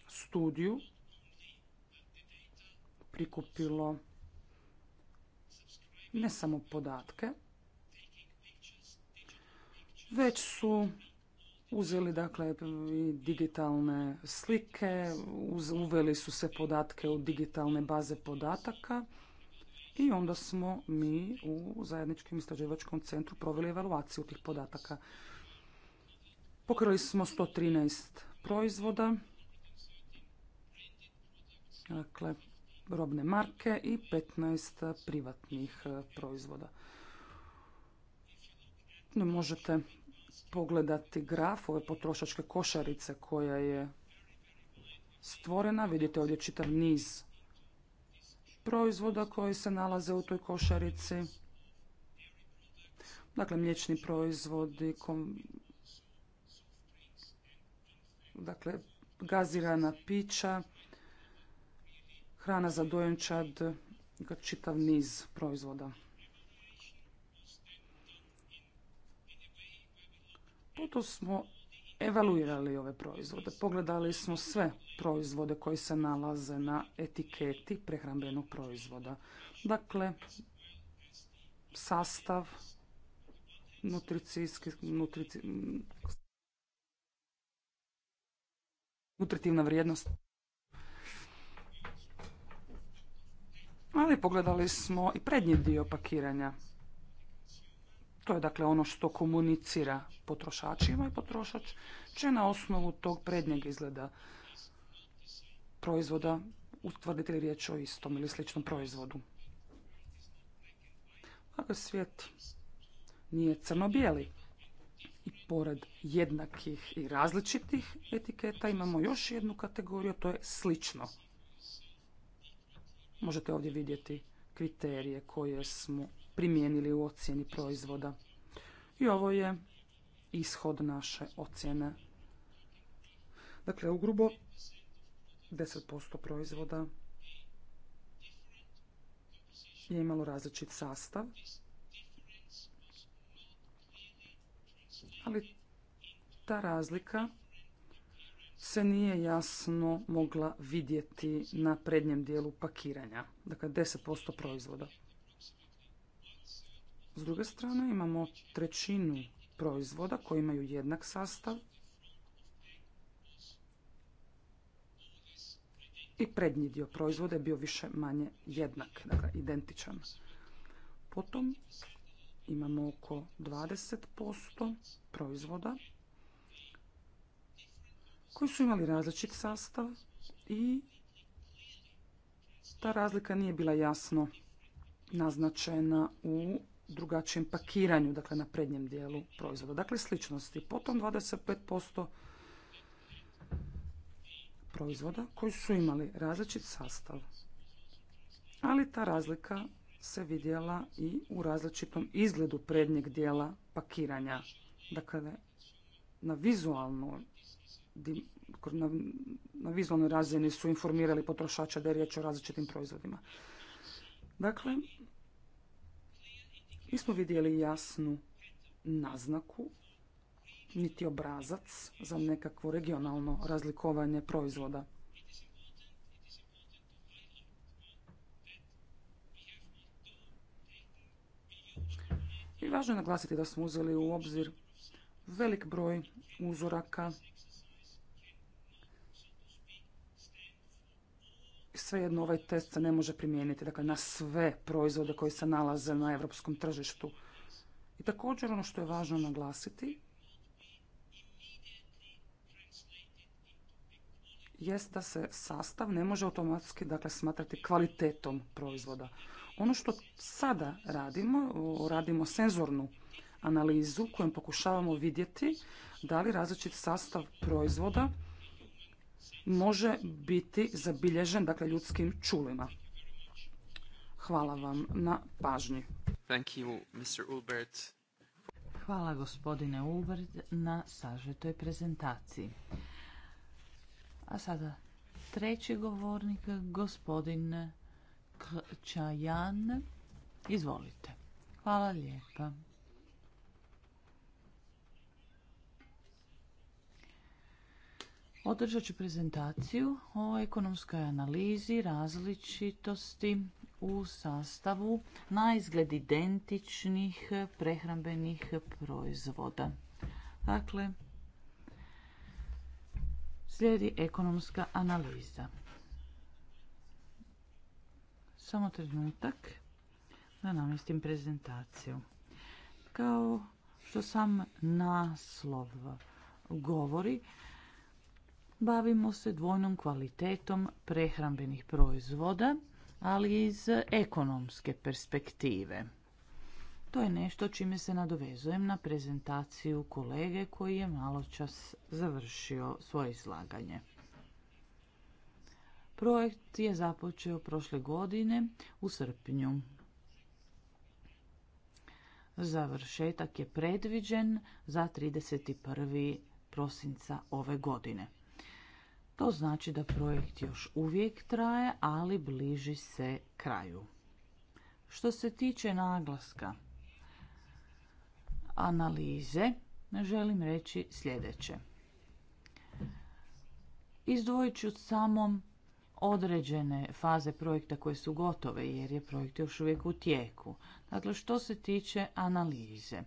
studiju, prikupilo ne samo podatke, već su uzeli dakle digitalne slike, uveli su se podatke u digitalne baze podataka i onda smo mi u zajedničkom istraživačkom centru proveli evaluaciju tih podataka. Pokrili smo 113 proizvoda, dakle robne marke i 15 privatnih e, proizvoda. Možete pogledati graf ove potrošačke košarice koja je stvorena. Vidite ovdje čitav niz proizvoda koji se nalaze u toj košarici. Dakle, mliječni proizvodi, dakle gazirana pića, hrana za dojenčad, dakle, čitav niz proizvoda. Potom smo evaluirali ove proizvode. Pogledali smo sve proizvode koji se nalaze na etiketi prehrambenog proizvoda. Dakle, sastav, nutricijski, nutritivna vrijednost. Ali pogledali smo i prednji dio pakiranja. To je dakle ono što komunicira potrošačima i potrošač će na osnovu tog prednjeg izgleda proizvoda utvrditi li riječ o istom ili sličnom proizvodu. Dakle, svijet nije crno-bijeli pored jednakih i različitih etiketa imamo još jednu kategoriju, to je slično. Možete ovdje vidjeti kriterije koje smo primijenili u ocjeni proizvoda. I ovo je ishod naše ocjene. Dakle, u ugrubo 10% proizvoda je imalo različit sastav ali ta razlika se nije jasno mogla vidjeti na prednjem dijelu pakiranja, dakle 10% proizvoda. S druge strane imamo trećinu proizvoda koji imaju jednak sastav i prednji dio proizvoda je bio više manje jednak, dakle identičan. Potom imamo oko 20% proizvoda koji su imali različit sastav i ta razlika nije bila jasno naznačena u drugačijem pakiranju, dakle na prednjem dijelu proizvoda. Dakle, sličnosti. Potom 25% proizvoda koji su imali različit sastav, ali ta razlika se vidjela i u različitom izgledu prednjeg dijela pakiranja. Dakle, na vizualno na, na vizualnoj razini su informirali potrošača da je riječ o različitim proizvodima. Dakle, nismo vidjeli jasnu naznaku, niti obrazac za nekakvo regionalno razlikovanje proizvoda. Važno je naglasiti da smo uzeli u obzir velik broj uzoraka. Svejedno ovaj test se ne može primijeniti dakle, na sve proizvode koji se nalaze na europskom tržištu. I također ono što je važno naglasiti jest da se sastav ne može automatski dakle, smatrati kvalitetom proizvoda. Ono što sada radimo, radimo senzornu analizu kojom pokušavamo vidjeti da li različit sastav proizvoda može biti zabilježen dakle, ljudskim čulima. Hvala vam na pažnji. Hvala gospodine Ulbert na sažetoj prezentaciji. A sada treći govornik, gospodin Čajan. Izvolite. Hvala lijepa. Održat ću prezentaciju o ekonomskoj analizi različitosti u sastavu na izgled identičnih prehrambenih proizvoda. Dakle, slijedi ekonomska analiza. Samo trenutak da namjestim prezentaciju. Kao što sam naslov govori, bavimo se dvojnom kvalitetom prehrambenih proizvoda, ali iz ekonomske perspektive. To je nešto čime se nadovezujem na prezentaciju kolege koji je malo čas završio svoje izlaganje. Projekt je započeo prošle godine u srpnju. Završetak je predviđen za 31. prosinca ove godine. To znači da projekt još uvijek traje, ali bliži se kraju. Što se tiče naglaska analize, želim reći sljedeće. Izdvojit ću samo određene faze projekta koje su gotove jer je projekt još uvijek u tijeku. Dakle, što se tiče analize.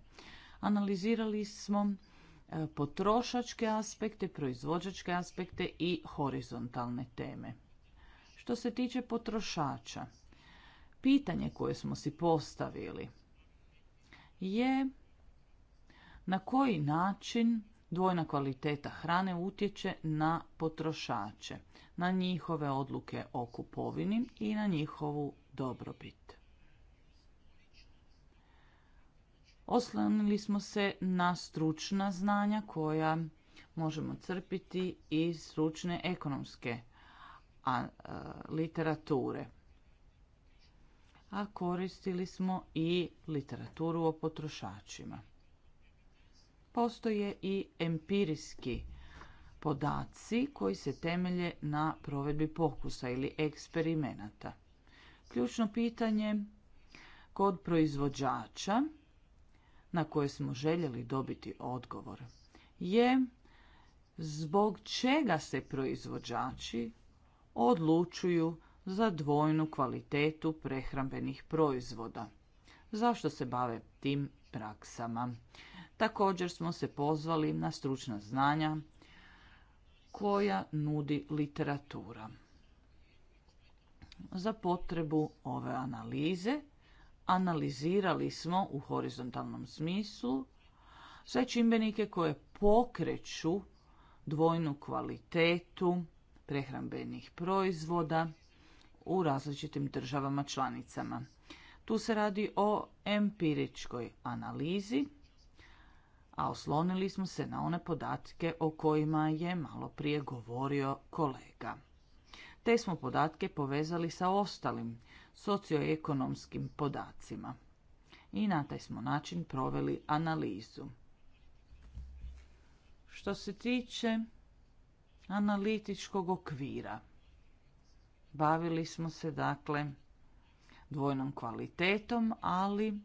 Analizirali smo e, potrošačke aspekte, proizvođačke aspekte i horizontalne teme. Što se tiče potrošača, pitanje koje smo si postavili je na koji način Dvojna kvaliteta hrane utječe na potrošače, na njihove odluke o kupovini i na njihovu dobrobit. Oslanili smo se na stručna znanja koja možemo crpiti iz stručne ekonomske e, literature. A koristili smo i literaturu o potrošačima postoje i empirijski podaci koji se temelje na provedbi pokusa ili eksperimenata. Ključno pitanje kod proizvođača na koje smo željeli dobiti odgovor je zbog čega se proizvođači odlučuju za dvojnu kvalitetu prehrambenih proizvoda. Zašto se bave tim praksama? Također smo se pozvali na stručna znanja koja nudi literatura. Za potrebu ove analize analizirali smo u horizontalnom smislu sve čimbenike koje pokreću dvojnu kvalitetu prehrambenih proizvoda u različitim državama članicama. Tu se radi o empiričkoj analizi a oslonili smo se na one podatke o kojima je malo prije govorio kolega. Te smo podatke povezali sa ostalim socioekonomskim podacima i na taj smo način proveli analizu. Što se tiče analitičkog okvira, bavili smo se dakle dvojnom kvalitetom, ali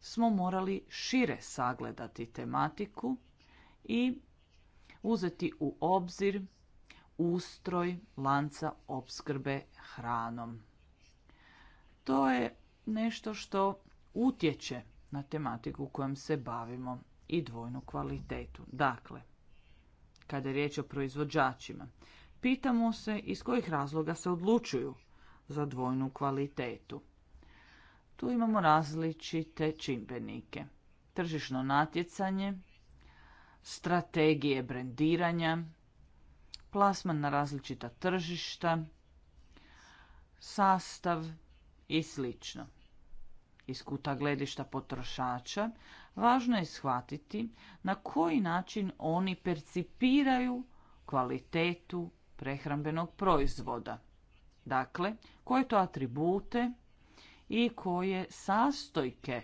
smo morali šire sagledati tematiku i uzeti u obzir ustroj lanca opskrbe hranom. To je nešto što utječe na tematiku kojom se bavimo i dvojnu kvalitetu. Dakle, kada je riječ o proizvođačima, pitamo se iz kojih razloga se odlučuju za dvojnu kvalitetu. Tu imamo različite čimbenike. Tržišno natjecanje, strategije brendiranja, plasman na različita tržišta, sastav i slično. Iz kuta gledišta potrošača važno je shvatiti na koji način oni percipiraju kvalitetu prehrambenog proizvoda. Dakle, koje to atribute i koje sastojke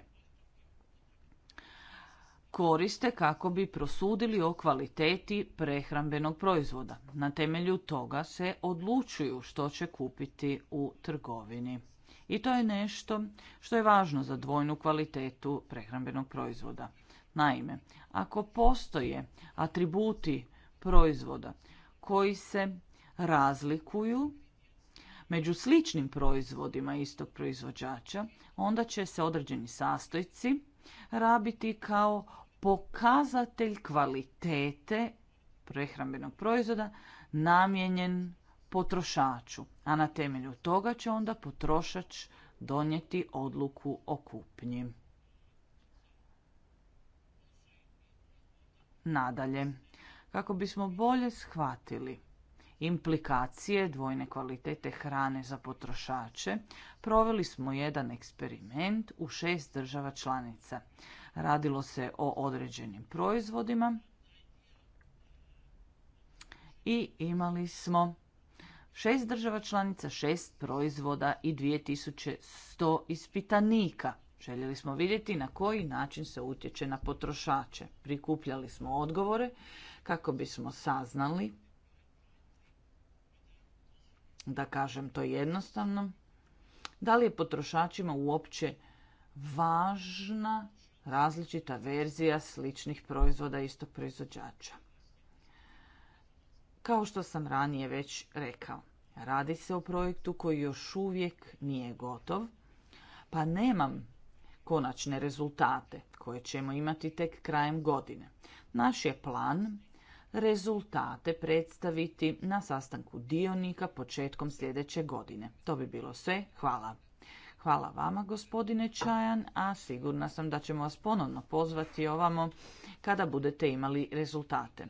koriste kako bi prosudili o kvaliteti prehrambenog proizvoda. Na temelju toga se odlučuju što će kupiti u trgovini. I to je nešto što je važno za dvojnu kvalitetu prehrambenog proizvoda. Naime, ako postoje atributi proizvoda koji se razlikuju među sličnim proizvodima istog proizvođača, onda će se određeni sastojci rabiti kao pokazatelj kvalitete prehrambenog proizvoda namijenjen potrošaču, a na temelju toga će onda potrošač donijeti odluku o kupnji. Nadalje, kako bismo bolje shvatili implikacije dvojne kvalitete hrane za potrošače, proveli smo jedan eksperiment u šest država članica. Radilo se o određenim proizvodima i imali smo šest država članica, šest proizvoda i 2100 ispitanika. Željeli smo vidjeti na koji način se utječe na potrošače. Prikupljali smo odgovore kako bismo saznali da kažem to jednostavno, da li je potrošačima uopće važna različita verzija sličnih proizvoda istog proizvođača. Kao što sam ranije već rekao, radi se o projektu koji još uvijek nije gotov, pa nemam konačne rezultate koje ćemo imati tek krajem godine. Naš je plan rezultate predstaviti na sastanku dionika početkom sljedeće godine. To bi bilo sve. Hvala. Hvala vama, gospodine Čajan, a sigurna sam da ćemo vas ponovno pozvati ovamo kada budete imali rezultate.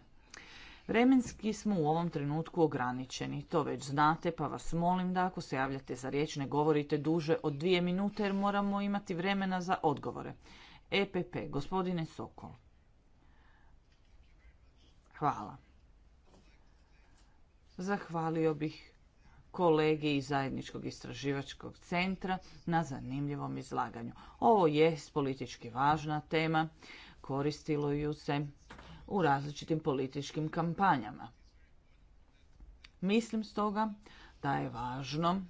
Vremenski smo u ovom trenutku ograničeni, to već znate, pa vas molim da ako se javljate za riječ ne govorite duže od dvije minute jer moramo imati vremena za odgovore. EPP, gospodine Sokol. Hvala. Zahvalio bih kolegi iz Zajedničkog istraživačkog centra na zanimljivom izlaganju. Ovo je politički važna tema, koristilo ju se u različitim političkim kampanjama. Mislim stoga da je važno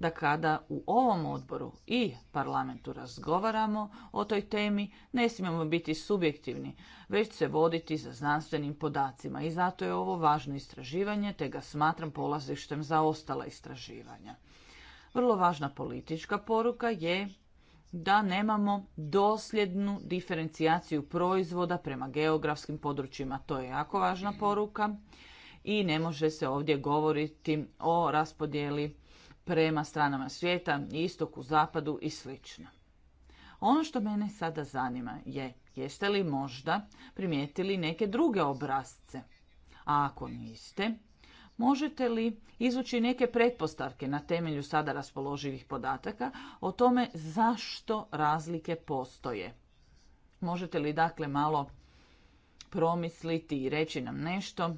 da kada u ovom odboru i parlamentu razgovaramo o toj temi, ne smijemo biti subjektivni, već se voditi za znanstvenim podacima i zato je ovo važno istraživanje, te ga smatram polazištem za ostala istraživanja. Vrlo važna politička poruka je da nemamo dosljednu diferencijaciju proizvoda prema geografskim područjima. To je jako važna poruka i ne može se ovdje govoriti o raspodjeli prema stranama svijeta, istoku, zapadu i sl. Ono što mene sada zanima je jeste li možda primijetili neke druge obrazce? A ako niste, možete li izvući neke pretpostavke na temelju sada raspoloživih podataka o tome zašto razlike postoje? Možete li dakle malo promisliti i reći nam nešto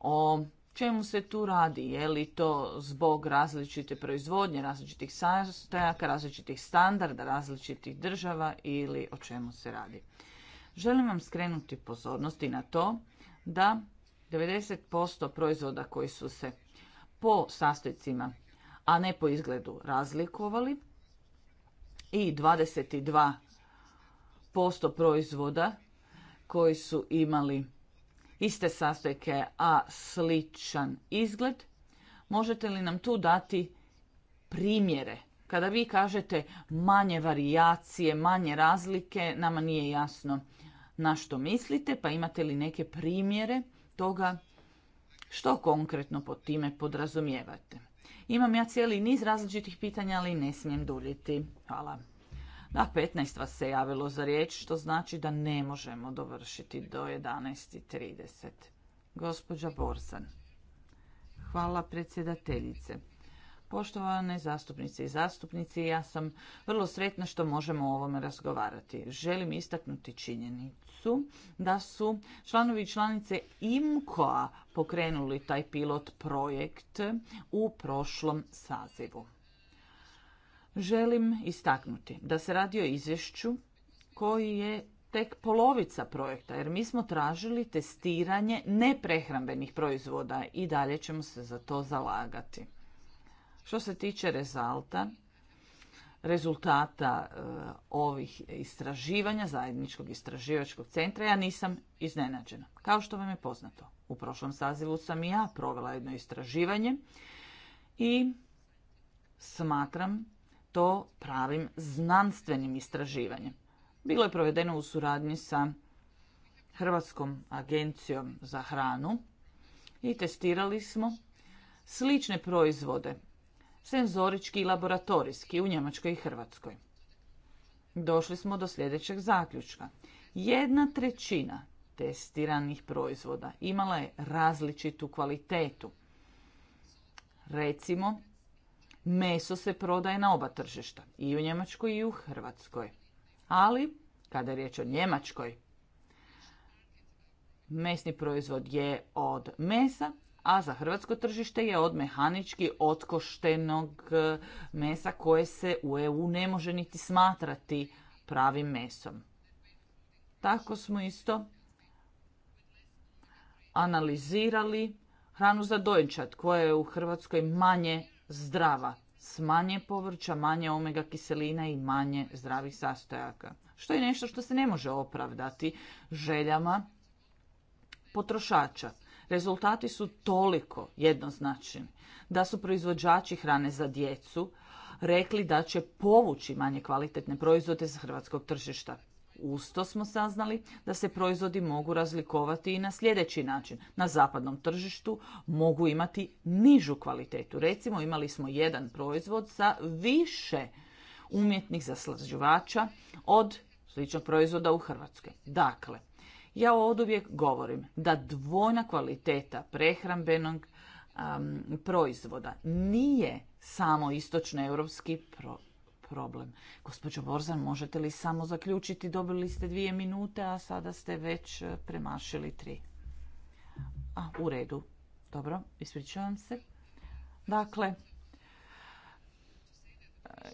o čemu se tu radi? Je li to zbog različite proizvodnje, različitih sastojaka, različitih standarda, različitih država ili o čemu se radi? Želim vam skrenuti pozornost i na to da 90% proizvoda koji su se po sastojcima, a ne po izgledu razlikovali i 22% proizvoda koji su imali iste sastojke, a sličan izgled. Možete li nam tu dati primjere? Kada vi kažete manje varijacije, manje razlike, nama nije jasno na što mislite, pa imate li neke primjere toga što konkretno pod time podrazumijevate. Imam ja cijeli niz različitih pitanja, ali ne smijem duljiti. Hvala a 15 vas se javilo za riječ, što znači da ne možemo dovršiti do 11.30. Gospođa Borsan. Hvala predsjedateljice. Poštovane zastupnice i zastupnici, ja sam vrlo sretna što možemo o ovome razgovarati. Želim istaknuti činjenicu da su članovi i članice IMKOA pokrenuli taj pilot projekt u prošlom sazivu. Želim istaknuti da se radi o izvješću koji je tek polovica projekta, jer mi smo tražili testiranje neprehrambenih proizvoda i dalje ćemo se za to zalagati. Što se tiče rezultata, rezultata ovih istraživanja, zajedničkog istraživačkog centra, ja nisam iznenađena. Kao što vam je poznato, u prošlom sazivu sam i ja provela jedno istraživanje i smatram to pravim znanstvenim istraživanjem. Bilo je provedeno u suradnji sa Hrvatskom agencijom za hranu i testirali smo slične proizvode, senzorički i laboratorijski u Njemačkoj i Hrvatskoj. Došli smo do sljedećeg zaključka. Jedna trećina testiranih proizvoda imala je različitu kvalitetu. Recimo, meso se prodaje na oba tržišta, i u Njemačkoj i u Hrvatskoj. Ali, kada je riječ o Njemačkoj, mesni proizvod je od mesa, a za hrvatsko tržište je od mehanički otkoštenog e, mesa koje se u EU ne može niti smatrati pravim mesom. Tako smo isto analizirali hranu za dojenčad koja je u Hrvatskoj manje zdrava, s manje povrća, manje omega kiselina i manje zdravih sastojaka. Što je nešto što se ne može opravdati željama potrošača. Rezultati su toliko jednoznačni da su proizvođači hrane za djecu rekli da će povući manje kvalitetne proizvode za hrvatskog tržišta to smo saznali da se proizvodi mogu razlikovati i na sljedeći način. Na zapadnom tržištu mogu imati nižu kvalitetu. Recimo imali smo jedan proizvod sa više umjetnih zaslađivača od sličnog proizvoda u Hrvatskoj. Dakle, ja uvijek govorim da dvojna kvaliteta prehrambenog proizvoda nije samo istočno-europski proizvod problem. Gospođo Borzan, možete li samo zaključiti? Dobili ste dvije minute, a sada ste već e, premašili tri. A, u redu. Dobro, ispričavam se. Dakle, e,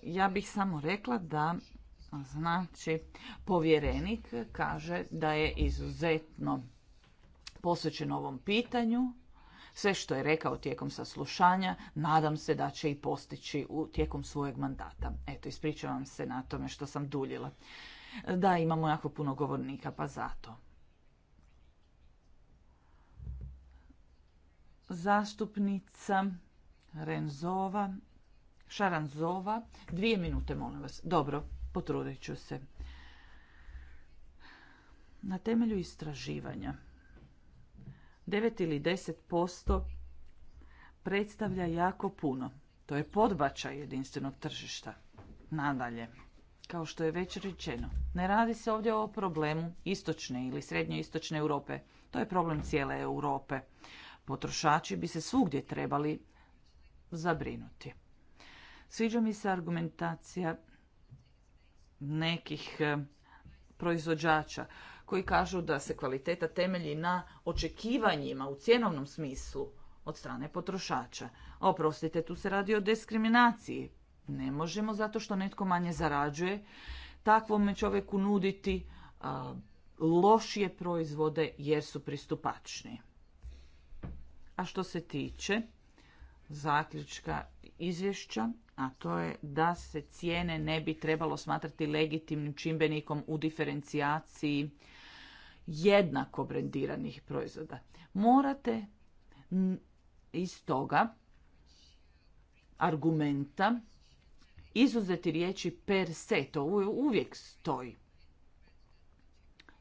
ja bih samo rekla da znači povjerenik kaže da je izuzetno posvećen ovom pitanju sve što je rekao tijekom saslušanja, nadam se da će i postići u tijekom svojeg mandata. Eto, ispričavam se na tome što sam duljila. Da, imamo jako puno govornika, pa zato. Zastupnica Renzova, Šaranzova, dvije minute, molim vas. Dobro, potrudit ću se. Na temelju istraživanja 9 ili 10% predstavlja jako puno. To je podbačaj jedinstvenog tržišta. Nadalje, kao što je već rečeno, ne radi se ovdje o problemu istočne ili srednjoistočne Europe. To je problem cijele Europe. Potrošači bi se svugdje trebali zabrinuti. Sviđa mi se argumentacija nekih eh, proizvođača koji kažu da se kvaliteta temelji na očekivanjima u cjenovnom smislu od strane potrošača. oprostite, tu se radi o diskriminaciji. Ne možemo zato što netko manje zarađuje takvome čovjeku nuditi lošije proizvode jer su pristupačni. A što se tiče zaključka izvješća, a to je da se cijene ne bi trebalo smatrati legitimnim čimbenikom u diferencijaciji jednako brendiranih proizvoda. Morate iz toga argumenta izuzeti riječi per se, to uvijek stoji.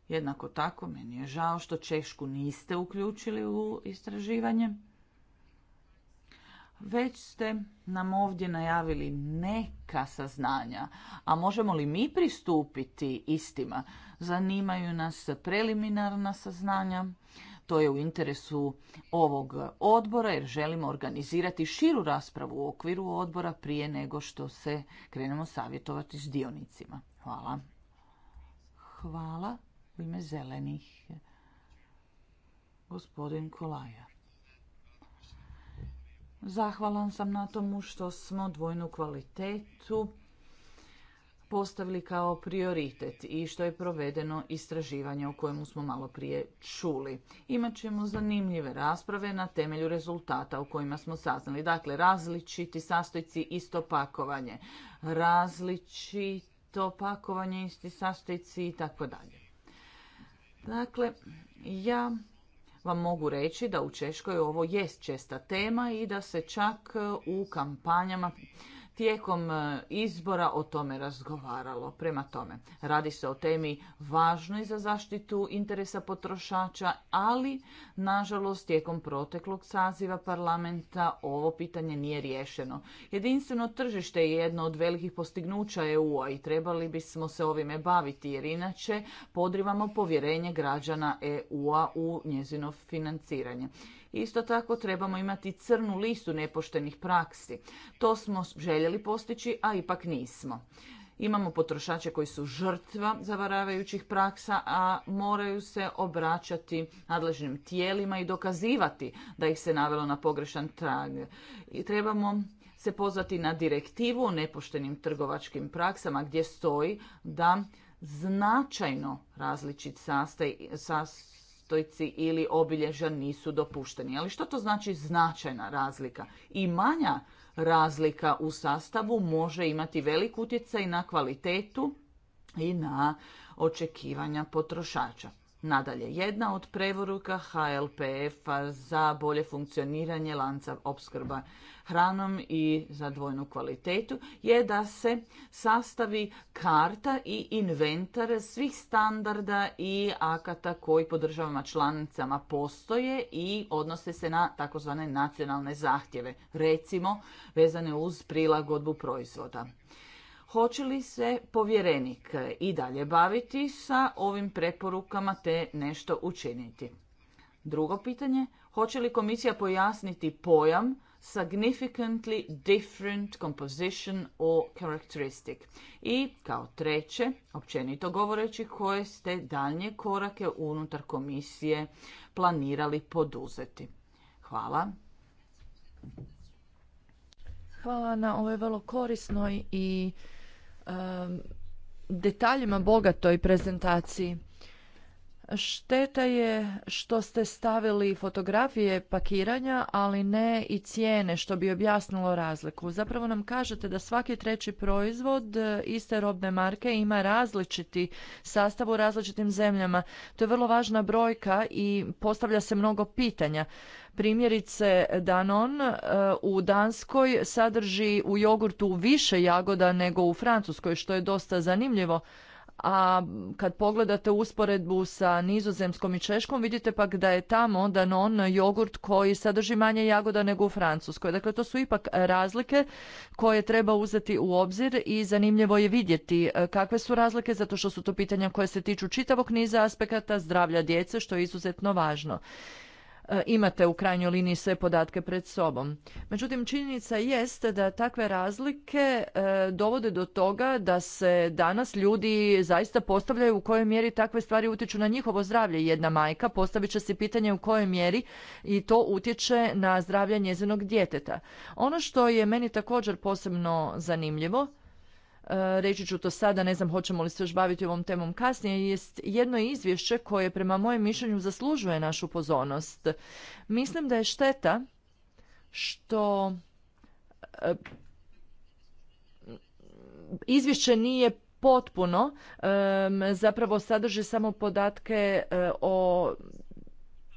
Jednako tako, meni je žao što Češku niste uključili u istraživanje. Već ste nam ovdje najavili neka saznanja, a možemo li mi pristupiti istima? zanimaju nas preliminarna saznanja. To je u interesu ovog odbora jer želimo organizirati širu raspravu u okviru odbora prije nego što se krenemo savjetovati s dionicima. Hvala. Hvala u ime zelenih. Gospodin Kolaja. Zahvalan sam na tomu što smo dvojnu kvalitetu postavili kao prioritet i što je provedeno istraživanje o kojemu smo malo prije čuli. Imaćemo zanimljive rasprave na temelju rezultata o kojima smo saznali. Dakle, različiti sastojci isto pakovanje, različito pakovanje isti sastojci i tako dalje. Dakle, ja vam mogu reći da u Češkoj ovo jest česta tema i da se čak u kampanjama tijekom e, izbora o tome razgovaralo. Prema tome, radi se o temi važnoj za zaštitu interesa potrošača, ali nažalost tijekom proteklog saziva parlamenta ovo pitanje nije riješeno. Jedinstveno tržište je jedno od velikih postignuća EU-a i trebali bismo se ovime baviti jer inače podrivamo povjerenje građana EU-a u njezino financiranje. Isto tako trebamo imati crnu listu nepoštenih praksi. To smo željeli postići, a ipak nismo. Imamo potrošače koji su žrtva zavaravajućih praksa, a moraju se obraćati nadležnim tijelima i dokazivati da ih se navelo na pogrešan trag. I trebamo se pozvati na direktivu o nepoštenim trgovačkim praksama gdje stoji da značajno različit sastaj, sastojci ili obilježja nisu dopušteni. Ali što to znači značajna razlika? I manja razlika u sastavu može imati velik utjecaj na kvalitetu i na očekivanja potrošača. Nadalje, jedna od prevoruka HLPF-a za bolje funkcioniranje lanca opskrba hranom i za dvojnu kvalitetu je da se sastavi karta i inventar svih standarda i akata koji po državama članicama postoje i odnose se na takozvane nacionalne zahtjeve, recimo vezane uz prilagodbu proizvoda. Hoće li se povjerenik i dalje baviti sa ovim preporukama te nešto učiniti? Drugo pitanje, hoće li komisija pojasniti pojam significantly different composition or characteristic. I kao treće, općenito govoreći, koje ste daljnje korake unutar komisije planirali poduzeti. Hvala. Hvala na ovoj vrlo korisnoj i Um, detaljima bogatoj prezentaciji. Šteta je što ste stavili fotografije pakiranja, ali ne i cijene, što bi objasnilo razliku. Zapravo nam kažete da svaki treći proizvod iste robne marke ima različiti sastav u različitim zemljama. To je vrlo važna brojka i postavlja se mnogo pitanja. Primjerice Danon e, u Danskoj sadrži u jogurtu više jagoda nego u Francuskoj, što je dosta zanimljivo a kad pogledate usporedbu sa nizozemskom i češkom vidite pak da je tamo non jogurt koji sadrži manje jagoda nego u Francuskoj. Dakle, to su ipak razlike koje treba uzeti u obzir i zanimljivo je vidjeti e, kakve su razlike zato što su to pitanja koje se tiču čitavog niza aspekata zdravlja djece što je izuzetno važno. E, imate u krajnjoj liniji sve podatke pred sobom. Međutim, činjenica jeste da takve razlike e, dovode do toga da se danas ljudi zaista postavljaju u kojoj mjeri takve stvari utječu na njihovo zdravlje. Jedna majka postavit će se pitanje u kojoj mjeri i to utječe na zdravlje njezinog djeteta. Ono što je meni također posebno zanimljivo E, reći ću to sada, ne znam hoćemo li se još baviti ovom temom kasnije, jest jedno izvješće koje prema mojem mišljenju zaslužuje našu pozornost. Mislim da je šteta što e, izvješće nije potpuno, e, zapravo sadrži samo podatke o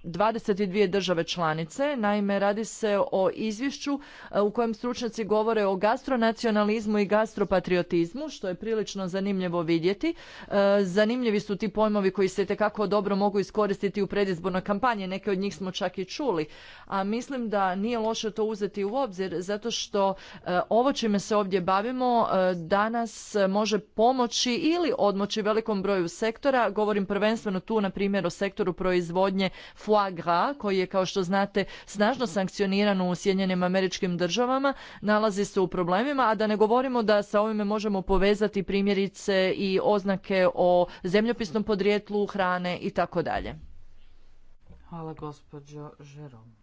22 države članice. Naime, radi se o izvješću e, u kojem stručnjaci govore o gastronacionalizmu i gastropatriotizmu, što je prilično zanimljivo vidjeti. E, zanimljivi su ti pojmovi koji se tekako dobro mogu iskoristiti u predizbornoj kampanji. Neke od njih smo čak i čuli. A mislim da nije loše to uzeti u obzir, zato što e, ovo čime se ovdje bavimo danas može pomoći ili odmoći velikom broju sektora. Govorim prvenstveno tu, na primjer, o sektoru proizvodnje foie koji je kao što znate snažno sankcioniran u Sjedinjenim američkim državama nalazi se u problemima, a da ne govorimo da sa ovime možemo povezati primjerice i oznake o zemljopisnom podrijetlu hrane i tako dalje. Hvala gospođo Žerom.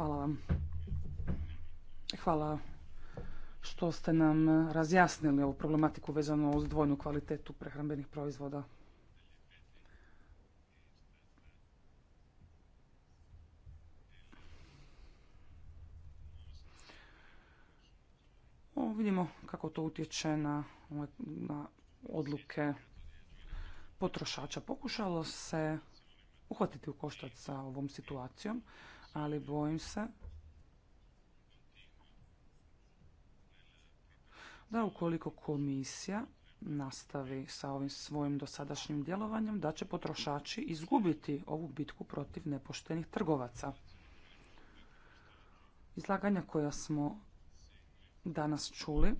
Hvala vam. Hvala što ste nam razjasnili ovu problematiku vezano uz dvojnu kvalitetu prehrambenih proizvoda. vidimo kako to utječe na, na odluke potrošača. Pokušalo se uhvatiti u koštac sa ovom situacijom ali bojim se da ukoliko komisija nastavi sa ovim svojim dosadašnjim djelovanjem, da će potrošači izgubiti ovu bitku protiv nepoštenih trgovaca. Izlaganja koja smo danas čuli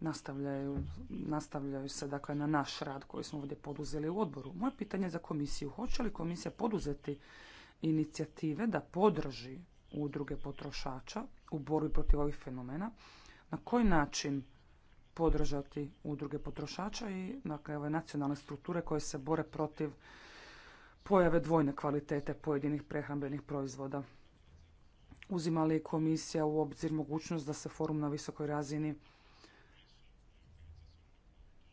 nastavljaju, nastavljaju se dakle na naš rad koji smo ovdje poduzeli u odboru. Moje pitanje za komisiju. Hoće li komisija poduzeti inicijative da podrži udruge potrošača u borbi protiv ovih fenomena? Na koji način podržati udruge potrošača i dakle, ove nacionalne strukture koje se bore protiv pojave dvojne kvalitete pojedinih prehrambenih proizvoda? Uzima li komisija u obzir mogućnost da se forum na visokoj razini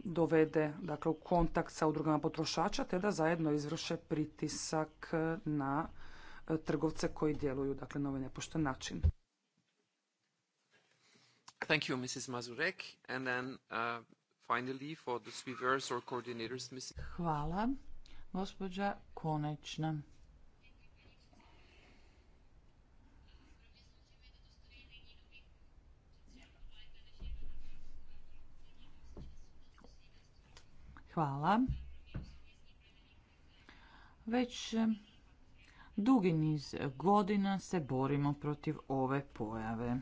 dovede dakle, u kontakt sa udrugama potrošača te da zajedno izvrše pritisak na e, trgovce koji djeluju dakle, na ovaj nepošten način. Thank you, Mrs. Mazurek. And then, uh, finally, for the or coordinators, Mrs. Hvala, gospođa Konečna. Hvala. Već e, dugi niz godina se borimo protiv ove pojave.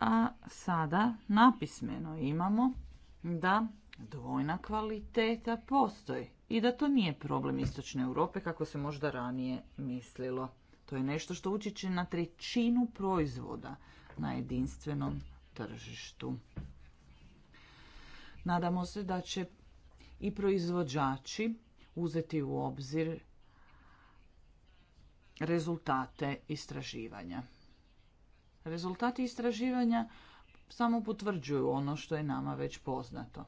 A sada napismeno imamo da dvojna kvaliteta postoji i da to nije problem Istočne Europe kako se možda ranije mislilo. To je nešto što učiće na trećinu proizvoda na jedinstvenom tržištu. Nadamo se da će i proizvođači uzeti u obzir rezultate istraživanja. Rezultati istraživanja samo potvrđuju ono što je nama već poznato.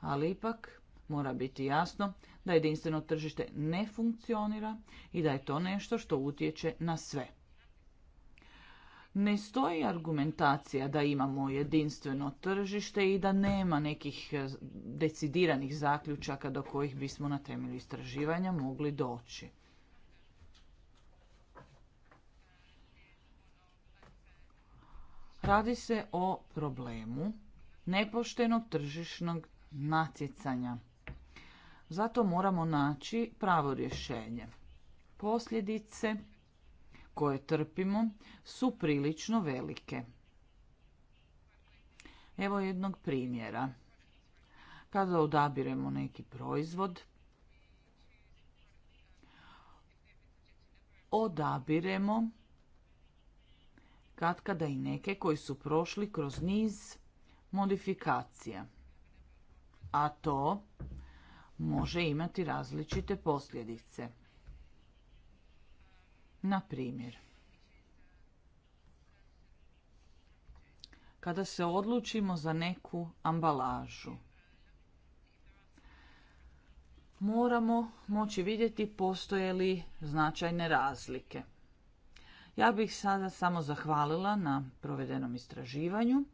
Ali ipak mora biti jasno da jedinstveno tržište ne funkcionira i da je to nešto što utječe na sve ne stoji argumentacija da imamo jedinstveno tržište i da nema nekih eh, decidiranih zaključaka do kojih bismo na temelju istraživanja mogli doći. Radi se o problemu nepoštenog tržišnog natjecanja. Zato moramo naći pravo rješenje. Posljedice koje trpimo su prilično velike. Evo jednog primjera. Kada odabiremo neki proizvod, odabiremo katkada i neke koji su prošli kroz niz modifikacija. A to može imati različite posljedice. Na primjer, kada se odlučimo za neku ambalažu, moramo moći vidjeti postoje li značajne razlike. Ja bih sada samo zahvalila na provedenom istraživanju.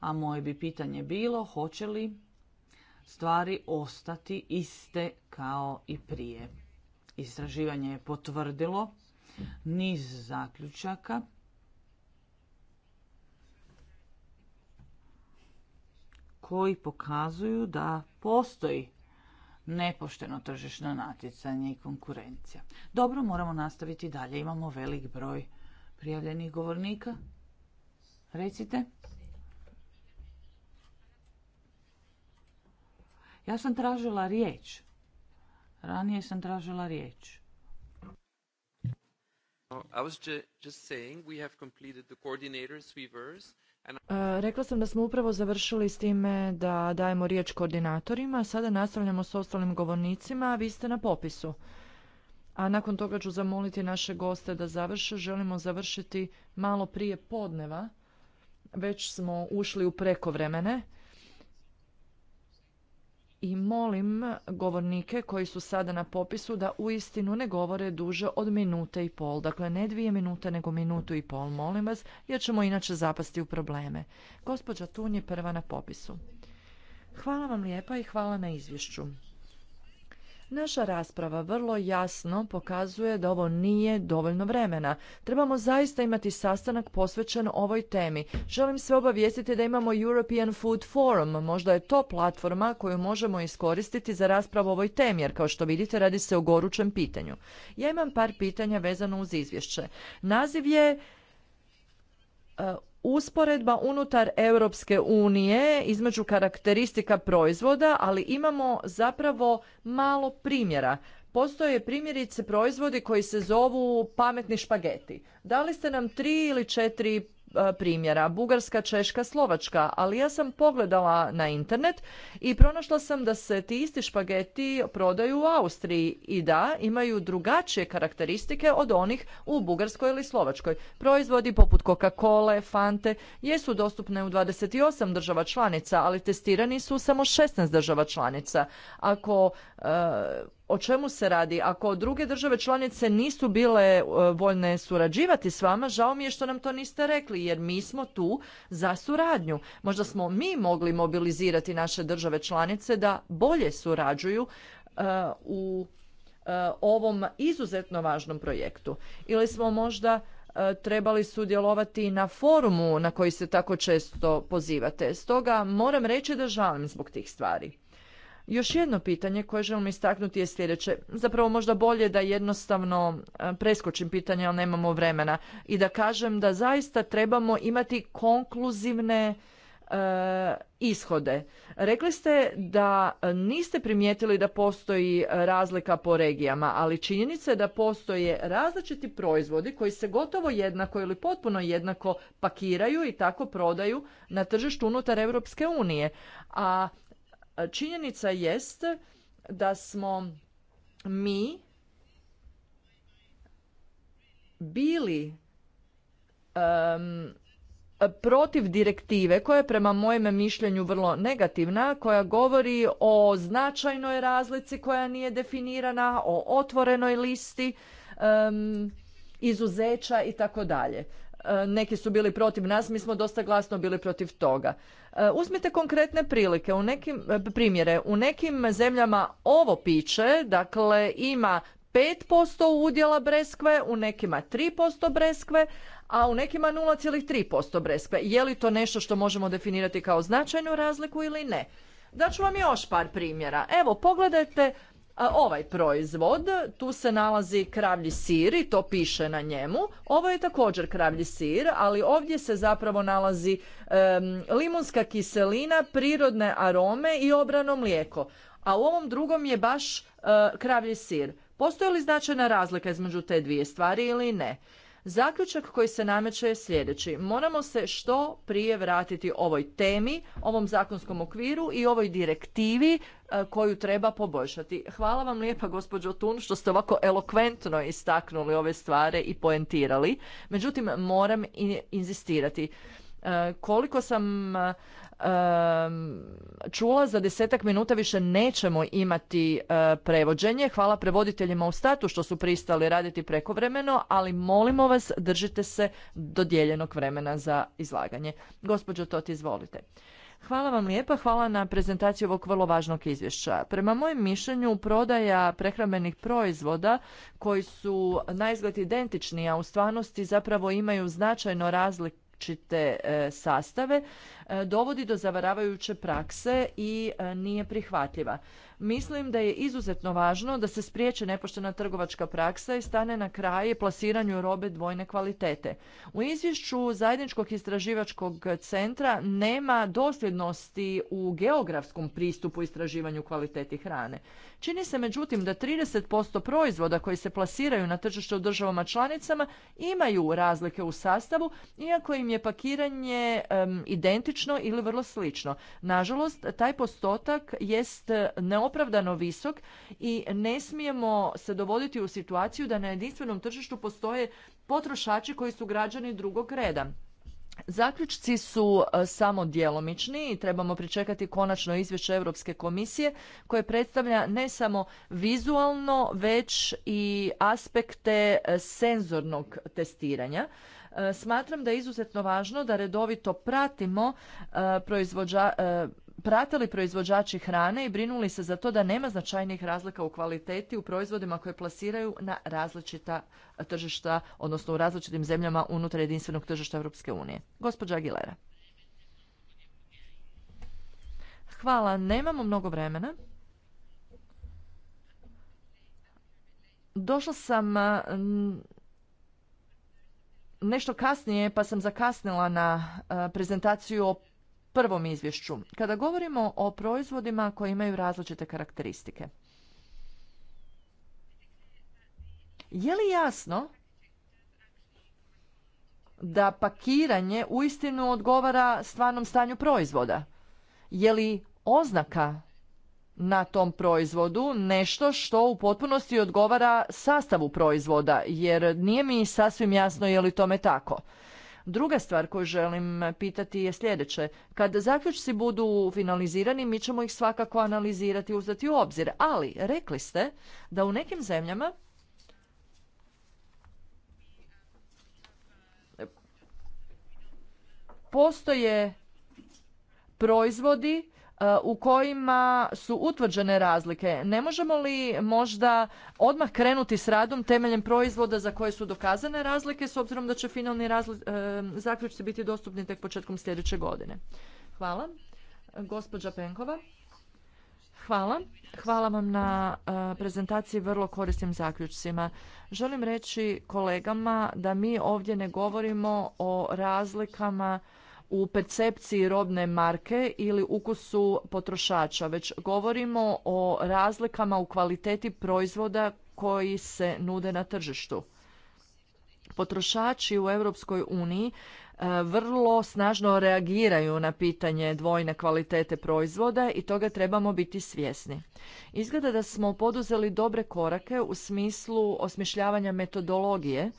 A moje bi pitanje bilo hoće li stvari ostati iste kao i prije. Istraživanje je potvrdilo niz zaključaka koji pokazuju da postoji nepošteno tržišno natjecanje i konkurencija. Dobro, moramo nastaviti dalje. Imamo velik broj prijavljenih govornika. Recite. Ja sam tražila riječ. Ranije sam tražila riječ. Rekla sam da smo upravo završili s time da dajemo riječ koordinatorima. Sada nastavljamo s ostalim govornicima. Vi ste na popisu. A nakon toga ću zamoliti naše goste da završe. Želimo završiti malo prije podneva. Već smo ušli u prekovremene i molim govornike koji su sada na popisu da uistinu ne govore duže od minute i pol. Dakle, ne dvije minute, nego minutu i pol, molim vas, jer ćemo inače zapasti u probleme. Gospođa Tun je prva na popisu. Hvala vam lijepa i hvala na izvješću. Naša rasprava vrlo jasno pokazuje da ovo nije dovoljno vremena. Trebamo zaista imati sastanak posvećen ovoj temi. Želim sve obavijestiti da imamo European Food Forum. Možda je to platforma koju možemo iskoristiti za raspravu o ovoj temi, jer kao što vidite radi se o gorućem pitanju. Ja imam par pitanja vezano uz izvješće. Naziv je e, usporedba unutar Europske unije između karakteristika proizvoda, ali imamo zapravo malo primjera. Postoje primjerice proizvodi koji se zovu pametni špageti. li ste nam tri ili četiri E, primjera, Bugarska, Češka, Slovačka, ali ja sam pogledala na internet i pronašla sam da se ti isti špageti prodaju u Austriji i da imaju drugačije karakteristike od onih u Bugarskoj ili Slovačkoj. Proizvodi poput Coca-Cola, Fante jesu dostupne u 28 država članica, ali testirani su samo 16 država članica. Ako e, o čemu se radi? Ako druge države članice nisu bile e, voljne surađivati s vama, žao mi je što nam to niste rekli, jer mi smo tu za suradnju. Možda smo mi mogli mobilizirati naše države članice da bolje surađuju e, u e, ovom izuzetno važnom projektu. Ili smo možda trebali sudjelovati na forumu na koji se tako često pozivate. Stoga moram reći da žalim zbog tih stvari. Još jedno pitanje koje želim istaknuti je sljedeće. Zapravo možda bolje da jednostavno e, preskočim pitanje, ali nemamo vremena. I da kažem da zaista trebamo imati konkluzivne e, ishode. Rekli ste da niste primijetili da postoji razlika po regijama, ali činjenica je da postoje različiti proizvodi koji se gotovo jednako ili potpuno jednako pakiraju i tako prodaju na tržištu unutar Europske unije. A Činjenica jest da smo mi bili protiv direktive koja je prema mojem mišljenju vrlo negativna, koja govori o značajnoj razlici koja nije definirana, o otvorenoj listi izuzeća i tako dalje. E, neki su bili protiv nas, mi smo dosta glasno bili protiv toga. E, uzmite konkretne prilike, u nekim, e, primjere, u nekim zemljama ovo piće, dakle ima 5% udjela breskve, u nekima 3% breskve, a u nekima 0,3% breskve. Je li to nešto što možemo definirati kao značajnu razliku ili ne? Daću vam još par primjera. Evo, pogledajte ovaj proizvod, tu se nalazi kravlji sir i to piše na njemu. Ovo je također kravlji sir, ali ovdje se zapravo nalazi limunska kiselina, prirodne arome i obrano mlijeko. A u ovom drugom je baš e, kravlji sir. Postoji li značajna razlika između te dvije stvari ili ne? Zaključak koji se nameće je sljedeći. Moramo se što prije vratiti ovoj temi, ovom zakonskom okviru i ovoj direktivi e, koju treba poboljšati. Hvala vam lijepa gospođo Tun što ste ovako elokventno istaknuli ove stvari i poentirali. Međutim, moram inzistirati. E, koliko sam čula za desetak minuta više nećemo imati e, prevođenje. Hvala prevoditeljima u statu što su pristali raditi prekovremeno, ali molimo vas držite se dodijeljenog vremena za izlaganje. Gospođo Toti, izvolite. Hvala vam lijepa, hvala na prezentaciji ovog vrlo važnog izvješća. Prema mojem mišljenju, prodaja prehrambenih proizvoda koji su na izgled identični, a u stvarnosti zapravo imaju značajno različite e, sastave E, dovodi do zavaravajuće prakse i e, nije prihvatljiva. Mislim da je izuzetno važno da se spriječe nepoštena trgovačka praksa i stane na kraj plasiranju robe dvojne kvalitete. U izvješću zajedničkog istraživačkog centra nema dosljednosti u geografskom pristupu istraživanju kvaliteti hrane. Čini se međutim da 30% proizvoda koji se plasiraju na tržište u državama članicama imaju razlike u sastavu, iako im je pakiranje identično identično ili vrlo slično. Nažalost, taj postotak jest e, neopravdano visok i ne smijemo se dovoditi u situaciju da na jedinstvenom tržištu postoje potrošači koji su građani drugog reda. Zaključci su e, samo djelomični i trebamo pričekati konačno izvješće Europske komisije koje predstavlja ne samo vizualno već i aspekte e, senzornog testiranja. E, smatram da je izuzetno važno da redovito pratimo e, proizvođa, e, pratili proizvođači hrane i brinuli se za to da nema značajnih razlika u kvaliteti u proizvodima koje plasiraju na različita tržišta, odnosno u različitim zemljama unutar jedinstvenog tržišta Europske unije. Gospođa Aguilera. Hvala, nemamo mnogo vremena. Došla sam nešto kasnije pa sam zakasnila na e, prezentaciju o prvom izvješću. Kada govorimo o proizvodima koji imaju različite karakteristike. Je li jasno da pakiranje uistinu odgovara stvarnom stanju proizvoda? Je li oznaka na tom proizvodu nešto što u potpunosti odgovara sastavu proizvoda, jer nije mi sasvim jasno je li tome tako. Druga stvar koju želim pitati je sljedeće. Kad zaključci budu finalizirani, mi ćemo ih svakako analizirati i uzeti u obzir. Ali, rekli ste da u nekim zemljama postoje proizvodi E, u kojima su utvrđene razlike. Ne možemo li možda odmah krenuti s radom temeljem proizvoda za koje su dokazane razlike s obzirom da će finalni razli e, zaključci biti dostupni tek početkom sljedeće godine? Hvala. Gospođa Penkova. Hvala. Hvala vam na e, prezentaciji vrlo korisnim zaključcima. Želim reći kolegama da mi ovdje ne govorimo o razlikama u percepciji robne marke ili ukusu potrošača, već govorimo o razlikama u kvaliteti proizvoda koji se nude na tržištu. Potrošači u Europskoj uniji e, vrlo snažno reagiraju na pitanje dvojne kvalitete proizvoda i toga trebamo biti svjesni. Izgleda da smo poduzeli dobre korake u smislu osmišljavanja metodologije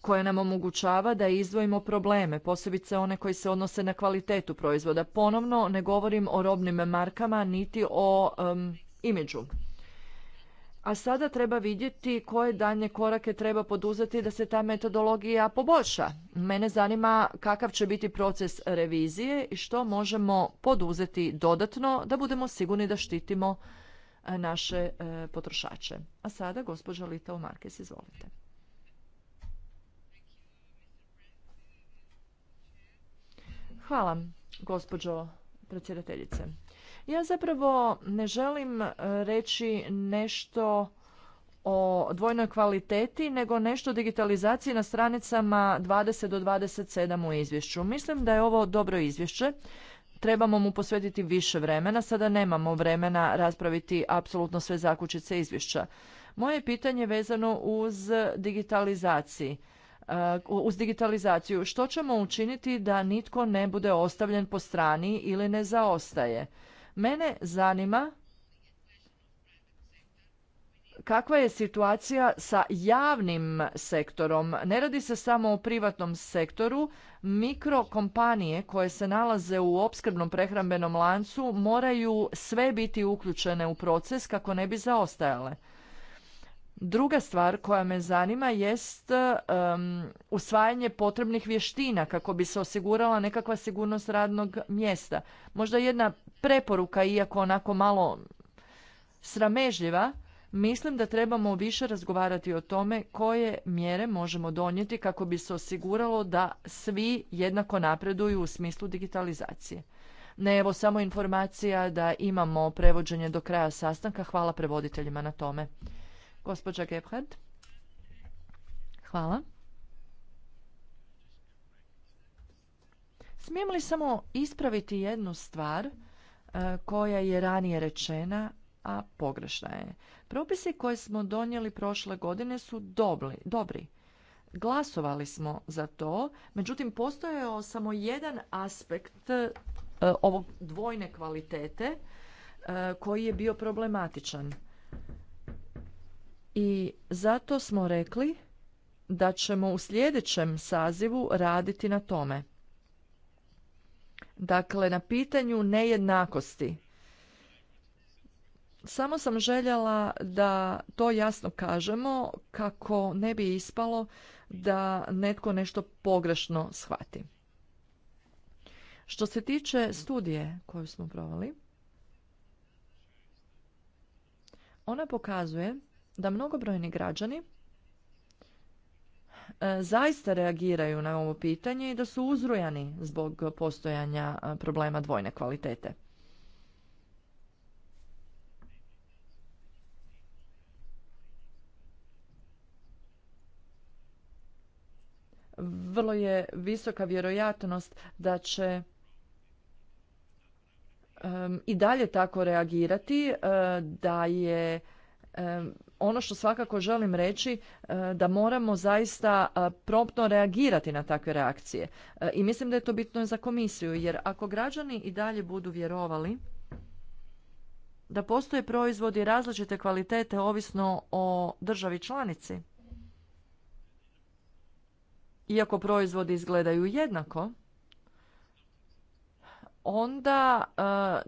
koja nam omogućava da izdvojimo probleme, posebice one koji se odnose na kvalitetu proizvoda. Ponovno ne govorim o robnim markama niti o imidžu. A sada treba vidjeti koje daljnje korake treba poduzeti da se ta metodologija poboljša. Mene zanima kakav će biti proces revizije i što možemo poduzeti dodatno da budemo sigurni da štitimo e, naše e, potrošače. A sada gospođa Litao Marques, izvolite. Hvala, gospođo predsjedateljice. Ja zapravo ne želim e, reći nešto o dvojnoj kvaliteti, nego nešto o digitalizaciji na stranicama 20 do 27 u izvješću. Mislim da je ovo dobro izvješće. Trebamo mu posvetiti više vremena. Sada nemamo vremena raspraviti apsolutno sve zakučice izvješća. Moje pitanje je vezano uz digitalizaciji. E, uz digitalizaciju. Što ćemo učiniti da nitko ne bude ostavljen po strani ili ne zaostaje? Mene zanima kakva je situacija sa javnim sektorom. Ne radi se samo o privatnom sektoru. Mikrokompanije koje se nalaze u opskrbnom prehrambenom lancu moraju sve biti uključene u proces kako ne bi zaostajale. Druga stvar koja me zanima jest usvajanje potrebnih vještina kako bi se osigurala nekakva sigurnost radnog mjesta. Možda jedna preporuka, iako onako malo sramežljiva, mislim da trebamo više razgovarati o tome koje mjere možemo donijeti kako bi se osiguralo da svi jednako napreduju u smislu digitalizacije. Ne, evo samo informacija da imamo prevođenje do kraja sastanka. Hvala prevoditeljima na tome. Gospođa Gebhardt. Hvala. Smijem li samo ispraviti jednu stvar e, koja je ranije rečena, a pogrešna je. Propisi koje smo donijeli prošle godine su dobri. Glasovali smo za to, međutim postojao samo jedan aspekt e, ovog dvojne kvalitete e, koji je bio problematičan i zato smo rekli da ćemo u sljedećem sazivu raditi na tome. Dakle, na pitanju nejednakosti. Samo sam željela da to jasno kažemo kako ne bi ispalo da netko nešto pogrešno shvati. Što se tiče studije koju smo provali, ona pokazuje da mnogobrojni građani e, zaista reagiraju na ovo pitanje i da su uzrujani zbog postojanja e, problema dvojne kvalitete. Vrlo je visoka vjerojatnost da će i dalje tako reagirati e, da je ono što svakako želim reći e, da moramo zaista promptno reagirati na takve reakcije. E, I mislim da je to bitno za komisiju, jer ako građani i dalje budu vjerovali da postoje proizvodi različite kvalitete ovisno o državi članici, iako proizvodi izgledaju jednako, onda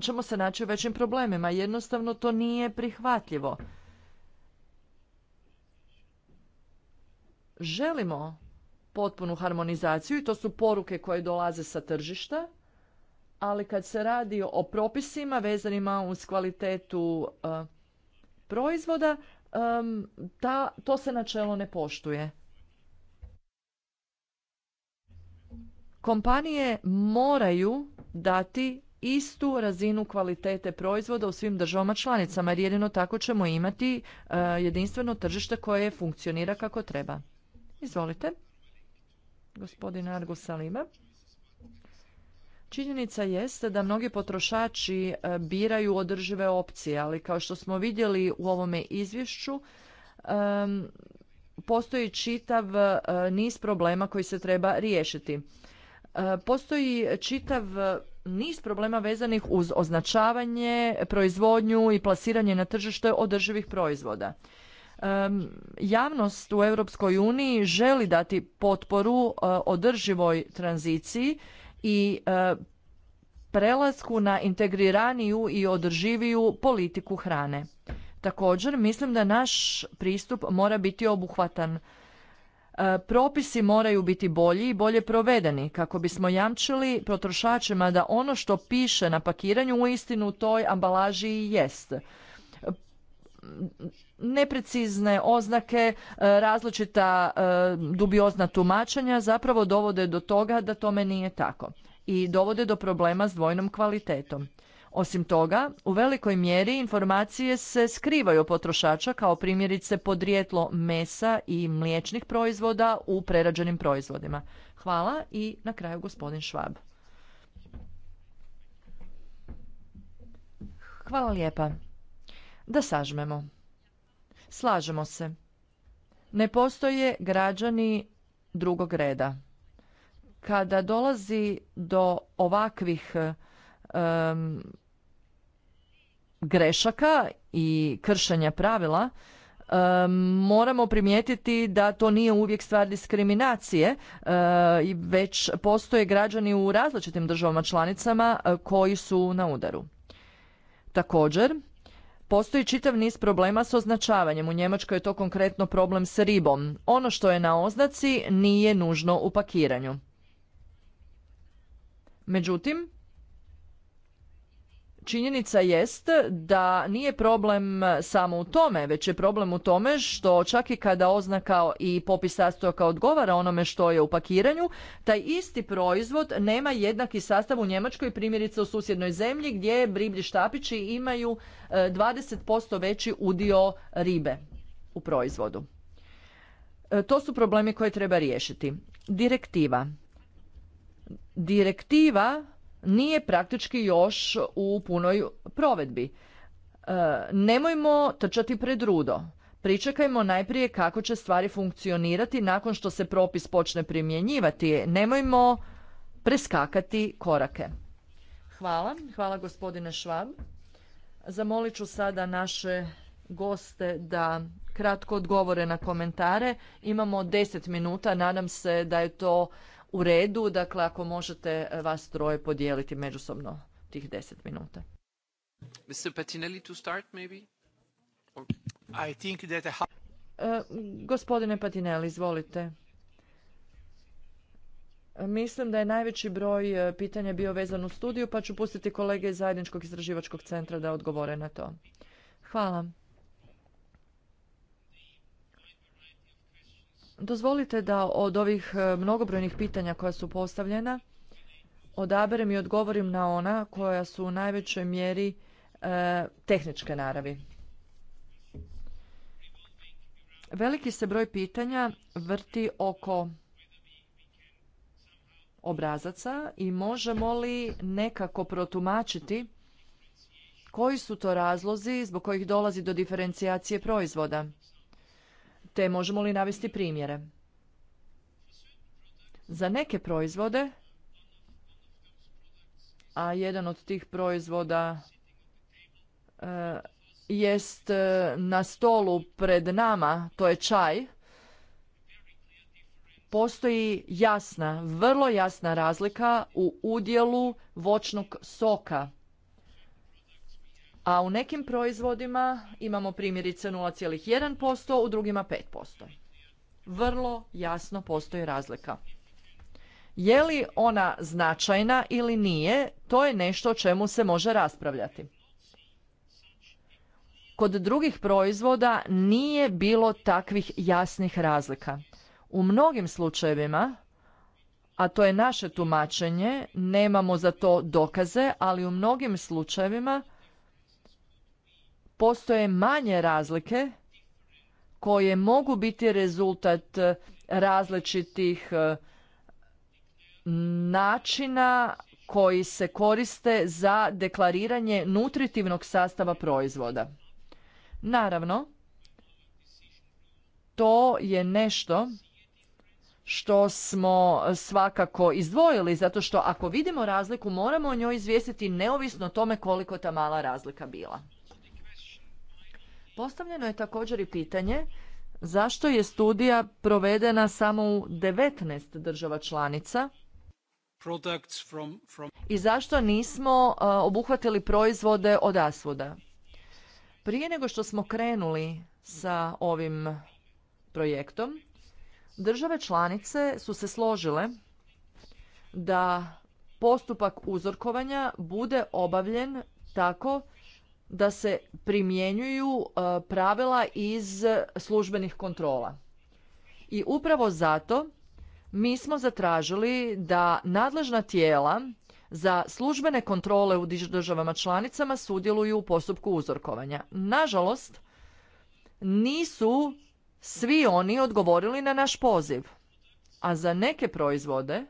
ćemo se naći u većim problemima. Jednostavno to nije prihvatljivo. želimo potpunu harmonizaciju i to su poruke koje dolaze sa tržišta, ali kad se radi o propisima vezanima uz kvalitetu e, proizvoda, to se načelo ne poštuje. Kompanije moraju dati istu razinu kvalitete proizvoda u svim državama članicama jer jedino tako ćemo imati e, jedinstveno tržište koje funkcionira kako treba. Izvolite. Gospodin Argo Salima. Činjenica jeste da mnogi potrošači e, biraju održive opcije, ali kao što smo vidjeli u ovome izvješću, postoji čitav e, niz problema koji se treba riješiti. E, postoji čitav niz problema vezanih uz označavanje, proizvodnju i plasiranje na tržište održivih proizvoda. Javnost u Europskoj uniji želi dati potporu e, održivoj tranziciji i e, prelasku na integriraniju i održiviju politiku hrane. Također, mislim da naš pristup mora biti obuhvatan. E, propisi moraju biti bolji i bolje provedeni kako bismo jamčili potrošačima da ono što piše na pakiranju u istinu toj ambalaži i jest neprecizne oznake, e, različita e, dubiozna tumačenja zapravo dovode do toga da tome nije tako i dovode do problema s dvojnom kvalitetom. Osim toga, u velikoj mjeri informacije se skrivaju potrošača kao primjerice podrijetlo mesa i mliječnih proizvoda u prerađenim proizvodima. Hvala i na kraju gospodin Švab. Hvala lijepa. Da sažmemo. Slažemo se. Ne postoje građani drugog reda. Kada dolazi do ovakvih grešaka i kršenja pravila, moramo primijetiti da to nije uvijek stvar diskriminacije, um, već postoje građani u različitim državama članicama eh, koji su na udaru. Također, Postoji čitav niz problema s označavanjem. U Njemačkoj je to konkretno problem s ribom. Ono što je na oznaci nije nužno u pakiranju. Međutim, Činjenica jest da nije problem samo u tome, već je problem u tome što čak i kada oznaka i popis sastojaka odgovara onome što je u pakiranju, taj isti proizvod nema jednaki sastav u Njemačkoj, primjerice u susjednoj zemlji gdje riblji štapići imaju 20% e, veći udio ribe u proizvodu. E, to su problemi koje treba riješiti. Direktiva. Direktiva nije praktički još u punoj provedbi. E, nemojmo trčati pred rudo. Pričekajmo najprije kako će stvari funkcionirati nakon što se propis počne primjenjivati. Nemojmo preskakati korake. Hvala. Hvala gospodine Švab. Zamolit ću sada naše goste da kratko odgovore na komentare. Imamo 10 minuta, nadam se da je to u redu. Dakle, ako možete e, vas troje podijeliti međusobno tih deset minuta. Patinelli to start maybe? I think that e, gospodine Patinelli, izvolite. Mislim da je najveći broj e, pitanja bio vezan u studiju, pa ću pustiti kolege iz Zajedničkog istraživačkog centra da odgovore na to. Hvala. Dozvolite da od ovih e, mnogobrojnih pitanja koja su postavljena odaberem i odgovorim na ona koja su u najvećoj mjeri e, tehničke naravi. Veliki se broj pitanja vrti oko obrazaca i možemo li nekako protumačiti koji su to razlozi zbog kojih dolazi do diferencijacije proizvoda te možemo li navesti primjere? Za neke proizvode, a jedan od tih proizvoda e, jest e, na stolu pred nama, to je čaj, postoji jasna, vrlo jasna razlika u udjelu voćnog soka a u nekim proizvodima imamo primjerice 0,1%, u drugima 5%. Vrlo jasno postoji razlika. Je li ona značajna ili nije, to je nešto o čemu se može raspravljati. Kod drugih proizvoda nije bilo takvih jasnih razlika. U mnogim slučajevima, a to je naše tumačenje, nemamo za to dokaze, ali u mnogim slučajevima postoje manje razlike koje mogu biti rezultat e, različitih e, načina koji se koriste za deklariranje nutritivnog sastava proizvoda. Naravno, to je nešto što smo svakako izdvojili, zato što ako vidimo razliku moramo o njoj izvijestiti neovisno o tome koliko ta mala razlika bila. Postavljeno je također i pitanje zašto je studija provedena samo u 19 država članica i zašto nismo obuhvatili proizvode od asvuda. Prije nego što smo krenuli sa ovim projektom, države članice su se složile da postupak uzorkovanja bude obavljen tako da se primjenjuju e, pravila iz službenih kontrola. I upravo zato mi smo zatražili da nadležna tijela za službene kontrole u državama članicama sudjeluju u postupku uzorkovanja. Nažalost, nisu svi oni odgovorili na naš poziv. A za neke proizvode,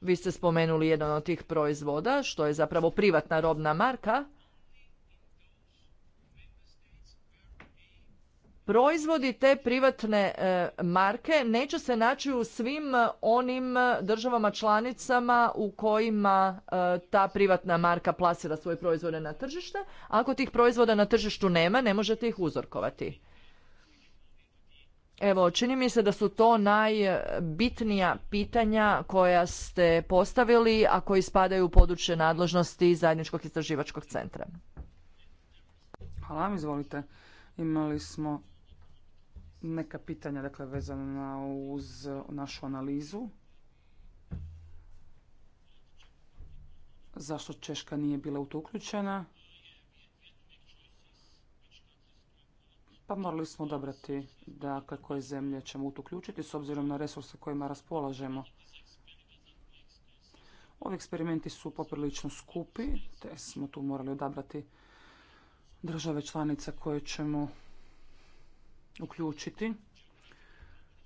vi ste spomenuli jedan od tih proizvoda, što je zapravo privatna robna marka, proizvodi te privatne e, marke neće se naći u svim e, onim e, državama članicama u kojima ta privatna marka plasira svoje proizvode na tržište. Ako tih proizvoda na tržištu nema, ne možete ih uzorkovati. Evo, čini mi se da su to najbitnija pitanja koja ste postavili, a koji spadaju u područje nadležnosti Zajedničkog istraživačkog centra. Hvala vam, izvolite. Imali smo neka pitanja dakle, vezana uz našu analizu. Zašto Češka nije bila u uključena? Pa morali smo odabrati da dakle, koje zemlje ćemo u uključiti s obzirom na resurse kojima raspolažemo. Ovi eksperimenti su poprilično skupi, te smo tu morali odabrati države članice koje ćemo uključiti.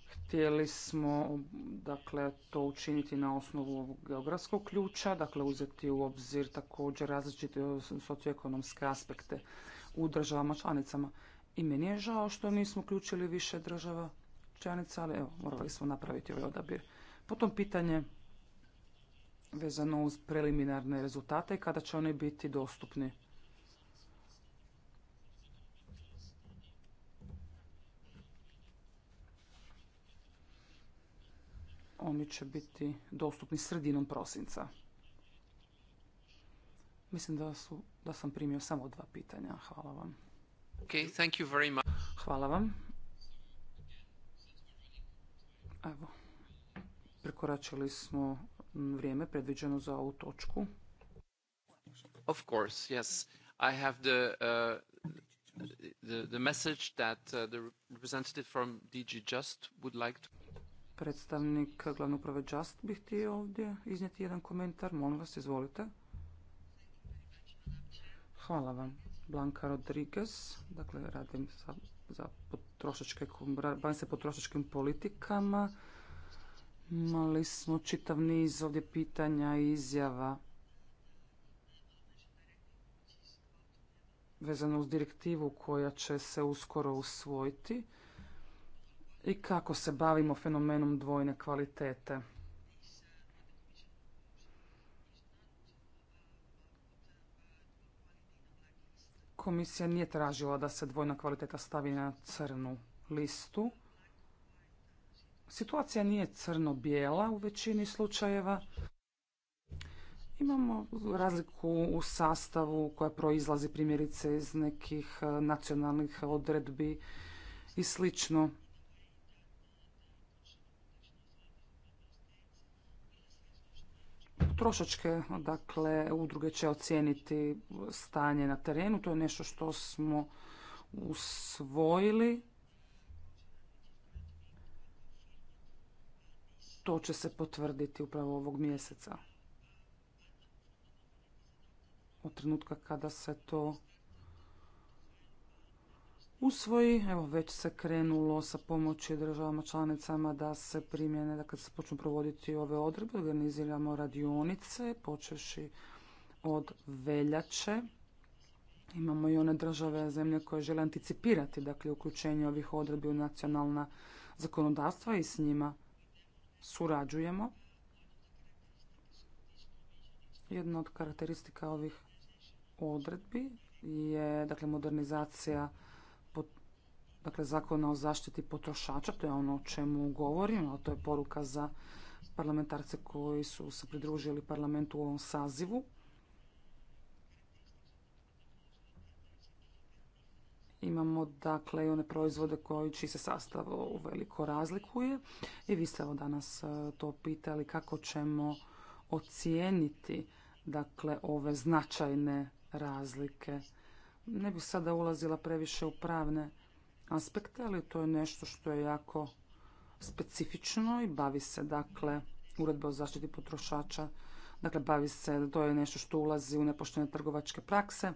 Htjeli smo dakle, to učiniti na osnovu geografskog ključa, dakle uzeti u obzir također različite socioekonomske aspekte u državama članicama. I meni je žao što nismo uključili više država članica, ali evo, morali smo napraviti ovaj odabir. Potom pitanje vezano uz preliminarne rezultate i kada će oni biti dostupni. Oni će biti dostupni sredinom prosinca. Mislim da, su, da sam primio samo dva pitanja. Hvala vam. Okay, thank you very much. Hvala vam. Evo, prekoračili smo vrijeme predviđeno za ovu točku. Of course, yes. I have the, uh, the, the message that uh, the representative from DG Just would like to... Predstavnik glavnog uprave Just bih htio ovdje iznijeti jedan komentar. Molim vas, izvolite. Hvala vam. Blanka Rodriguez, dakle radim sa, za potrošačke, se potrošačkim politikama. Imali smo čitav niz ovdje pitanja i izjava vezano uz direktivu koja će se uskoro usvojiti i kako se bavimo fenomenom dvojne kvalitete. Komisija nije tražila da se dvojna kvaliteta stavi na crnu listu. Situacija nije crno-bijela u većini slučajeva. Imamo razliku u sastavu koja proizlazi primjerice iz nekih eh, nacionalnih odredbi i slično. potrošačke dakle, udruge će ocijeniti stanje na terenu. To je nešto što smo usvojili. To će se potvrditi upravo ovog mjeseca. Od trenutka kada se to usvoji. Evo već se krenulo sa pomoći državama članicama da se primjene, da kad se počnu provoditi ove odredbe, organiziramo radionice, počeši od veljače. Imamo i one države, zemlje koje žele anticipirati dakle, uključenje ovih odredbi u nacionalna zakonodavstva i s njima surađujemo. Jedna od karakteristika ovih odredbi je dakle, modernizacija dakle zakona o zaštiti potrošača, to je ono o čemu govorim, a to je poruka za parlamentarce koji su se pridružili parlamentu u ovom sazivu. Imamo dakle i one proizvode koji čiji se sastav veliko razlikuje i vi ste evo danas e, to pitali kako ćemo ocijeniti dakle ove značajne razlike. Ne bih sada ulazila previše u pravne aspekta, ali to je nešto što je jako specifično i bavi se dakle uredba o zaštiti potrošača. Dakle, bavi se, to je nešto što ulazi u nepoštene trgovačke prakse.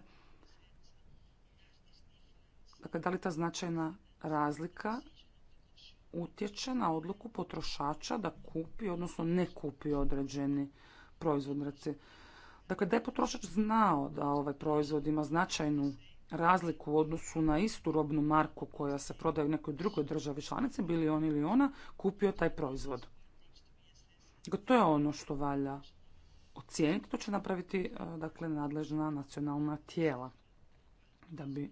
Dakle, da li ta značajna razlika utječe na odluku potrošača da kupi, odnosno ne kupi određeni proizvod. Dakle, da je potrošač znao da ovaj proizvod ima značajnu razliku u odnosu na istu robnu marku koja se prodaje u nekoj drugoj državi članici, bili on ili ona, kupio taj proizvod. Dakle, to je ono što valja ocijeniti, to će napraviti e, dakle, nadležna nacionalna tijela. Da bi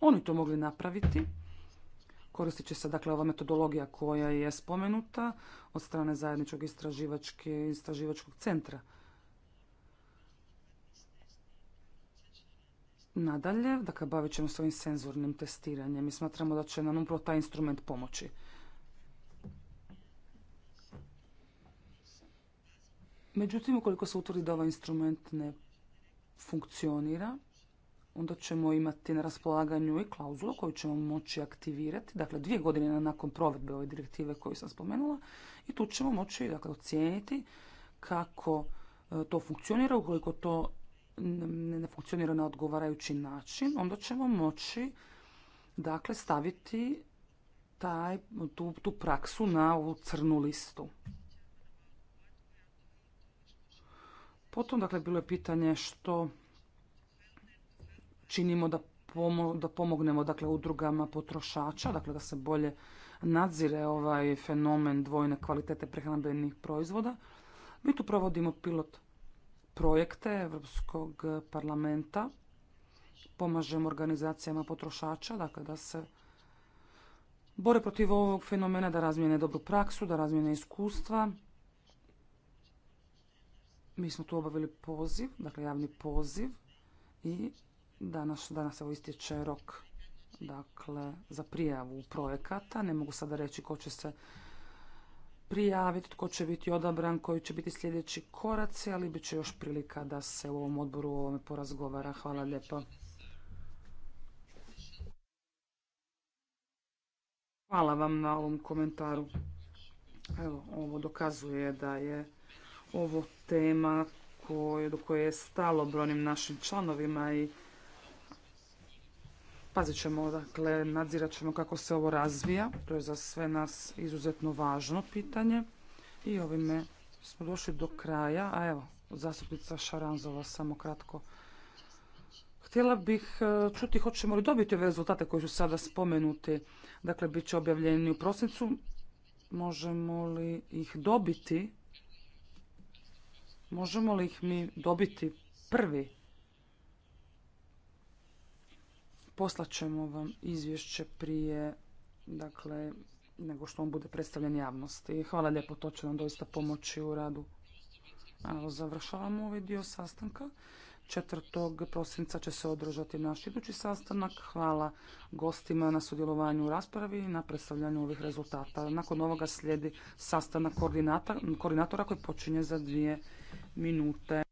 oni to mogli napraviti, koristit će se dakle, ova metodologija koja je spomenuta od strane zajedničkog istraživačke, istraživačkog centra. Nadalje, dakle, bavit ćemo se ovim senzornim testiranjem i smatramo da će nam upravo taj instrument pomoći. Međutim, ukoliko se utvrdi da ovaj instrument ne funkcionira, onda ćemo imati na raspolaganju i klauzulu koju ćemo moći aktivirati, dakle dvije godine nakon provedbe ove direktive koju sam spomenula i tu ćemo moći dakle, ocijeniti kako e, to funkcionira, ukoliko to ne funkcionira na odgovarajući način, onda ćemo moći dakle staviti taj, tu, tu praksu na ovu crnu listu. Potom, dakle, bilo je pitanje što činimo da, pomo da pomognemo dakle, udrugama potrošača, dakle da se bolje nadzire ovaj fenomen dvojne kvalitete prehrambenih proizvoda. Mi tu provodimo pilot projekte Europskog parlamenta. Pomažemo organizacijama potrošača, dakle da se bore protiv ovog fenomena, da razmijene dobru praksu, da razmijene iskustva. Mi smo tu obavili poziv, dakle javni poziv i danas, danas evo istječe rok dakle, za prijavu projekata. Ne mogu sada reći ko će se prijaviti tko će biti odabran, koji će biti sljedeći koraci, ali bit će još prilika da se u ovom odboru o ovome porazgovara. Hvala lijepo. Hvala vam na ovom komentaru. Evo, ovo dokazuje da je ovo tema do koje je stalo brojnim našim članovima i Pazit ćemo, dakle, nadzirat ćemo kako se ovo razvija. To je za sve nas izuzetno važno pitanje. I ovime smo došli do kraja. A evo, zastupnica Šaranzova, samo kratko. Htjela bih e, čuti hoćemo li dobiti ove rezultate koji su sada spomenuti. Dakle, bit će objavljeni u prosincu. Možemo li ih dobiti? Možemo li ih mi dobiti prvi? Poslat ćemo vam izvješće prije, dakle, nego što on bude predstavljen javnosti. Hvala lijepo, to će nam doista pomoći u radu. Evo, završavamo ovaj dio sastanka. 4. prosinca će se održati naš idući sastanak. Hvala gostima na sudjelovanju u raspravi i na predstavljanju ovih rezultata. Nakon ovoga slijedi sastanak koordinatora koji počinje za dvije minute.